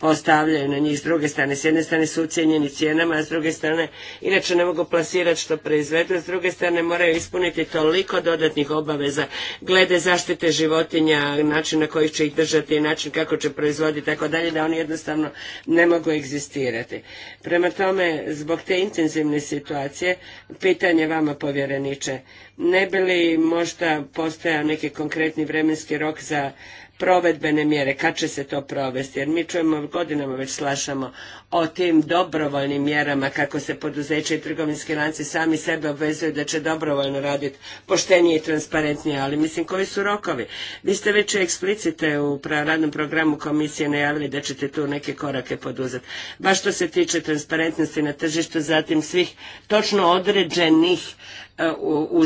postavljaju na njih s druge strane. S jedne strane su ucijenjeni cijenama, a s druge strane inače ne mogu plasirati što proizvedu, s druge strane moraju ispuniti toliko dodatnih obaveza glede zaštite životinja, način na koji će ih držati, način kako će proizvoditi, tako dalje, da oni jednostavno ne mogu egzistirati. Prema tome, zbog te intenzivne situacije, pitanje vama povjereniče, ne bi li možda postojao neki konkretni vremenski rok za provedbene mjere, kad će se to provesti, jer mi čujemo godinama već slašamo o tim dobrovoljnim mjerama kako se poduzeće i trgovinski lanci sami sebe obvezuju da će dobrovoljno raditi poštenije i transparentnije, ali mislim koji su rokovi. Vi ste već eksplicite u radnom programu komisije najavili da ćete tu neke korake poduzeti. Baš što se tiče transparentnosti na tržištu, zatim svih točno određenih E, u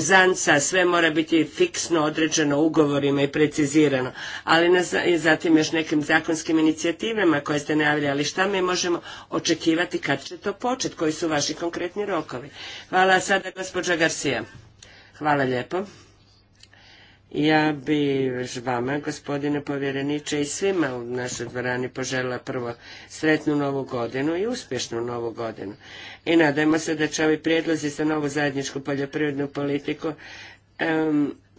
sve mora biti fiksno određeno ugovorima i precizirano, ali zatim još nekim zakonskim inicijativama koje ste najavili, ali šta mi možemo očekivati kad će to početi, koji su vaši konkretni rokovi. Hvala sada gospođa Garcia. Hvala lijepo. Ja bi vama, gospodine povjereniče, i svima u našoj dvorani požela prvo sretnu novu godinu i uspješnu novu godinu. I nadajmo se da će ovi prijedlozi za novu zajedničku poljoprivrednu politiku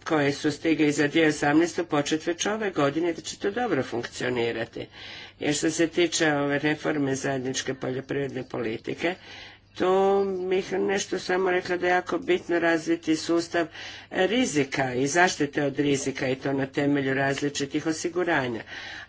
koje su stige i za 2018. počet već ove godine, da će to dobro funkcionirati. Jer što se tiče ove reforme zajedničke poljoprivredne politike, tu bih nešto samo rekla da je jako bitno razviti sustav rizika i zaštite od rizika i to na temelju različitih osiguranja.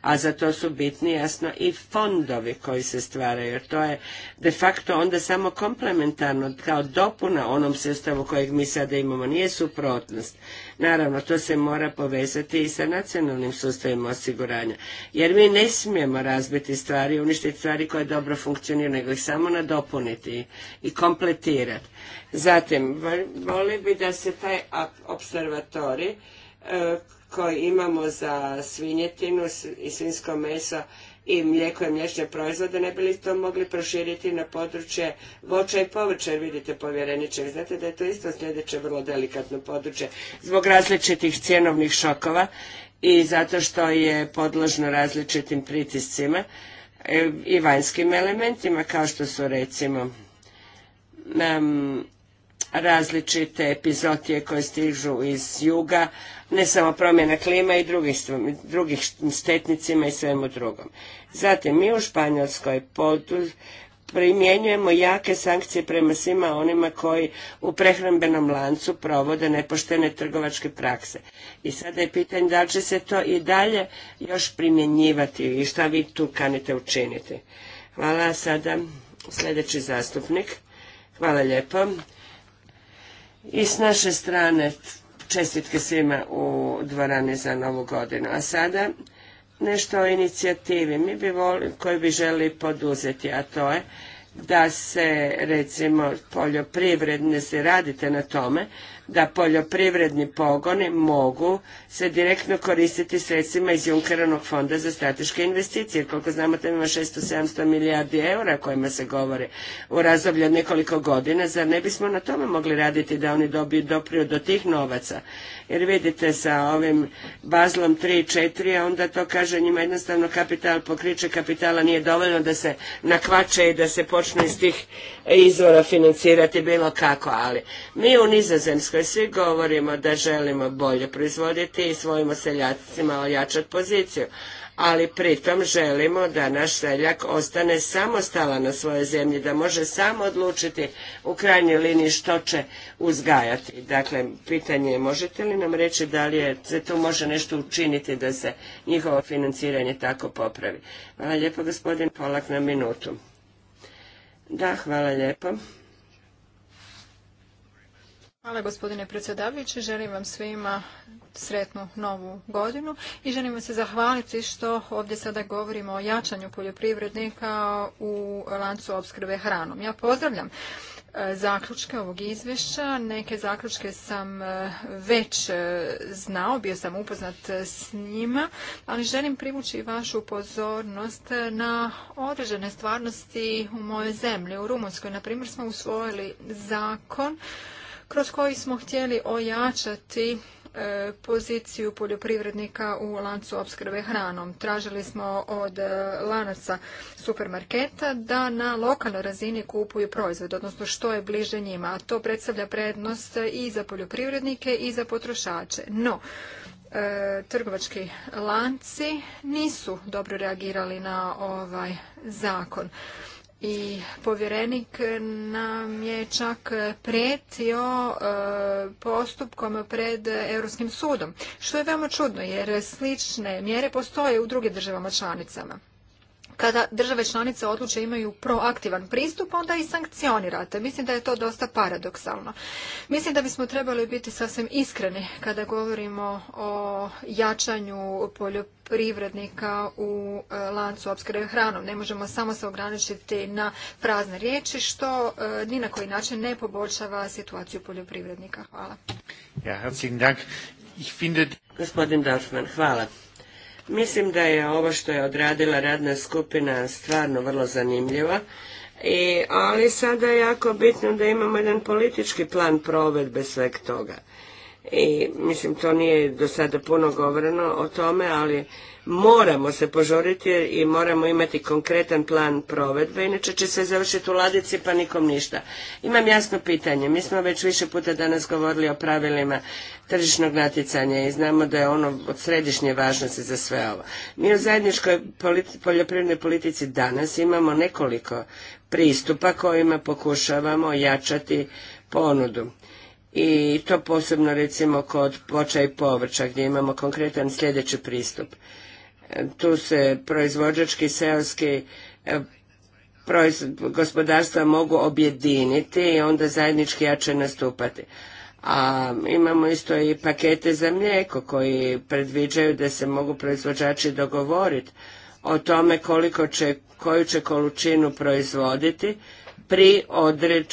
A za to su bitni jasno i fondovi koji se stvaraju jer to je de facto onda samo komplementarno kao dopuna onom sustavu kojeg mi sada imamo, nije suprotnost Naravno, to se mora povezati i sa nacionalnim sustavima osiguranja. Jer mi ne smijemo razbiti stvari, uništiti stvari koje dobro funkcioniraju, nego ih samo nadopuniti i kompletirati. Zatim, voli bi da se taj observatori e, koji imamo za svinjetinu i svinsko meso i mlijeko i mliječne proizvode, ne bi li to mogli proširiti na područje voća i povrća, jer vidite povjereniče, znate da je to isto sljedeće vrlo delikatno područje zbog različitih cjenovnih šokova i zato što je podložno različitim pritiscima e, i vanjskim elementima kao što su recimo različite epizotije koje stižu iz juga, ne samo promjena klima i drugih, štetnicima i svemu drugom. Zatim, mi u Španjolskoj podu primjenjujemo jake sankcije prema svima onima koji u prehrambenom lancu provode nepoštene trgovačke prakse. I sada je pitanje da li će se to i dalje još primjenjivati i šta vi tu kanite učiniti. Hvala sada sljedeći zastupnik. Hvala lijepo. I s naše strane čestitke svima u dvorani za Novu godinu. A sada nešto o inicijativi mi bi voli, koju bi želi poduzeti, a to je da se recimo poljoprivredne radite na tome da poljoprivredni pogoni mogu se direktno koristiti sredstvima iz Junkerovog fonda za strateške investicije. Koliko znamo, tamo ima 600-700 milijardi eura kojima se govori u razdoblju od nekoliko godina. Zar ne bismo na tome mogli raditi da oni dobiju dopriju do tih novaca? Jer vidite sa ovim bazlom 3-4, onda to kaže njima jednostavno kapital, pokriće kapitala nije dovoljno da se nakvače i da se počne iz tih izvora financirati bilo kako, ali mi u Nizozemskoj Dakle, svi govorimo da želimo bolje proizvoditi i svojim seljacima ojačati poziciju, ali pritom želimo da naš seljak ostane samostalan na svojoj zemlji, da može samo odlučiti u krajnjoj liniji što će uzgajati. Dakle, pitanje je možete li nam reći da li se tu može nešto učiniti da se njihovo financiranje tako popravi. Hvala lijepo gospodin Polak na minutu. Da, hvala lijepo. Hvala gospodine predsjedavajući. Želim vam svima sretnu novu godinu i želim vam se zahvaliti što ovdje sada govorimo o jačanju poljoprivrednika u lancu opskrbe hranom. Ja pozdravljam e, zaključke ovog izvješća. Neke zaključke sam e, već e, znao, bio sam upoznat s njima, ali želim privući vašu pozornost na određene stvarnosti u mojoj zemlji. U Rumunskoj, na primjer, smo usvojili zakon kroz koji smo htjeli ojačati e, poziciju poljoprivrednika u lancu opskrbe hranom. Tražili smo od e, lanaca supermarketa da na lokalnoj razini kupuju proizvod, odnosno što je bliže njima. A to predstavlja prednost i za poljoprivrednike i za potrošače. No, e, trgovački lanci nisu dobro reagirali na ovaj zakon i povjerenik nam je čak prijetio e, postupkom pred Europskim sudom, što je veoma čudno jer slične mjere postoje u drugim državama članicama kada države članice odluče imaju proaktivan pristup, onda i sankcionirate. Mislim da je to dosta paradoksalno. Mislim da bismo trebali biti sasvim iskreni kada govorimo o jačanju poljoprivrednika u e, lancu opskrbe hranom. Ne možemo samo se ograničiti na prazne riječi, što e, ni na koji način ne poboljšava situaciju poljoprivrednika. Hvala. Ja, herzlichen Ich finde... Gospodin hvala. Mislim da je ovo što je odradila radna skupina stvarno vrlo zanimljiva. I, ali sada je jako bitno da imamo jedan politički plan provedbe sveg toga. I mislim, to nije do sada puno govoreno o tome, ali moramo se požoriti i moramo imati konkretan plan provedbe, inače će se završiti u ladici pa nikom ništa. Imam jasno pitanje, mi smo već više puta danas govorili o pravilima tržišnog natjecanja i znamo da je ono od središnje važnosti za sve ovo. Mi u zajedničkoj poljoprivrednoj politici danas imamo nekoliko pristupa kojima pokušavamo jačati ponudu i to posebno recimo kod voća i povrća gdje imamo konkretan sljedeći pristup tu se proizvođački, seoski e, gospodarstva mogu objediniti i onda zajednički jače nastupati. A imamo isto i pakete za mlijeko koji predviđaju da se mogu proizvođači dogovoriti o tome koliko će, koju će količinu proizvoditi pri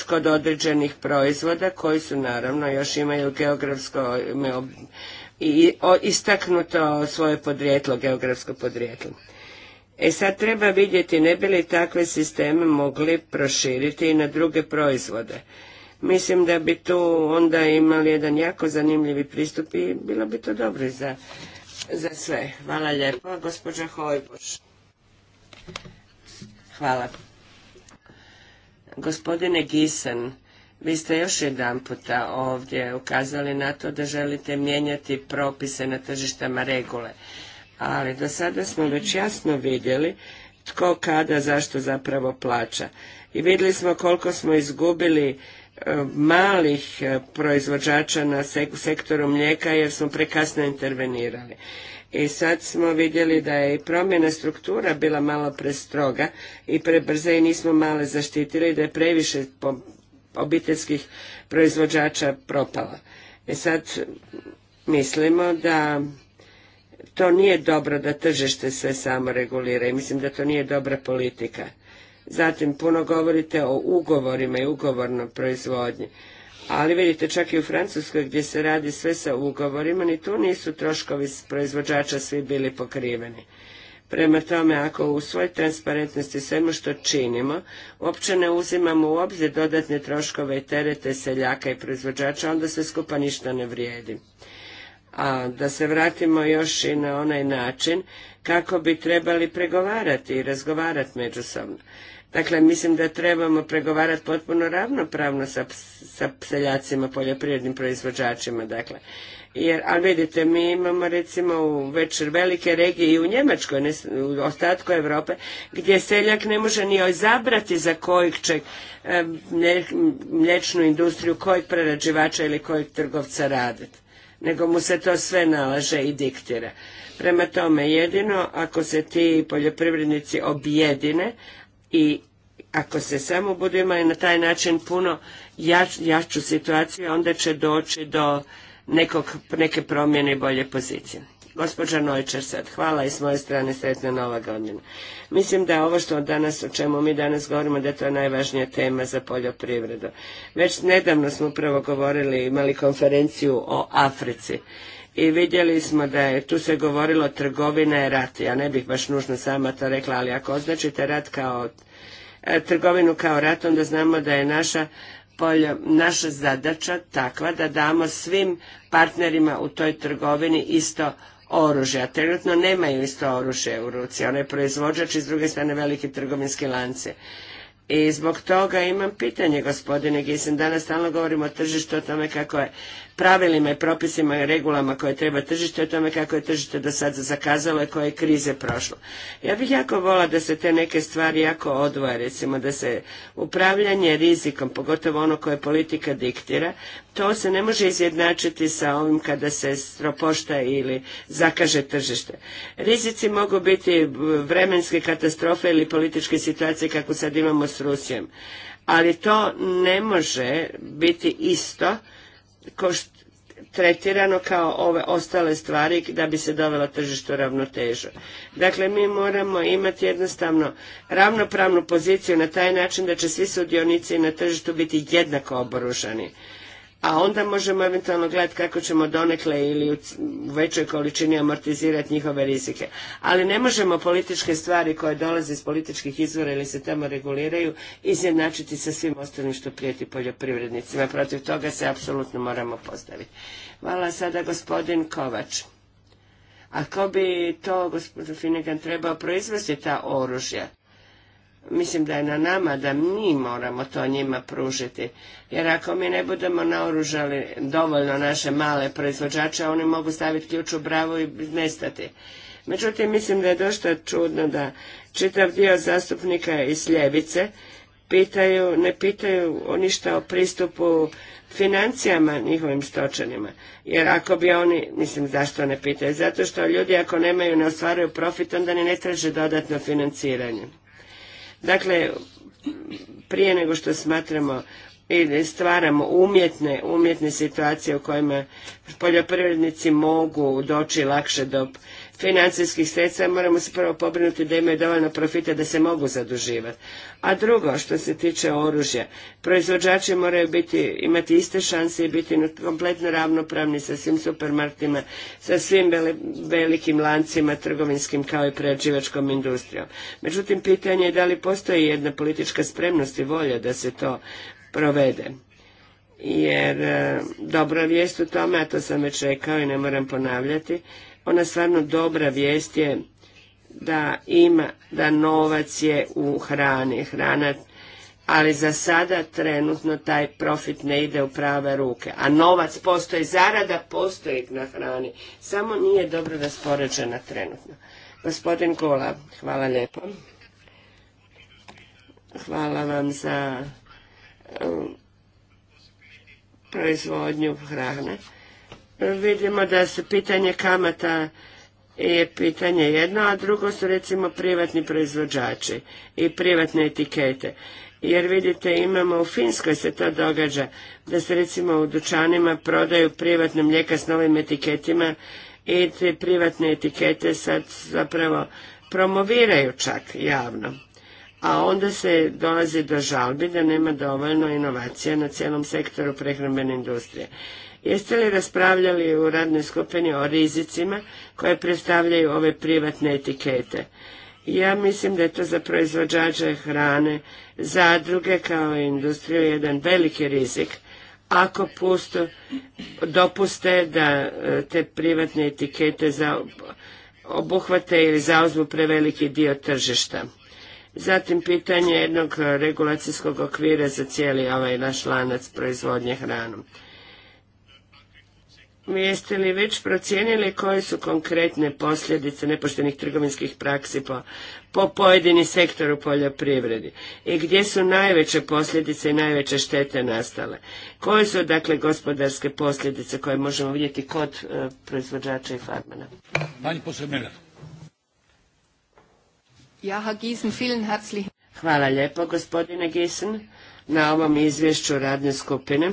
kod određenih proizvoda koji su naravno još imaju geografsko i istaknuto svoje podrijetlo, geografsko podrijetlo. E sad treba vidjeti ne bi li takve sisteme mogli proširiti i na druge proizvode. Mislim da bi tu onda imali jedan jako zanimljivi pristup i bilo bi to dobro za, za sve. Hvala lijepo, gospođa Hojboš. Hvala. Gospodine Gisen, vi ste još jedan puta ovdje ukazali na to da želite mijenjati propise na tržištama regule, ali do sada smo već jasno vidjeli tko, kada, zašto zapravo plaća. I vidjeli smo koliko smo izgubili e, malih e, proizvođača na sektoru mlijeka jer smo prekasno intervenirali. I sad smo vidjeli da je i promjena struktura bila malo prestroga i prebrze i nismo male zaštitili da je previše obiteljskih proizvođača propala. E sad mislimo da to nije dobro da tržište sve samo regulira i mislim da to nije dobra politika. Zatim puno govorite o ugovorima i ugovornoj proizvodnji. Ali vidite, čak i u Francuskoj gdje se radi sve sa ugovorima, ni tu nisu troškovi proizvođača svi bili pokriveni. Prema tome, ako u svoj transparentnosti svemu što činimo, uopće ne uzimamo u obzir dodatne troškove i terete seljaka i proizvođača, onda se skupa ništa ne vrijedi. A da se vratimo još i na onaj način kako bi trebali pregovarati i razgovarati međusobno. Dakle, mislim da trebamo pregovarati potpuno ravnopravno sa, sa seljacima, poljoprivrednim proizvođačima, dakle. Jer, ali vidite, mi imamo recimo u već velike regije i u Njemačkoj, u ostatku Europe, gdje seljak ne može ni izabrati za kojeg će mlječnu industriju, kojeg prerađivača ili kojeg trgovca raditi nego mu se to sve nalaže i diktira. Prema tome, jedino ako se ti poljoprivrednici objedine, i ako se samo budu imali na taj način puno jač, jaču situaciju, onda će doći do nekog, neke promjene i bolje pozicije. Gospođa Nojčer sad, hvala i s moje strane sretna nova godina. Mislim da ovo što danas, o čemu mi danas govorimo, da je to najvažnija tema za poljoprivredu. Već nedavno smo upravo govorili, imali konferenciju o Africi i vidjeli smo da je tu se govorilo trgovina je rat. Ja ne bih baš nužno sama to rekla, ali ako označite rat kao e, trgovinu kao rat, onda znamo da je naša polja, naša zadaća takva da damo svim partnerima u toj trgovini isto oružje, a trenutno nemaju isto oružje u ruci. Ono je proizvođač i s druge strane veliki trgovinski lance. I zbog toga imam pitanje, gospodine Gisen. Danas stalno govorimo o tržištu, o tome kako je pravilima i propisima i regulama koje treba tržište, o tome kako je tržište do sada zakazalo i koje krize prošlo. Ja bih jako vola da se te neke stvari jako odvoje, recimo da se upravljanje rizikom, pogotovo ono koje politika diktira, to se ne može izjednačiti sa ovim kada se stropošta ili zakaže tržište. Rizici mogu biti vremenske katastrofe ili političke situacije kako sad imamo s Rusijom, ali to ne može biti isto tretirano kao ove ostale stvari da bi se dovela tržištu ravnotežu. Dakle, mi moramo imati jednostavno ravnopravnu poziciju na taj način da će svi sudionici na tržištu biti jednako oboružani a onda možemo eventualno gledati kako ćemo donekle ili u većoj količini amortizirati njihove rizike. Ali ne možemo političke stvari koje dolaze iz političkih izvora ili se tamo reguliraju izjednačiti sa svim ostalim što prijeti poljoprivrednicima. Protiv toga se apsolutno moramo postaviti. Hvala sada gospodin Kovač. Ako bi to, gospodin Finnegan trebao proizvesti ta oružja? Mislim da je na nama da mi moramo to njima pružiti, jer ako mi ne budemo naoružali dovoljno naše male proizvođače, oni mogu staviti ključ u bravu i nestati. Međutim, mislim da je dosta čudno da čitav dio zastupnika iz ljevice pitaju, ne pitaju ništa o pristupu financijama njihovim stočanima. Jer ako bi oni, mislim zašto ne pitaju, zato što ljudi ako nemaju, ne ostvaruju profit, onda ni ne traže dodatno financiranje. Dakle, prije nego što smatramo ili stvaramo umjetne, umjetne situacije u kojima poljoprivrednici mogu doći lakše do financijskih sredstva, moramo se prvo pobrinuti da imaju dovoljno profita da se mogu zaduživati. A drugo, što se tiče oružja, proizvođači moraju biti, imati iste šanse i biti kompletno ravnopravni sa svim supermarktima, sa svim velikim lancima trgovinskim kao i prerađivačkom industrijom. Međutim, pitanje je da li postoji jedna politička spremnost i volja da se to provede jer e, dobra vijest u tome, a to sam već rekao i ne moram ponavljati, ona stvarno dobra vijest je da ima, da novac je u hrani, hrana, ali za sada trenutno taj profit ne ide u prave ruke, a novac postoji, zarada postoji na hrani, samo nije dobro raspoređena trenutno. Gospodin Kola, hvala lijepo. Hvala vam za um, proizvodnju hrane vidimo da su pitanje kamata je pitanje jedno, a drugo su recimo privatni proizvođači i privatne etikete. Jer vidite imamo u Finskoj se to događa da se recimo u dućanima prodaju privatne mlijeka s novim etiketima i te privatne etikete sad zapravo promoviraju čak javno. A onda se dolazi do žalbi da nema dovoljno inovacija na cijelom sektoru prehrambene industrije. Jeste li raspravljali u radnoj skupini o rizicima koje predstavljaju ove privatne etikete? Ja mislim da je to za proizvođače hrane, zadruge kao i industriju jedan veliki rizik ako pusto dopuste da e, te privatne etikete za obuhvate ili zauzmu preveliki dio tržišta. Zatim pitanje jednog regulacijskog okvira za cijeli ovaj naš lanac proizvodnje hranom. Jeste li već procijenili koje su konkretne posljedice nepoštenih trgovinskih praksi po, po pojedini sektor u poljoprivredi i gdje su najveće posljedice i najveće štete nastale? Koje su dakle gospodarske posljedice koje možemo vidjeti kod e, proizvođača i farmana? Hvala lijepo gospodine Gisen na ovom izvješću radne skupine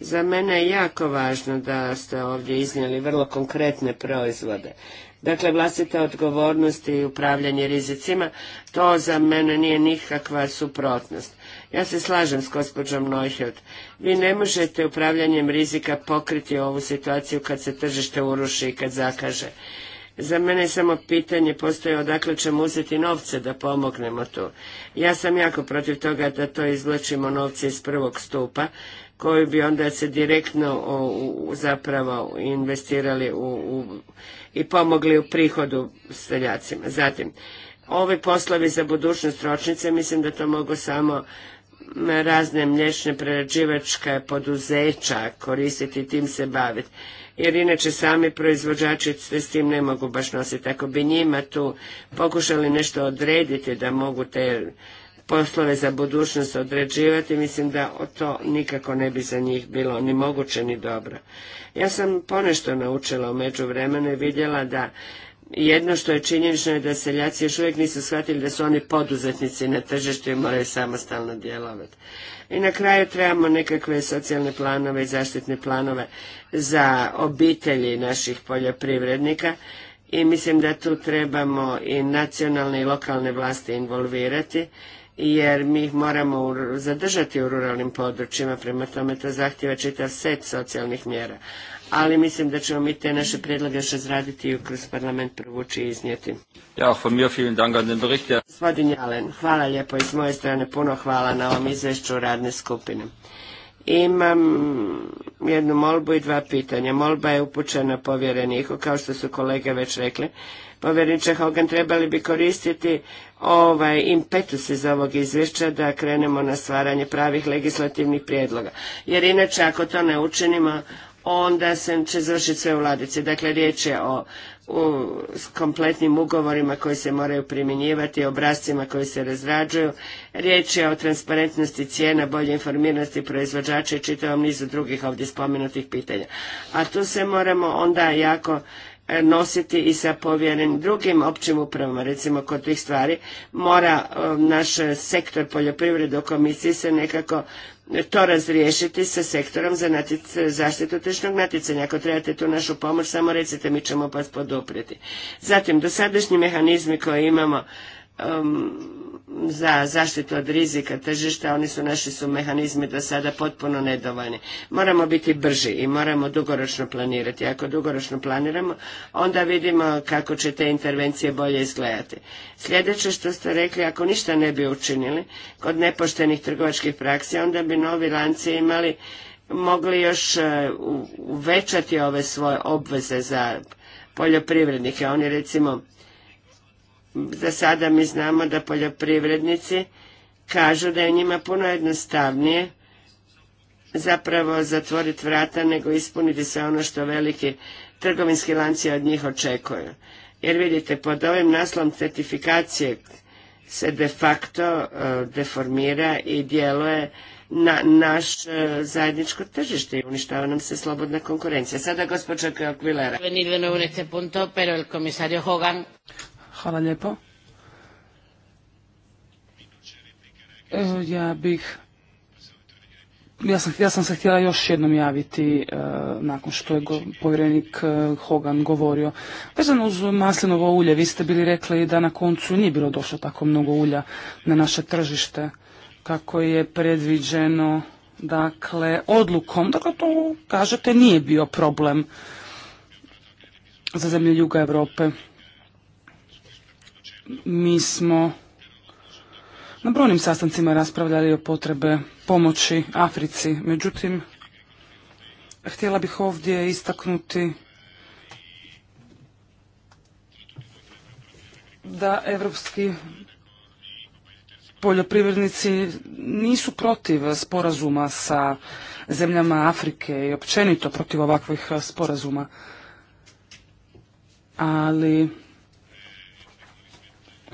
za mene je jako važno da ste ovdje iznijeli vrlo konkretne proizvode. Dakle, vlastita odgovornost i upravljanje rizicima, to za mene nije nikakva suprotnost. Ja se slažem s gospođom Neuheld. Vi ne možete upravljanjem rizika pokriti ovu situaciju kad se tržište uruši i kad zakaže. Za mene je samo pitanje postoje odakle ćemo uzeti novce da pomognemo tu. Ja sam jako protiv toga da to izvlačimo novce iz prvog stupa, koji bi onda se direktno zapravo investirali u, i pomogli u prihodu steljacima. Zatim, ovi poslovi za budućnost ročnice, mislim da to mogu samo razne mlječne prerađivačka poduzeća koristiti i tim se baviti. Jer inače sami proizvođači se s tim ne mogu baš nositi. Ako bi njima tu pokušali nešto odrediti da mogu te poslove za budućnost određivati, mislim da to nikako ne bi za njih bilo ni moguće ni dobro. Ja sam ponešto naučila u međuvremenu i vidjela da jedno što je činjenično je da seljaci još uvijek nisu shvatili da su oni poduzetnici na tržištu i moraju samostalno djelovati. I na kraju trebamo nekakve socijalne planove i zaštitne planove za obitelji naših poljoprivrednika i mislim da tu trebamo i nacionalne i lokalne vlasti involvirati jer mi ih moramo zadržati u ruralnim područjima, prema tome to zahtjeva čitav set socijalnih mjera. Ali mislim da ćemo mi te naše predloge još razraditi i kroz parlament provući i iznijeti. Ja, von mir Gospodin Jalen, hvala lijepo i s moje strane puno hvala na ovom izvješću radne skupine. Imam jednu molbu i dva pitanja. Molba je upućena povjereniku, kao što su kolege već rekli povjereniče Hogan, trebali bi koristiti ovaj impetus iz ovog izvješća da krenemo na stvaranje pravih legislativnih prijedloga. Jer inače ako to ne učinimo, onda se će završiti sve u ladici. Dakle, riječ je o kompletnim ugovorima koji se moraju primjenjivati, obrascima koji se razrađuju. Riječ je o transparentnosti cijena, bolje informiranosti proizvođača i čitavom nizu drugih ovdje spomenutih pitanja. A tu se moramo onda jako E, nositi i sa povjerenim drugim općim upravama, recimo kod tih stvari, mora e, naš sektor poljoprivrede u komisiji se nekako to razriješiti sa sektorom za zaštitu tržišnog natjecanja. Ako trebate tu našu pomoć, samo recite, mi ćemo vas poduprijeti. Zatim, dosadašnji mehanizmi koje imamo za zaštitu od rizika tržišta, oni su naši su mehanizmi do sada potpuno nedovoljni. Moramo biti brži i moramo dugoročno planirati. Ako dugoročno planiramo, onda vidimo kako će te intervencije bolje izgledati. Sljedeće što ste rekli, ako ništa ne bi učinili kod nepoštenih trgovačkih praksi, onda bi novi lanci imali mogli još e, uvećati ove svoje obveze za poljoprivrednike. Oni recimo za sada mi znamo da poljoprivrednici kažu da je njima puno jednostavnije zapravo zatvoriti vrata nego ispuniti sve ono što veliki trgovinski lanci od njih očekuju. Jer vidite, pod ovim naslom certifikacije se de facto e, deformira i djeluje na naš e, zajedničko tržište i uništava nam se slobodna konkurencija. Sada gospođa Hogan. Hvala lijepo. E, ja bih... Ja sam, ja sam se htjela još jednom javiti e, nakon što je povjerenik e, Hogan govorio. Vezano uz maslinovo ulje, vi ste bili rekli da na koncu nije bilo došlo tako mnogo ulja na naše tržište kako je predviđeno dakle odlukom. Dakle, to kažete nije bio problem za zemlje Juga Europe. Mi smo na brojnim sastancima raspravljali o potrebe pomoći Africi. Međutim, htjela bih ovdje istaknuti da evropski poljoprivrednici nisu protiv sporazuma sa zemljama Afrike i općenito protiv ovakvih sporazuma. Ali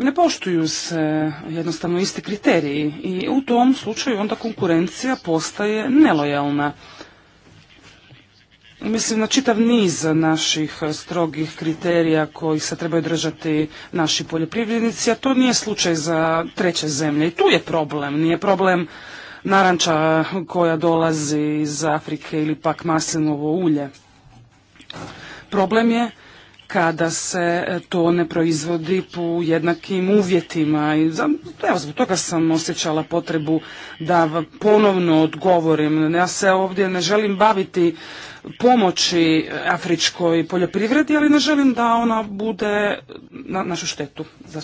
ne poštuju se jednostavno isti kriteriji i u tom slučaju onda konkurencija postaje nelojalna. Mislim na čitav niz naših strogih kriterija koji se trebaju držati naši poljoprivrednici, a to nije slučaj za treće zemlje. I tu je problem, nije problem naranča koja dolazi iz Afrike ili pak maslinovo ulje. Problem je kada se e, to ne proizvodi po jednakim uvjetima. I evo, zbog toga sam osjećala potrebu da ponovno odgovorim. Ja se ovdje ne želim baviti pomoći afričkoj poljoprivredi, ali ne želim da ona bude na našu štetu. za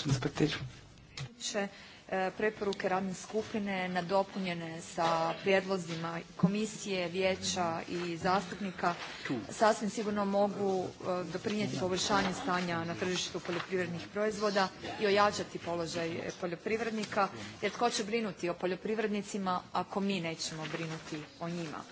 E, preporuke radne skupine nadopunjene sa prijedlozima komisije, vijeća i zastupnika sasvim sigurno mogu e, doprinijeti poboljšanju stanja na tržištu poljoprivrednih proizvoda i ojačati položaj e, poljoprivrednika jer tko će brinuti o poljoprivrednicima ako mi nećemo brinuti o njima.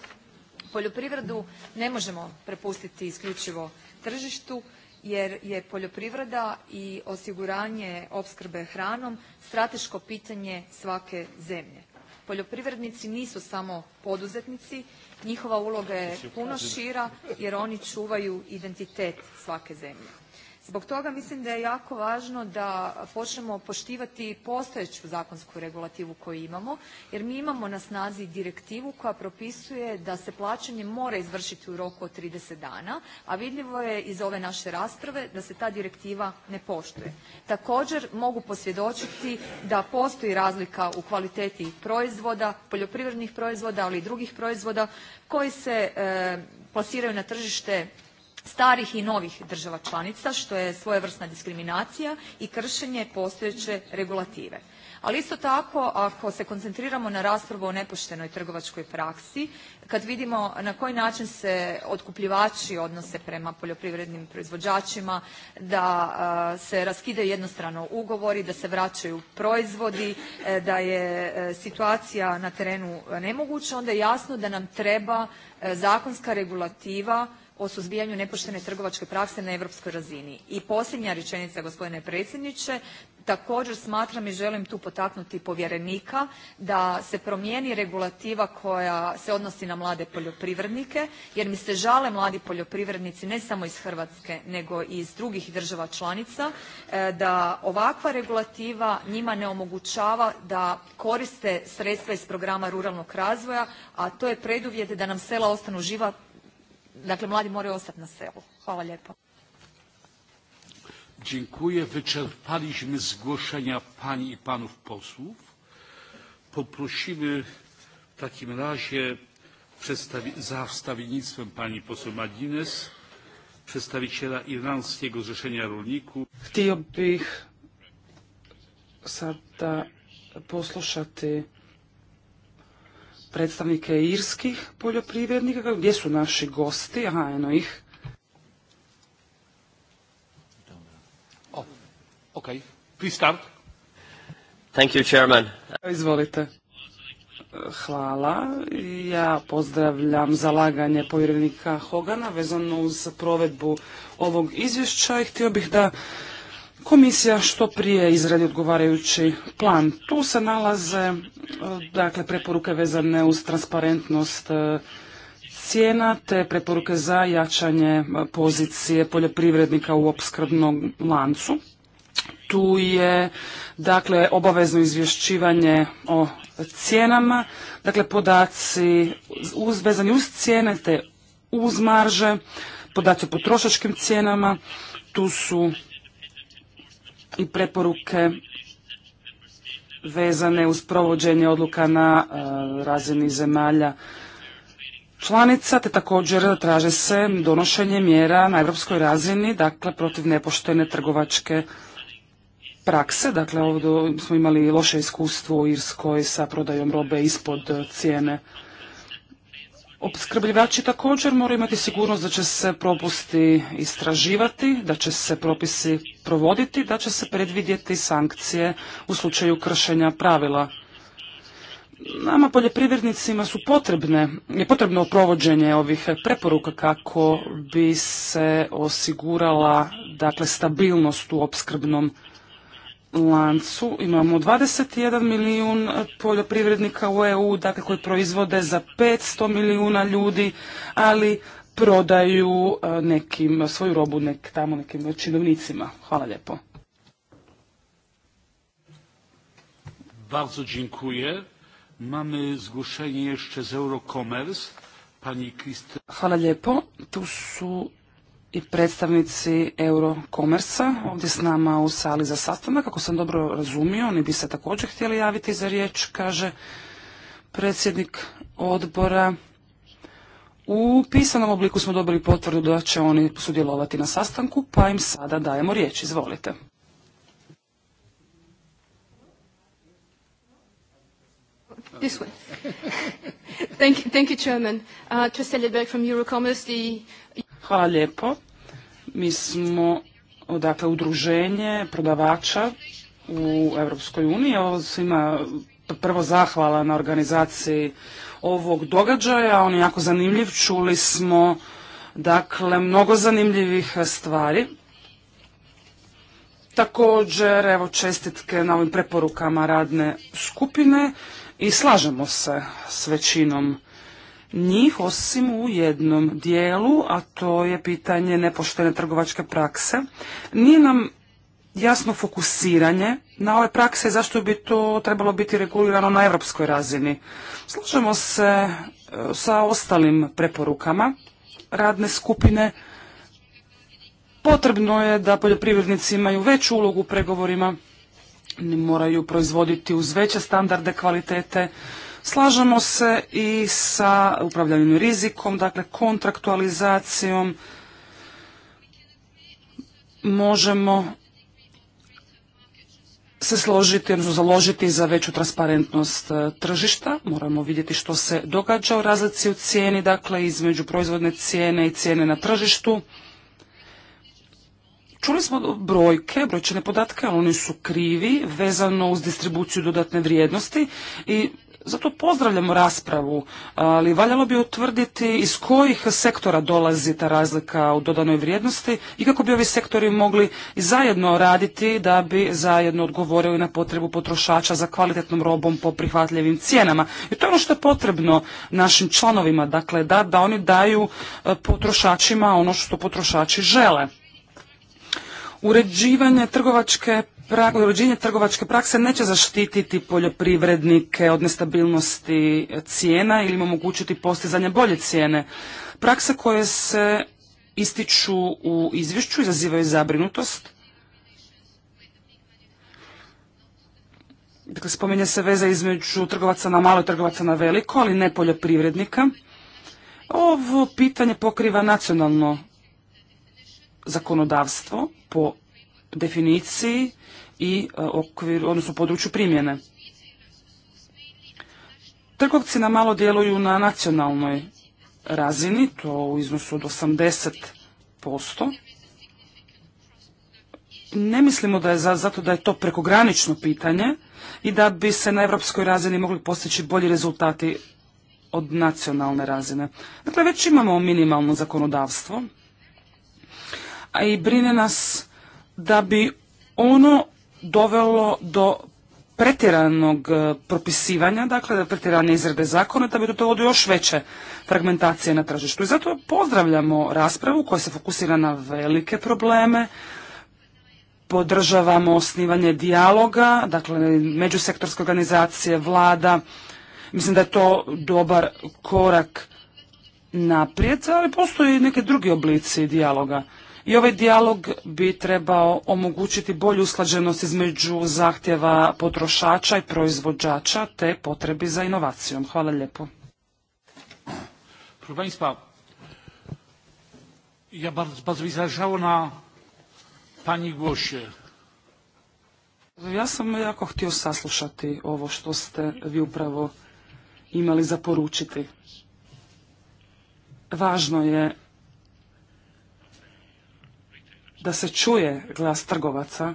Poljoprivredu ne možemo prepustiti isključivo tržištu jer je poljoprivreda i osiguranje opskrbe hranom strateško pitanje svake zemlje. Poljoprivrednici nisu samo poduzetnici, njihova uloga je puno šira jer oni čuvaju identitet svake zemlje. Zbog toga mislim da je jako važno da počnemo poštivati postojeću zakonsku regulativu koju imamo jer mi imamo na snazi direktivu koja propisuje da se plaćanje mora izvršiti u roku od 30 dana, a vidljivo je iz ove naše rasprave da se ta direktiva ne poštuje. Također mogu posvjedočiti da postoji razlika u kvaliteti proizvoda, poljoprivrednih proizvoda, ali i drugih proizvoda koji se e, plasiraju na tržište starih i novih država članica što je svojevrsna diskriminacija i kršenje postojeće regulative. Ali isto tako ako se koncentriramo na raspravu o nepoštenoj trgovačkoj praksi, kad vidimo na koji način se otkupljivači odnose prema poljoprivrednim proizvođačima, da se raskidaju jednostrano ugovori, da se vraćaju proizvodi, e, da je e, situacija na terenu nemoguća, onda je jasno da nam treba e, zakonska regulativa o suzbijanju nepoštene trgovačke prakse na europskoj razini. I posljednja rečenica gospodine predsjedniče, također smatram i želim tu potaknuti povjerenika da se promijeni regulativa koja se odnosi na mlade poljoprivrednike jer mi se žale mladi poljoprivrednici ne samo iz Hrvatske nego i iz drugih država članica e, da ovakva regulativa njima ne omogućava da koriste sredstva iz programa ruralnog razvoja, a to je preduvjet da nam sela ostanu živa dakle mladi moraju ostati na selu. Hvala lijepo. Dziękuję. Wyczerpaliśmy zgłoszenia pani i panów posłów. Poprosimy w takim razie za wstawiennictwem pani poseł Madines, przedstawiciela Irlandzkiego Zrzeszenia Rolników. Htio bih sada poslušati predstavnike irskih poljoprivrednika. Gdje su naši gosti? Aha, eno ih. ok, please Thank you, chairman. Izvolite. Hvala. Ja pozdravljam zalaganje povjerenika Hogana vezano uz provedbu ovog izvješća i htio bih da komisija što prije izradi odgovarajući plan. Tu se nalaze e, dakle, preporuke vezane uz transparentnost e, cijena te preporuke za jačanje e, pozicije poljoprivrednika u opskrbnom lancu. Tu je dakle obavezno izvješćivanje o cijenama, dakle podaci uz, vezani uz cijene te uz marže, podaci o potrošačkim cijenama, tu su i preporuke vezane uz provođenje odluka na e, razini zemalja članica, te također traže se donošenje mjera na europskoj razini, dakle protiv nepoštene trgovačke prakse. Dakle, ovdje smo imali loše iskustvo u Irskoj sa prodajom robe ispod cijene Opskrbljivači također moraju imati sigurnost da će se propusti istraživati, da će se propisi provoditi, da će se predvidjeti sankcije u slučaju kršenja pravila. Nama poljoprivrednicima su potrebne, je potrebno provođenje ovih preporuka kako bi se osigurala dakle stabilnost u opskrbnom lancu imamo 21 milijun poljoprivrednika u EU, dakle koji proizvode za 500 milijuna ljudi, ali prodaju e, nekim svoju robu nek, tamo nekim činovnicima. Hvala lijepo. Bardzo dziękuję. Mamy zgłoszenie jeszcze z Eurocommerce. Pani Hvala lijepo. Tu su i predstavnici Eurokomersa ovdje s nama u sali za sastanak. Ako sam dobro razumio, oni bi se također htjeli javiti za riječ, kaže predsjednik odbora. U pisanom obliku smo dobili potvrdu da će oni sudjelovati na sastanku, pa im sada dajemo riječ. Izvolite. This thank, uh, from Hvala lijepo. Mi smo dakle udruženje prodavača u Europskoj uniji. Ovo svima prvo zahvala na organizaciji ovog događaja. On je jako zanimljiv. Čuli smo dakle mnogo zanimljivih stvari. Također, evo čestitke na ovim preporukama radne skupine i slažemo se s većinom njih osim u jednom dijelu, a to je pitanje nepoštene trgovačke prakse. Nije nam jasno fokusiranje na ove prakse zašto bi to trebalo biti regulirano na europskoj razini. Slažemo se e, sa ostalim preporukama radne skupine. Potrebno je da poljoprivrednici imaju veću ulogu u pregovorima, moraju proizvoditi uz veće standarde kvalitete, Slažemo se i sa upravljanjem rizikom, dakle kontraktualizacijom. Možemo se složiti, odnosno založiti za veću transparentnost e, tržišta. Moramo vidjeti što se događa u razlici u cijeni, dakle između proizvodne cijene i cijene na tržištu. Čuli smo brojke, brojčane podatke, ali oni su krivi, vezano uz distribuciju dodatne vrijednosti i zato pozdravljamo raspravu, ali valjalo bi utvrditi iz kojih sektora dolazi ta razlika u dodanoj vrijednosti i kako bi ovi sektori mogli zajedno raditi da bi zajedno odgovorili na potrebu potrošača za kvalitetnom robom po prihvatljivim cijenama. I to je ono što je potrebno našim članovima, dakle da, da oni daju e, potrošačima ono što potrošači žele. Uređivanje trgovačke uređenje trgovačke prakse neće zaštititi poljoprivrednike od nestabilnosti cijena ili im omogućiti postizanje bolje cijene. Prakse koje se ističu u izvješću izazivaju zabrinutost. Dakle, spominje se veze između trgovaca na malo i trgovaca na veliko, ali ne poljoprivrednika. Ovo pitanje pokriva nacionalno zakonodavstvo po definiciji i e, okvir, odnosno području primjene. Trgovci na malo djeluju na nacionalnoj razini, to u iznosu od 80%. Ne mislimo da je zato da je to prekogranično pitanje i da bi se na europskoj razini mogli postići bolji rezultati od nacionalne razine. Dakle, već imamo minimalno zakonodavstvo, a i brine nas da bi ono dovelo do pretjeranog e, propisivanja, dakle da pretjerane izrade zakona, da bi to do još veće fragmentacije na tržištu. I zato pozdravljamo raspravu koja se fokusira na velike probleme, podržavamo osnivanje dijaloga, dakle međusektorske organizacije, vlada. Mislim da je to dobar korak naprijed, ali postoje i neke drugi oblici dijaloga. I ovaj dijalog bi trebao omogućiti bolju usklađenost između zahtjeva potrošača i proizvođača te potrebi za inovacijom. Hvala lijepo. Proszę ja bardzo, bardzo mi na Pani głosie. Ja sam jako htio saslušati ovo što ste vi upravo imali za poručiti. Važno je da se čuje glas trgovaca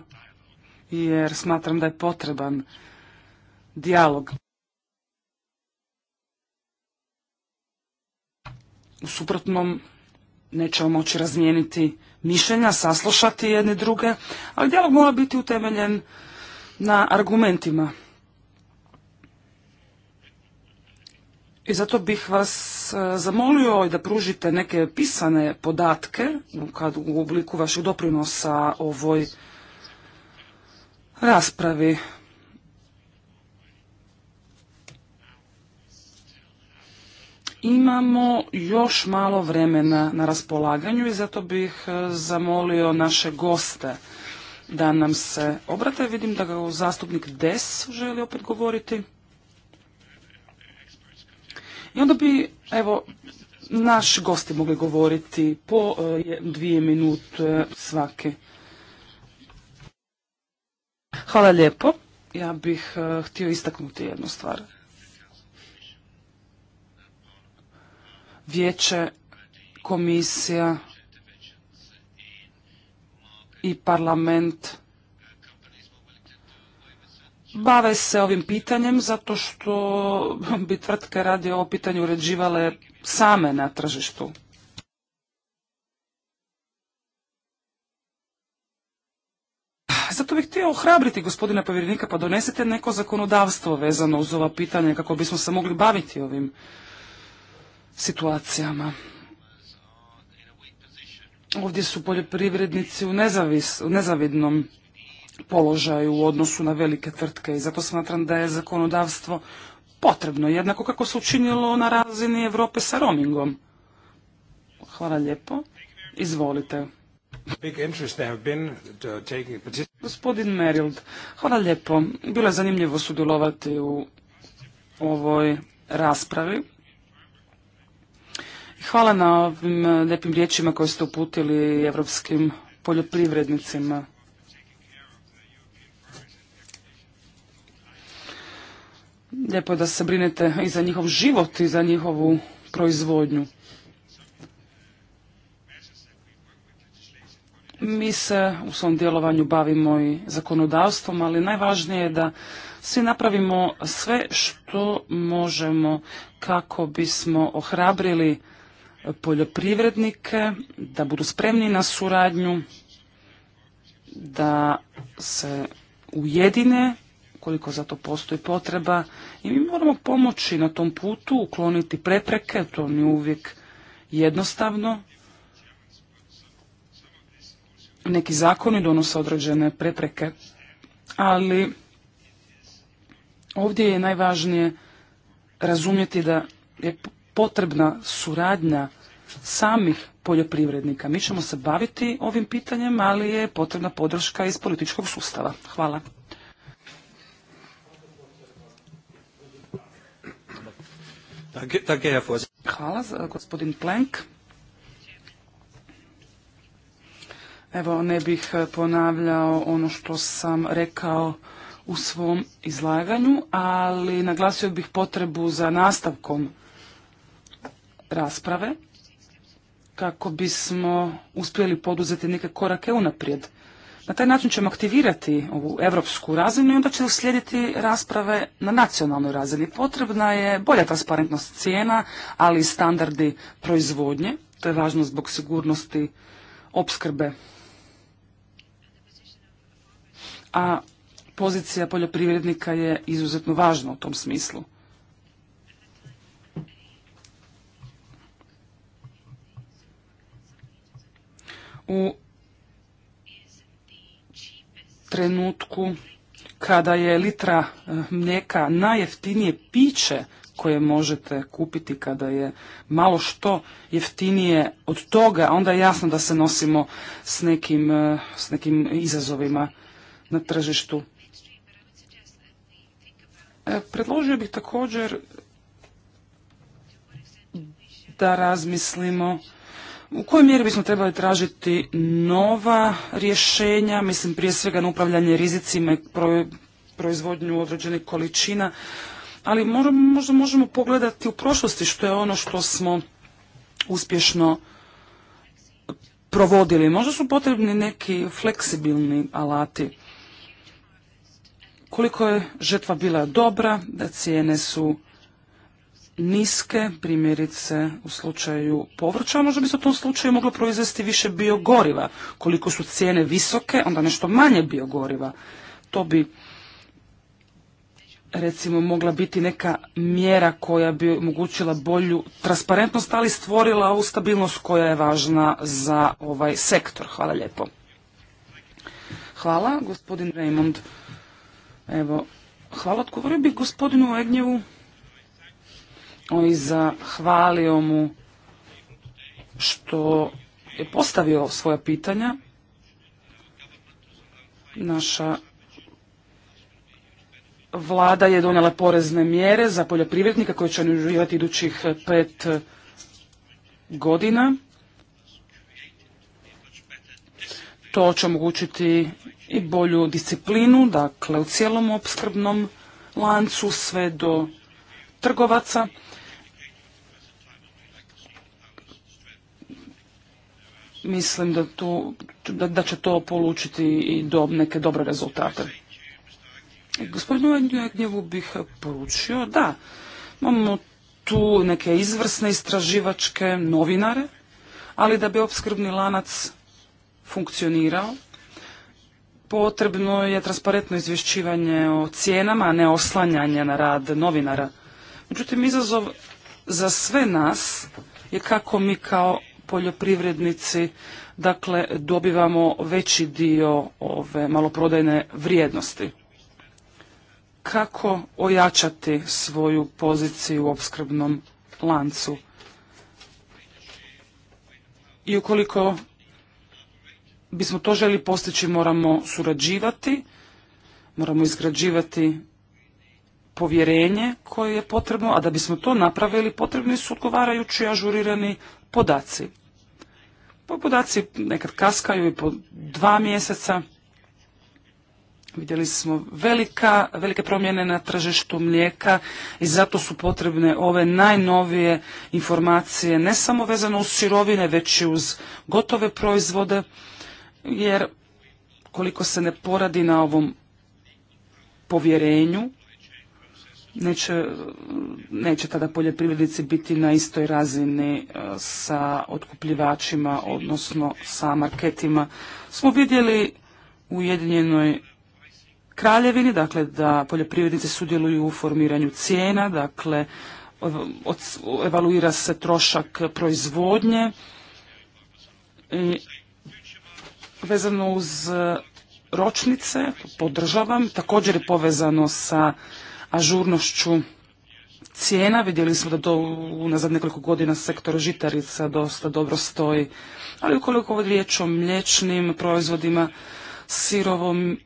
jer smatram da je potreban dijalog. U suprotnom nećemo moći razmijeniti mišljenja, saslušati jedne druge, ali dijalog mora biti utemeljen na argumentima. I zato bih vas e, zamolio da pružite neke pisane podatke kad u obliku vašeg doprinosa ovoj raspravi. Imamo još malo vremena na raspolaganju i zato bih e, zamolio naše goste da nam se obrate. Vidim da ga zastupnik Des želi opet govoriti. I onda bi, evo, naši gosti mogli govoriti po e, dvije minute svake. Hvala lijepo. Ja bih e, htio istaknuti jednu stvar. Vijeće, komisija i parlament bave se ovim pitanjem zato što bi tvrtke radi ovo pitanje uređivale same na tržištu. Zato bih htio ohrabriti gospodina povjerenika pa donesete neko zakonodavstvo vezano uz ova pitanja kako bismo se mogli baviti ovim situacijama. Ovdje su poljoprivrednici u, nezavis, u nezavidnom položaju u odnosu na velike tvrtke i zato smatram da je zakonodavstvo potrebno, jednako kako se učinilo na razini Europe sa roamingom. Hvala lijepo. Izvolite. Gospodin Merild, hvala lijepo. Bilo je zanimljivo sudjelovati u ovoj raspravi. Hvala na ovim lijepim riječima koje ste uputili evropskim poljoprivrednicima. Lijepo je da se brinete i za njihov život i za njihovu proizvodnju. Mi se u svom djelovanju bavimo i zakonodavstvom, ali najvažnije je da svi napravimo sve što možemo kako bismo ohrabrili poljoprivrednike da budu spremni na suradnju, da se ujedine koliko za to postoji potreba i mi moramo pomoći na tom putu, ukloniti prepreke, to nije uvijek jednostavno. Neki zakoni donose određene prepreke, ali ovdje je najvažnije razumjeti da je potrebna suradnja samih poljoprivrednika. Mi ćemo se baviti ovim pitanjem, ali je potrebna podrška iz političkog sustava. Hvala. Hvala, gospodin Plenk. Evo, ne bih e, ponavljao ono što sam rekao u svom izlaganju, ali naglasio bih potrebu za nastavkom rasprave kako bismo uspjeli poduzeti neke korake unaprijed. Na taj način ćemo aktivirati ovu evropsku razinu i onda će uslijediti rasprave na nacionalnoj razini. Potrebna je bolja transparentnost cijena, ali i standardi proizvodnje. To je važno zbog sigurnosti opskrbe. A pozicija poljoprivrednika je izuzetno važna u tom smislu. U trenutku kada je litra e, mlijeka najjeftinije piće koje možete kupiti kada je malo što jeftinije od toga, onda je jasno da se nosimo s nekim, e, s nekim izazovima na tržištu. E, predložio bih također da razmislimo u kojoj mjeri bismo trebali tražiti nova rješenja, mislim prije svega na upravljanje rizicima i proizvodnju određenih količina, ali možda možemo pogledati u prošlosti što je ono što smo uspješno provodili. Možda su potrebni neki fleksibilni alati. Koliko je žetva bila dobra, da cijene su niske, primjerice u slučaju povrća, možda bi se u tom slučaju moglo proizvesti više biogoriva. Koliko su cijene visoke, onda nešto manje biogoriva. To bi recimo mogla biti neka mjera koja bi omogućila bolju transparentnost, ali stvorila ovu stabilnost koja je važna za ovaj sektor. Hvala lijepo. Hvala, gospodin Raymond. Evo, hvala, odgovorio bih gospodinu Egnjevu i zahvalio mu što je postavio svoja pitanja. Naša vlada je donijela porezne mjere za poljoprivrednika koje će uživati idućih pet godina. To će omogućiti i bolju disciplinu, dakle u cijelom opskrbnom lancu sve do trgovaca. mislim da, tu, da, da će to polučiti i do neke dobre rezultate. Gospodinu Jagnjevu bih poručio da imamo tu neke izvrsne istraživačke novinare, ali da bi opskrbni lanac funkcionirao, potrebno je transparentno izvješćivanje o cijenama, a ne oslanjanje na rad novinara. Međutim, izazov za sve nas je kako mi kao poljoprivrednici, dakle dobivamo veći dio ove maloprodajne vrijednosti. Kako ojačati svoju poziciju u opskrbnom lancu? I ukoliko bismo to želi postići, moramo surađivati, moramo izgrađivati povjerenje koje je potrebno, a da bismo to napravili potrebni su odgovarajući ažurirani podaci. Pa podaci nekad kaskaju i po dva mjeseca. Vidjeli smo velika, velike promjene na tržištu mlijeka i zato su potrebne ove najnovije informacije, ne samo vezano uz sirovine, već i uz gotove proizvode, jer koliko se ne poradi na ovom povjerenju, neće, neće tada poljoprivrednici biti na istoj razini e, sa otkupljivačima, odnosno sa marketima. Smo vidjeli u Ujedinjenoj kraljevini, dakle da poljoprivrednici sudjeluju u formiranju cijena, dakle evaluira se trošak proizvodnje i vezano uz ročnice, podržavam, također je povezano sa ažurnošću cijena. Vidjeli smo da to unazad nekoliko godina sektor žitarica dosta dobro stoji. Ali ukoliko ovdje riječ o mliječnim proizvodima, sirovom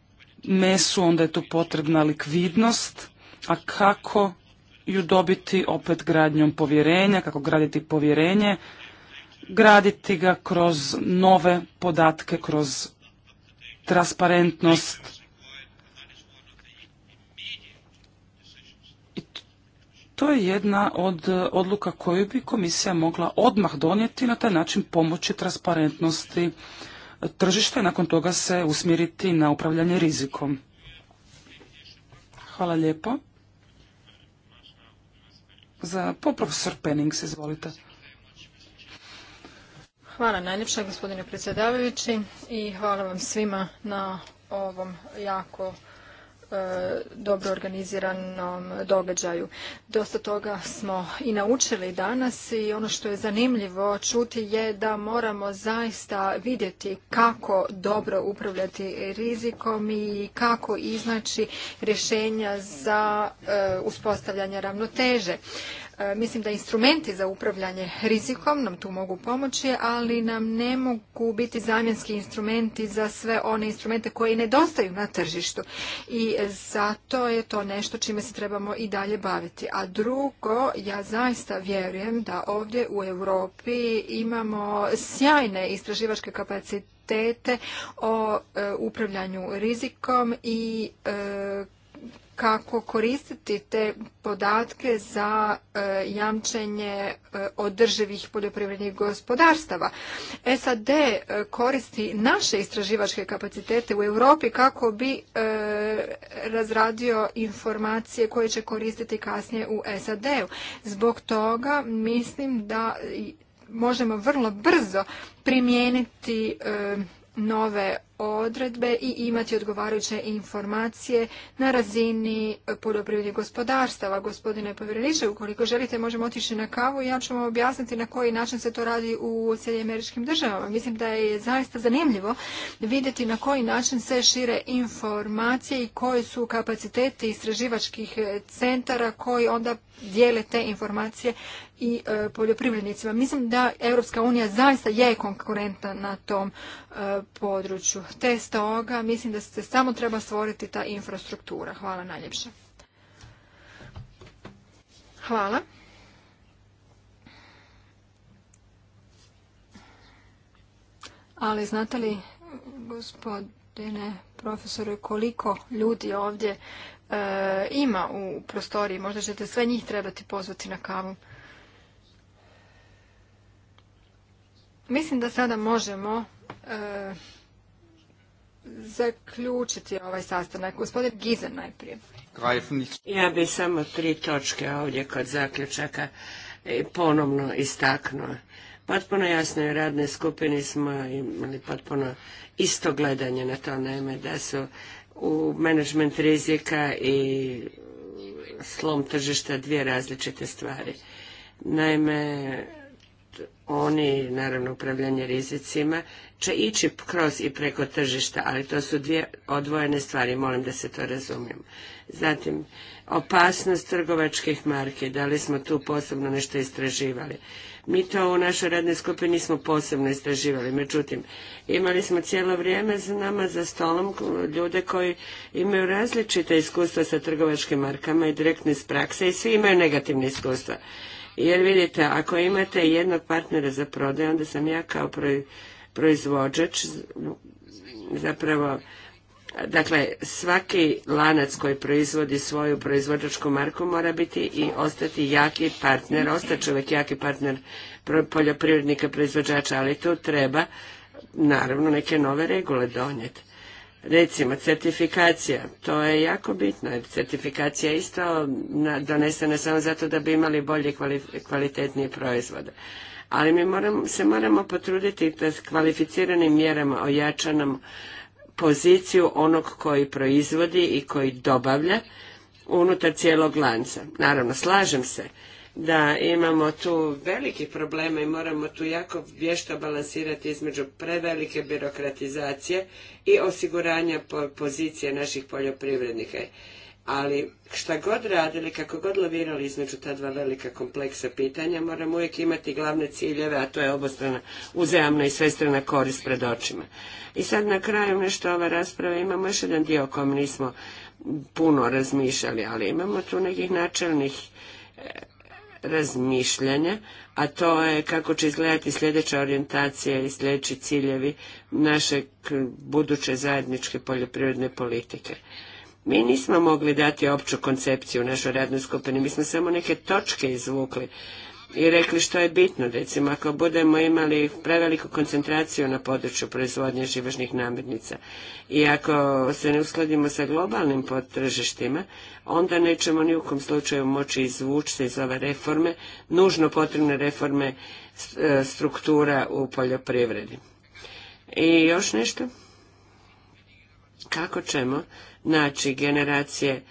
mesu, onda je tu potrebna likvidnost. A kako ju dobiti opet gradnjom povjerenja, kako graditi povjerenje, graditi ga kroz nove podatke, kroz transparentnost, to je jedna od e, odluka koju bi komisija mogla odmah donijeti na taj način pomoći transparentnosti e, tržišta i nakon toga se usmjeriti na upravljanje rizikom. Hvala lijepo. Za poprofesor Pennings, izvolite. Hvala najljepša gospodine predsjedavajući i hvala vam svima na ovom jako E, dobro organiziranom događaju. Dosta toga smo i naučili danas i ono što je zanimljivo čuti je da moramo zaista vidjeti kako dobro upravljati rizikom i kako iznaći rješenja za e, uspostavljanje ravnoteže. E, mislim da instrumenti za upravljanje rizikom nam tu mogu pomoći, ali nam ne mogu biti zamjenski instrumenti za sve one instrumente koji nedostaju na tržištu. I zato je to nešto čime se trebamo i dalje baviti. A drugo, ja zaista vjerujem da ovdje u Europi imamo sjajne istraživačke kapacitete o e, upravljanju rizikom i e, kako koristiti te podatke za e, jamčenje e, održivih poljoprivrednih gospodarstava. SAD e, koristi naše istraživačke kapacitete u Europi kako bi razradio informacije koje će koristiti kasnije u SAD-u. Zbog toga mislim da možemo vrlo brzo primijeniti nove odredbe i imati odgovarajuće informacije na razini poljoprivrednih gospodarstava. Gospodine povjereniče, ukoliko želite možemo otići na kavu i ja ću vam objasniti na koji način se to radi u Sjedinim američkim državama. Mislim da je zaista zanimljivo vidjeti na koji način se šire informacije i koji su kapaciteti istraživačkih centara koji onda dijele te informacije i e, poljoprivrednicima. Mislim da Europska unija zaista je konkurentna na tom e, području. Te toga, mislim da se samo treba stvoriti ta infrastruktura. Hvala najljepše. Hvala. Ali znate li, gospodine profesore, koliko ljudi ovdje e, ima u prostoriji? Možda ćete sve njih trebati pozvati na kavu. Mislim da sada možemo e, zaključiti ovaj sastanak. Gospodin Giza najprije. Ja bi samo tri točke ovdje kod zaključaka ponovno istaknuo. Potpuno jasno je radne skupini smo imali potpuno isto gledanje na to, naime da su u management rizika i slom tržišta dvije različite stvari. Naime, oni, naravno upravljanje rizicima, će ići kroz i preko tržišta, ali to su dvije odvojene stvari, molim da se to razumijemo. Zatim, opasnost trgovačkih marki, da li smo tu posebno nešto istraživali. Mi to u našoj radnoj skupini nismo posebno istraživali, međutim, imali smo cijelo vrijeme za nama za stolom ljude koji imaju različite iskustva sa trgovačkim markama i direktne iz prakse i svi imaju negativne iskustva. Jer vidite, ako imate jednog partnera za prodaj, onda sam ja kao proizvođač zapravo Dakle, svaki lanac koji proizvodi svoju proizvođačku marku mora biti i ostati jaki partner, ostati čovjek jaki partner poljoprivrednika, proizvođača, ali tu treba naravno neke nove regule donijeti. Recimo, certifikacija, to je jako bitno, certifikacija je isto donesena samo zato da bi imali bolje kvalitetnije proizvode. Ali mi se moramo potruditi da s kvalificiranim mjerama nam poziciju onog koji proizvodi i koji dobavlja unutar cijelog lanca. Naravno, slažem se da imamo tu veliki problema i moramo tu jako vješto balansirati između prevelike birokratizacije i osiguranja pozicije naših poljoprivrednika. Ali šta god radili, kako god lovirali između ta dva velika kompleksa pitanja, moramo uvijek imati glavne ciljeve, a to je obostrana uzajamna i svestrana korist pred očima. I sad na kraju nešto ove rasprave imamo još jedan dio o kojem nismo puno razmišljali, ali imamo tu nekih načelnih razmišljanja, a to je kako će izgledati sljedeća orijentacija i sljedeći ciljevi naše buduće zajedničke poljoprivredne politike. Mi nismo mogli dati opću koncepciju našoj radnoj skupini, mi smo samo neke točke izvukli i rekli što je bitno. Recimo, ako budemo imali preveliku koncentraciju na području proizvodnje živežnih namirnica i ako se ne uskladimo sa globalnim tržištima, onda nećemo ni u kom slučaju moći izvući se iz ove reforme, nužno potrebne reforme e, struktura u poljoprivredi. I još nešto? Kako ćemo naći generacije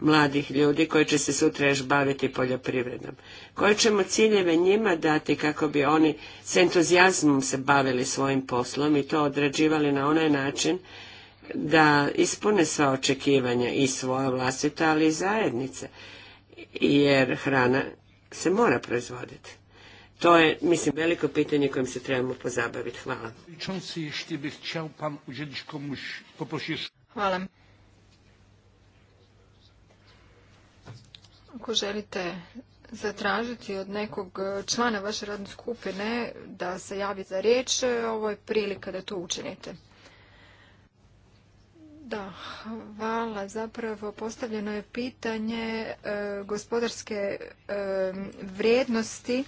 mladih ljudi koji će se sutra još baviti poljoprivredom. Koje ćemo ciljeve njima dati kako bi oni s entuzijazmom se bavili svojim poslom i to odrađivali na onaj način da ispune sva očekivanja i svoja vlastita, ali i zajednice. Jer hrana se mora proizvoditi. To je, mislim, veliko pitanje kojim se trebamo pozabaviti. Hvala. Pa Hvala. Ako želite zatražiti od nekog e, člana vaše radne skupine da se javi za riječ, e, ovo je prilika da to učinite. Da, hvala. Zapravo postavljeno je pitanje e, gospodarske vrijednosti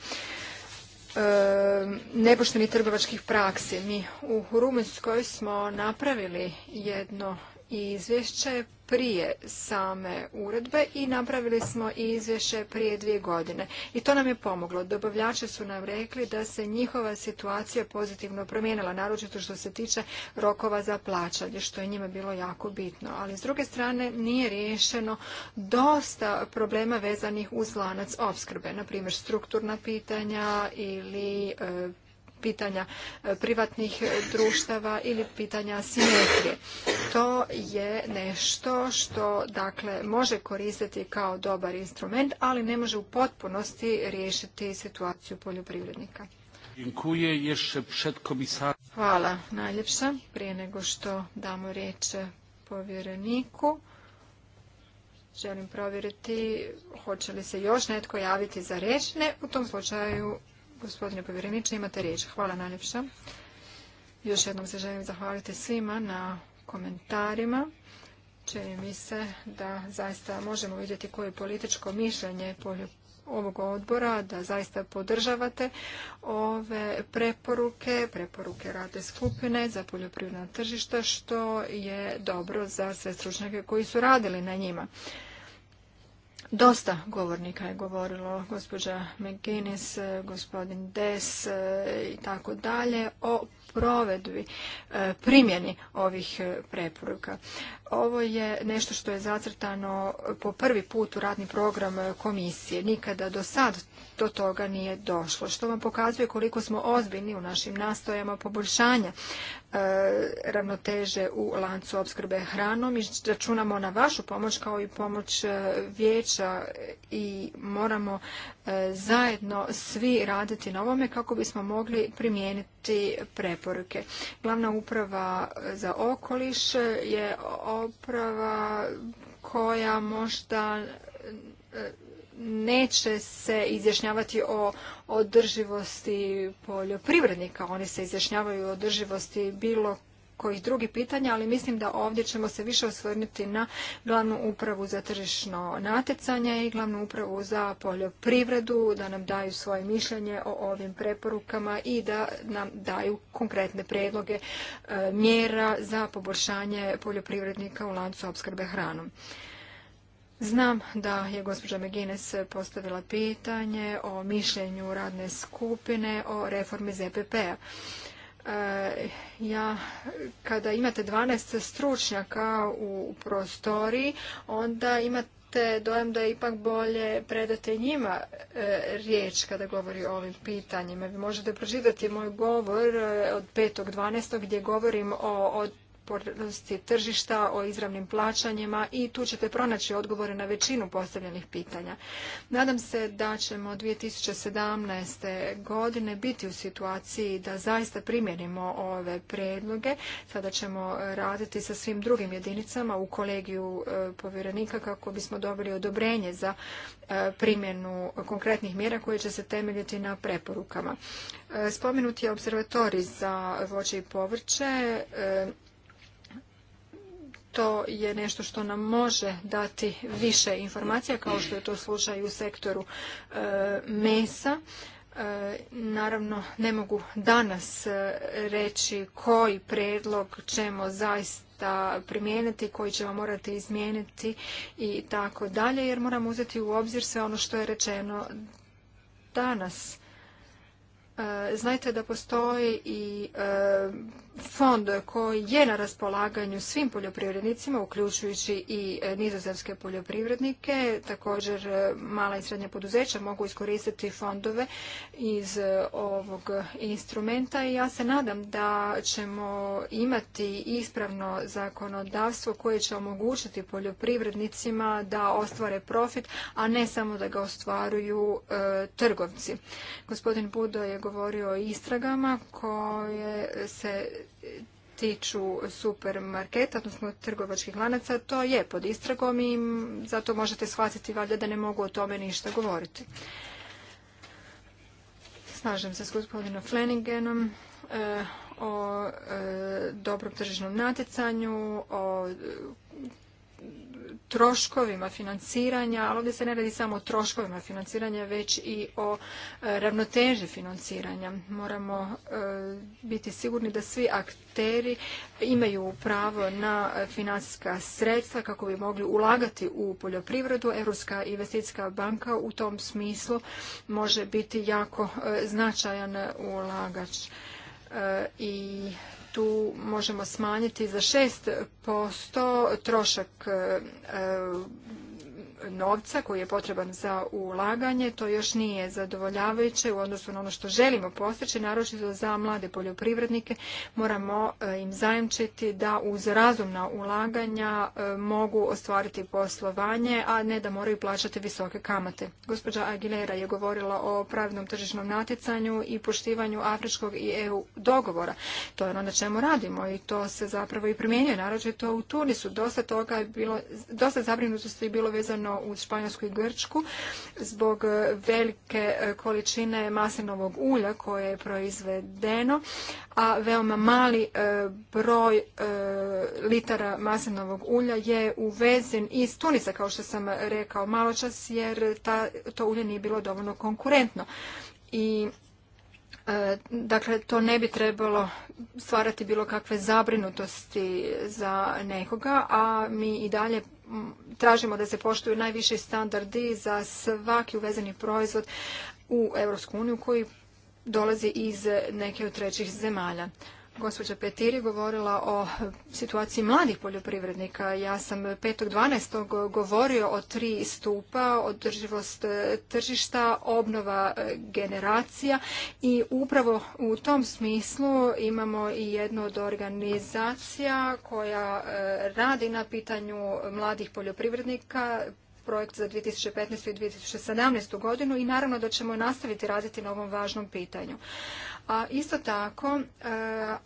nepoštenih trgovačkih praksi. Mi u Rumunjskoj smo napravili jedno izvješće prije same uredbe i napravili smo izvješće prije dvije godine. I to nam je pomoglo. Dobavljači su nam rekli da se njihova situacija pozitivno promijenila, naročito što se tiče rokova za plaćanje, što je njima bilo jako bitno. Ali s druge strane nije riješeno dosta problema vezanih uz lanac opskrbe, na primjer strukturna pitanja ili e, pitanja e, privatnih društava ili pitanja simetrije. To je nešto što dakle može koristiti kao dobar instrument, ali ne može u potpunosti riješiti situaciju poljoprivrednika. Hvala najljepša. Prije nego što damo riječ povjereniku, želim provjeriti hoće li se još netko javiti za riječ. Ne, u tom slučaju Gospodine povjereniče, imate riječ. Hvala najljepša. Još jednom se želim zahvaliti svima na komentarima. Čini mi se da zaista možemo vidjeti koje je političko mišljenje ovog odbora, da zaista podržavate ove preporuke, preporuke rade skupine za poljoprivredna tržišta, što je dobro za sve stručnjake koji su radili na njima. Dosta govornika je govorilo, gospođa McGuinness, e, gospodin Des e, i tako dalje, o provedbi, e, primjeni ovih preporuka. Ovo je nešto što je zacrtano po prvi put u radni program komisije. Nikada do sad do toga nije došlo, što vam pokazuje koliko smo ozbiljni u našim nastojama poboljšanja e, ravnoteže u lancu opskrbe hranom i računamo na vašu pomoć kao i pomoć e, vijeća i moramo e, zajedno svi raditi na ovome kako bismo mogli primijeniti preporuke. Glavna uprava za okoliš je oprava koja možda e, neće se izjašnjavati o održivosti poljoprivrednika. Oni se izjašnjavaju o održivosti bilo i drugi pitanja, ali mislim da ovdje ćemo se više osvrnuti na glavnu upravu za tržišno natjecanje i glavnu upravu za poljoprivredu, da nam daju svoje mišljenje o ovim preporukama i da nam daju konkretne predloge e, mjera za poboljšanje poljoprivrednika u lancu opskrbe hranom. Znam da je gospođa Megines postavila pitanje o mišljenju radne skupine o reformi ZPP-a. E, ja, kada imate 12 stručnjaka u prostoriji, onda imate dojam da je ipak bolje predate njima e, riječ kada govori o ovim pitanjima. Vi možete pročitati moj govor e, od 5.12. gdje govorim o otpornosti tržišta, o izravnim plaćanjima i tu ćete pronaći odgovore na većinu postavljenih pitanja. Nadam se da ćemo 2017. godine biti u situaciji da zaista primjenimo ove predloge. Sada ćemo raditi sa svim drugim jedinicama u kolegiju e, povjerenika kako bismo dobili odobrenje za e, primjenu konkretnih mjera koje će se temeljiti na preporukama. E, spomenuti je observatori za voće i povrće to je nešto što nam može dati više informacija kao što je to slučaj u sektoru e, mesa. E, naravno ne mogu danas e, reći koji predlog ćemo zaista primijeniti, koji ćemo morati izmijeniti i tako dalje jer moramo uzeti u obzir sve ono što je rečeno danas E, znajte da postoji i e, fond koji je na raspolaganju svim poljoprivrednicima, uključujući i e, nizozemske poljoprivrednike. Također mala i srednja poduzeća mogu iskoristiti fondove iz ovog instrumenta i ja se nadam da ćemo imati ispravno zakonodavstvo koje će omogućiti poljoprivrednicima da ostvare profit, a ne samo da ga ostvaruju trgovci. Gospodin Budo je govorio o istragama koje se tiču supermarketa, odnosno trgovačkih lanaca, to je pod istragom i zato možete shvatiti valjda da ne mogu o tome ništa govoriti. Slažem se s gospodinom Flanagenom eh, o eh, dobrom tržišnom natjecanju, o troškovima financiranja, ali ovdje se ne radi samo o troškovima financiranja, već i o e, ravnoteži financiranja. Moramo e, biti sigurni da svi akteri imaju pravo na financijska sredstva kako bi mogli ulagati u poljoprivredu. Europska investicijska banka u tom smislu može biti jako e, značajan ulagač i tu možemo smanjiti za posto trošak e, novca koji je potreban za ulaganje. To još nije zadovoljavajuće u odnosu na ono što želimo postići, naročito za mlade poljoprivrednike. Moramo e, im zajamčiti da uz razumna ulaganja e, mogu ostvariti poslovanje, a ne da moraju plaćati visoke kamate. Gospođa Aguilera je govorila o pravnom tržišnom natjecanju i poštivanju afričkog i EU dogovora. To je ono na čemu radimo i to se zapravo i primjenjuje, naročito u Tunisu. Dosta toga je bilo, dosta zabrinutosti je bilo vezano u Španjolsku i Grčku, zbog e, velike e, količine maslinovog ulja koje je proizvedeno, a veoma mali e, broj litara maslinovog ulja je uvezen iz Tunisa, kao što sam rekao maločas, jer to ulje nije bilo dovoljno konkurentno. I E, dakle, to ne bi trebalo stvarati bilo kakve zabrinutosti za nekoga, a mi i dalje tražimo da se poštuju najviši standardi za svaki uvezeni proizvod u EU koji dolazi iz neke od trećih zemalja gospođa Petir je govorila o situaciji mladih poljoprivrednika. Ja sam 5.12. govorio o tri stupa, održivost e, tržišta, obnova e, generacija i upravo u tom smislu imamo i jednu od organizacija koja e, radi na pitanju mladih poljoprivrednika, projekt za 2015. i 2017. godinu i naravno da ćemo nastaviti raditi na ovom važnom pitanju. A isto tako, e,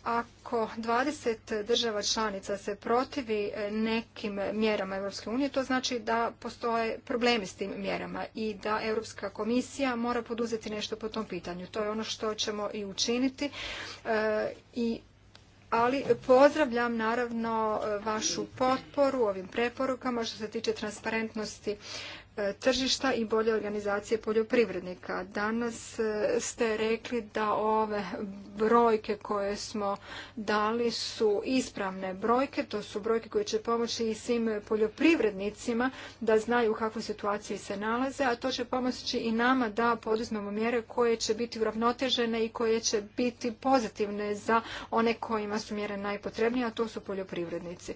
ako 20 država članica se protivi e, nekim mjerama Europske unije, to znači da postoje problemi s tim mjerama i da Europska komisija mora poduzeti nešto po tom pitanju. To je ono što ćemo i učiniti e, i ali pozdravljam naravno vašu potporu ovim preporukama što se tiče transparentnosti E, tržišta i bolje organizacije poljoprivrednika. Danas e, ste rekli da ove brojke koje smo dali su ispravne brojke, to su brojke koje će pomoći i svim poljoprivrednicima da znaju u kakvoj situaciji se nalaze, a to će pomoći i nama da poduzmemo mjere koje će biti uravnotežene i koje će biti pozitivne za one kojima su mjere najpotrebnije, a to su poljoprivrednici.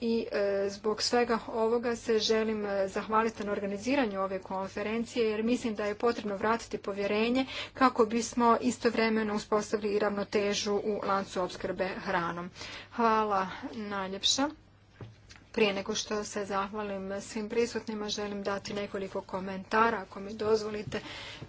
I e, zbog svega ovoga se želim zahvaliti na organizaciju organiziranju ove konferencije jer mislim da je potrebno vratiti povjerenje kako bismo istovremeno uspostavili i ravnotežu u lancu opskrbe hranom. Hvala najljepša. Prije nego što se zahvalim svim prisutnima, želim dati nekoliko komentara, ako mi dozvolite.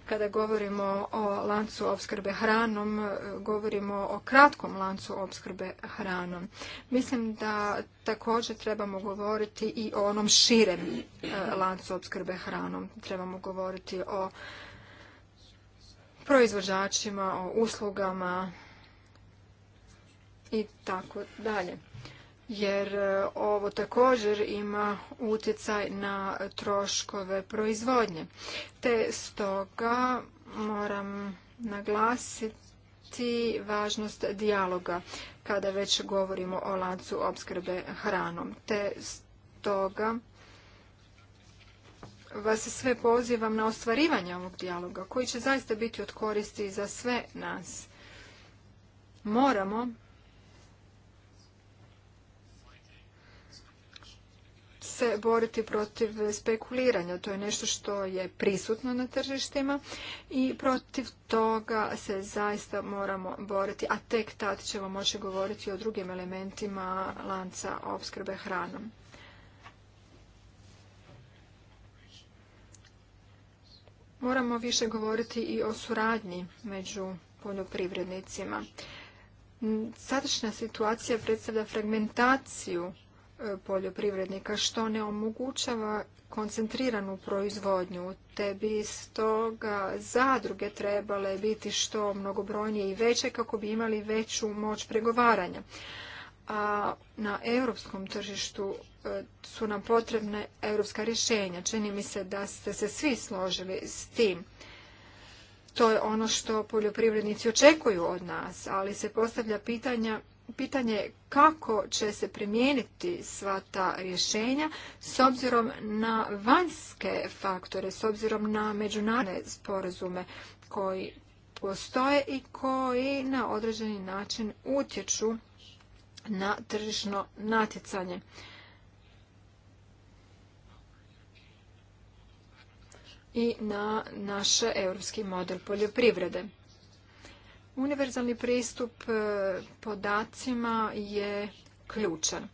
Kada govorimo o lancu opskrbe hranom, govorimo o kratkom lancu opskrbe hranom. Mislim da također trebamo govoriti i o onom širem e, lancu opskrbe hranom. Trebamo govoriti o proizvođačima, o uslugama i tako dalje jer e, ovo također ima utjecaj na troškove proizvodnje. Te stoga moram naglasiti važnost dijaloga kada već govorimo o lancu opskrbe hranom. Te stoga vas sve pozivam na ostvarivanje ovog dijaloga koji će zaista biti od koristi za sve nas. Moramo se boriti protiv spekuliranja. To je nešto što je prisutno na tržištima i protiv toga se zaista moramo boriti, a tek tad ćemo moći govoriti o drugim elementima lanca opskrbe hranom. Moramo više govoriti i o suradnji među poljoprivrednicima. Sadašnja situacija predstavlja fragmentaciju poljoprivrednika, što ne omogućava koncentriranu proizvodnju, te bi stoga zadruge trebale biti što mnogobrojnije i veće kako bi imali veću moć pregovaranja. A na europskom tržištu e, su nam potrebne europska rješenja. Čini mi se da ste se svi složili s tim. To je ono što poljoprivrednici očekuju od nas, ali se postavlja pitanja pitanje kako će se primijeniti sva ta rješenja s obzirom na vanjske faktore, s obzirom na međunarodne sporazume koji postoje i koji na određeni način utječu na tržišno natjecanje. i na naš europski model poljoprivrede. Univerzalni pristup e, podacima je ključan.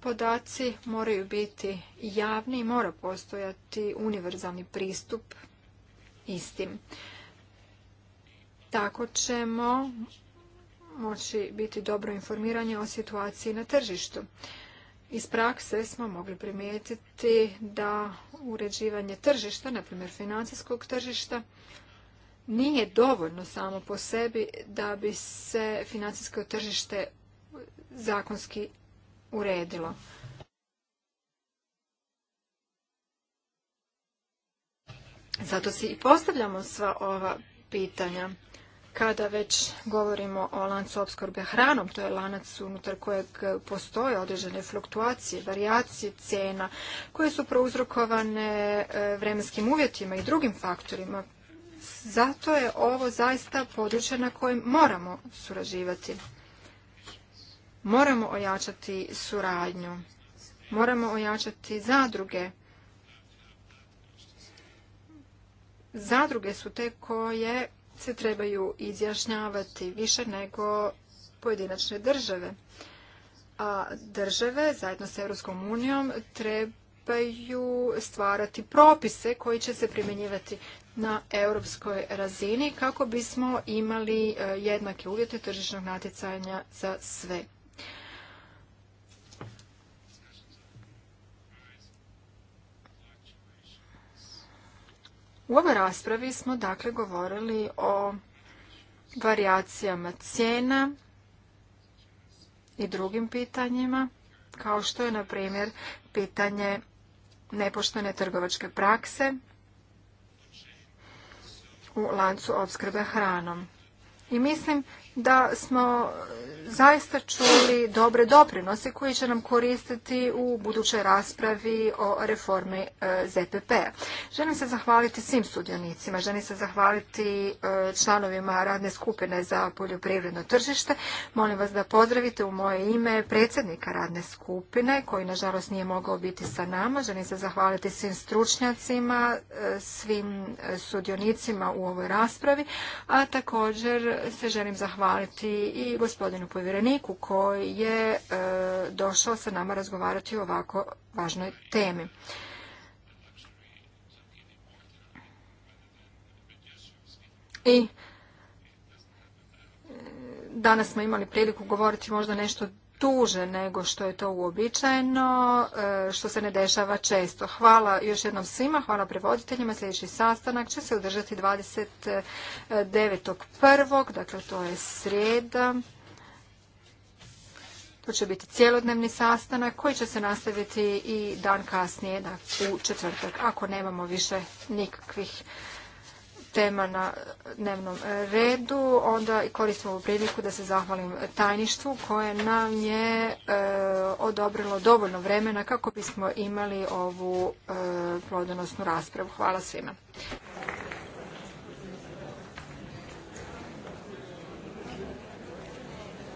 Podaci moraju biti javni i mora postojati univerzalni pristup istim. Tako ćemo moći biti dobro informirani o situaciji na tržištu. Iz prakse smo mogli primijetiti da uređivanje tržišta, na primjer financijskog tržišta, nije dovoljno samo po sebi da bi se financijsko tržište zakonski uredilo. Zato si i postavljamo sva ova pitanja. Kada već govorimo o lancu opskrbe hranom, to je lanac unutar kojeg postoje određene fluktuacije, varijacije cena, koje su prouzrokovane e, vremenskim uvjetima i drugim faktorima, zato je ovo zaista područje na kojem moramo surađivati. Moramo ojačati suradnju. Moramo ojačati zadruge. Zadruge su te koje se trebaju izjašnjavati više nego pojedinačne države. A države zajedno s Europskom unijom trebaju stvarati propise koji će se primjenjivati na europskoj razini kako bismo imali e, jednake uvjete tržišnog natjecanja za sve. U ovoj raspravi smo dakle govorili o varijacijama cijena i drugim pitanjima, kao što je na primjer pitanje nepoštene trgovačke prakse, u lancu opskrbe hranom. I mislim da smo zaista čuli dobre doprinose koji će nam koristiti u budućoj raspravi o reformi e, ZPP-a. Želim se zahvaliti svim sudionicima, želim se zahvaliti e, članovima radne skupine za poljoprivredno tržište. Molim vas da pozdravite u moje ime predsjednika radne skupine koji nažalost nije mogao biti sa nama. Želim se zahvaliti svim stručnjacima, e, svim sudionicima u ovoj raspravi, a također se želim zahvaliti zahvaliti i gospodinu povjereniku koji je e, došao sa nama razgovarati o ovako važnoj temi. I e, danas smo imali priliku govoriti možda nešto tuže nego što je to uobičajeno, e, što se ne dešava često. Hvala još jednom svima, hvala prevoditeljima. Sljedeći sastanak će se održati 29.1. Dakle, to je srijeda. To će biti cijelodnevni sastanak koji će se nastaviti i dan kasnije, dakle, u četvrtak, ako nemamo više nikakvih tema na dnevnom redu, onda koristim ovu priliku da se zahvalim tajništvu koje nam je e, odobrilo dovoljno vremena kako bismo imali ovu e, plodonosnu raspravu. Hvala svima.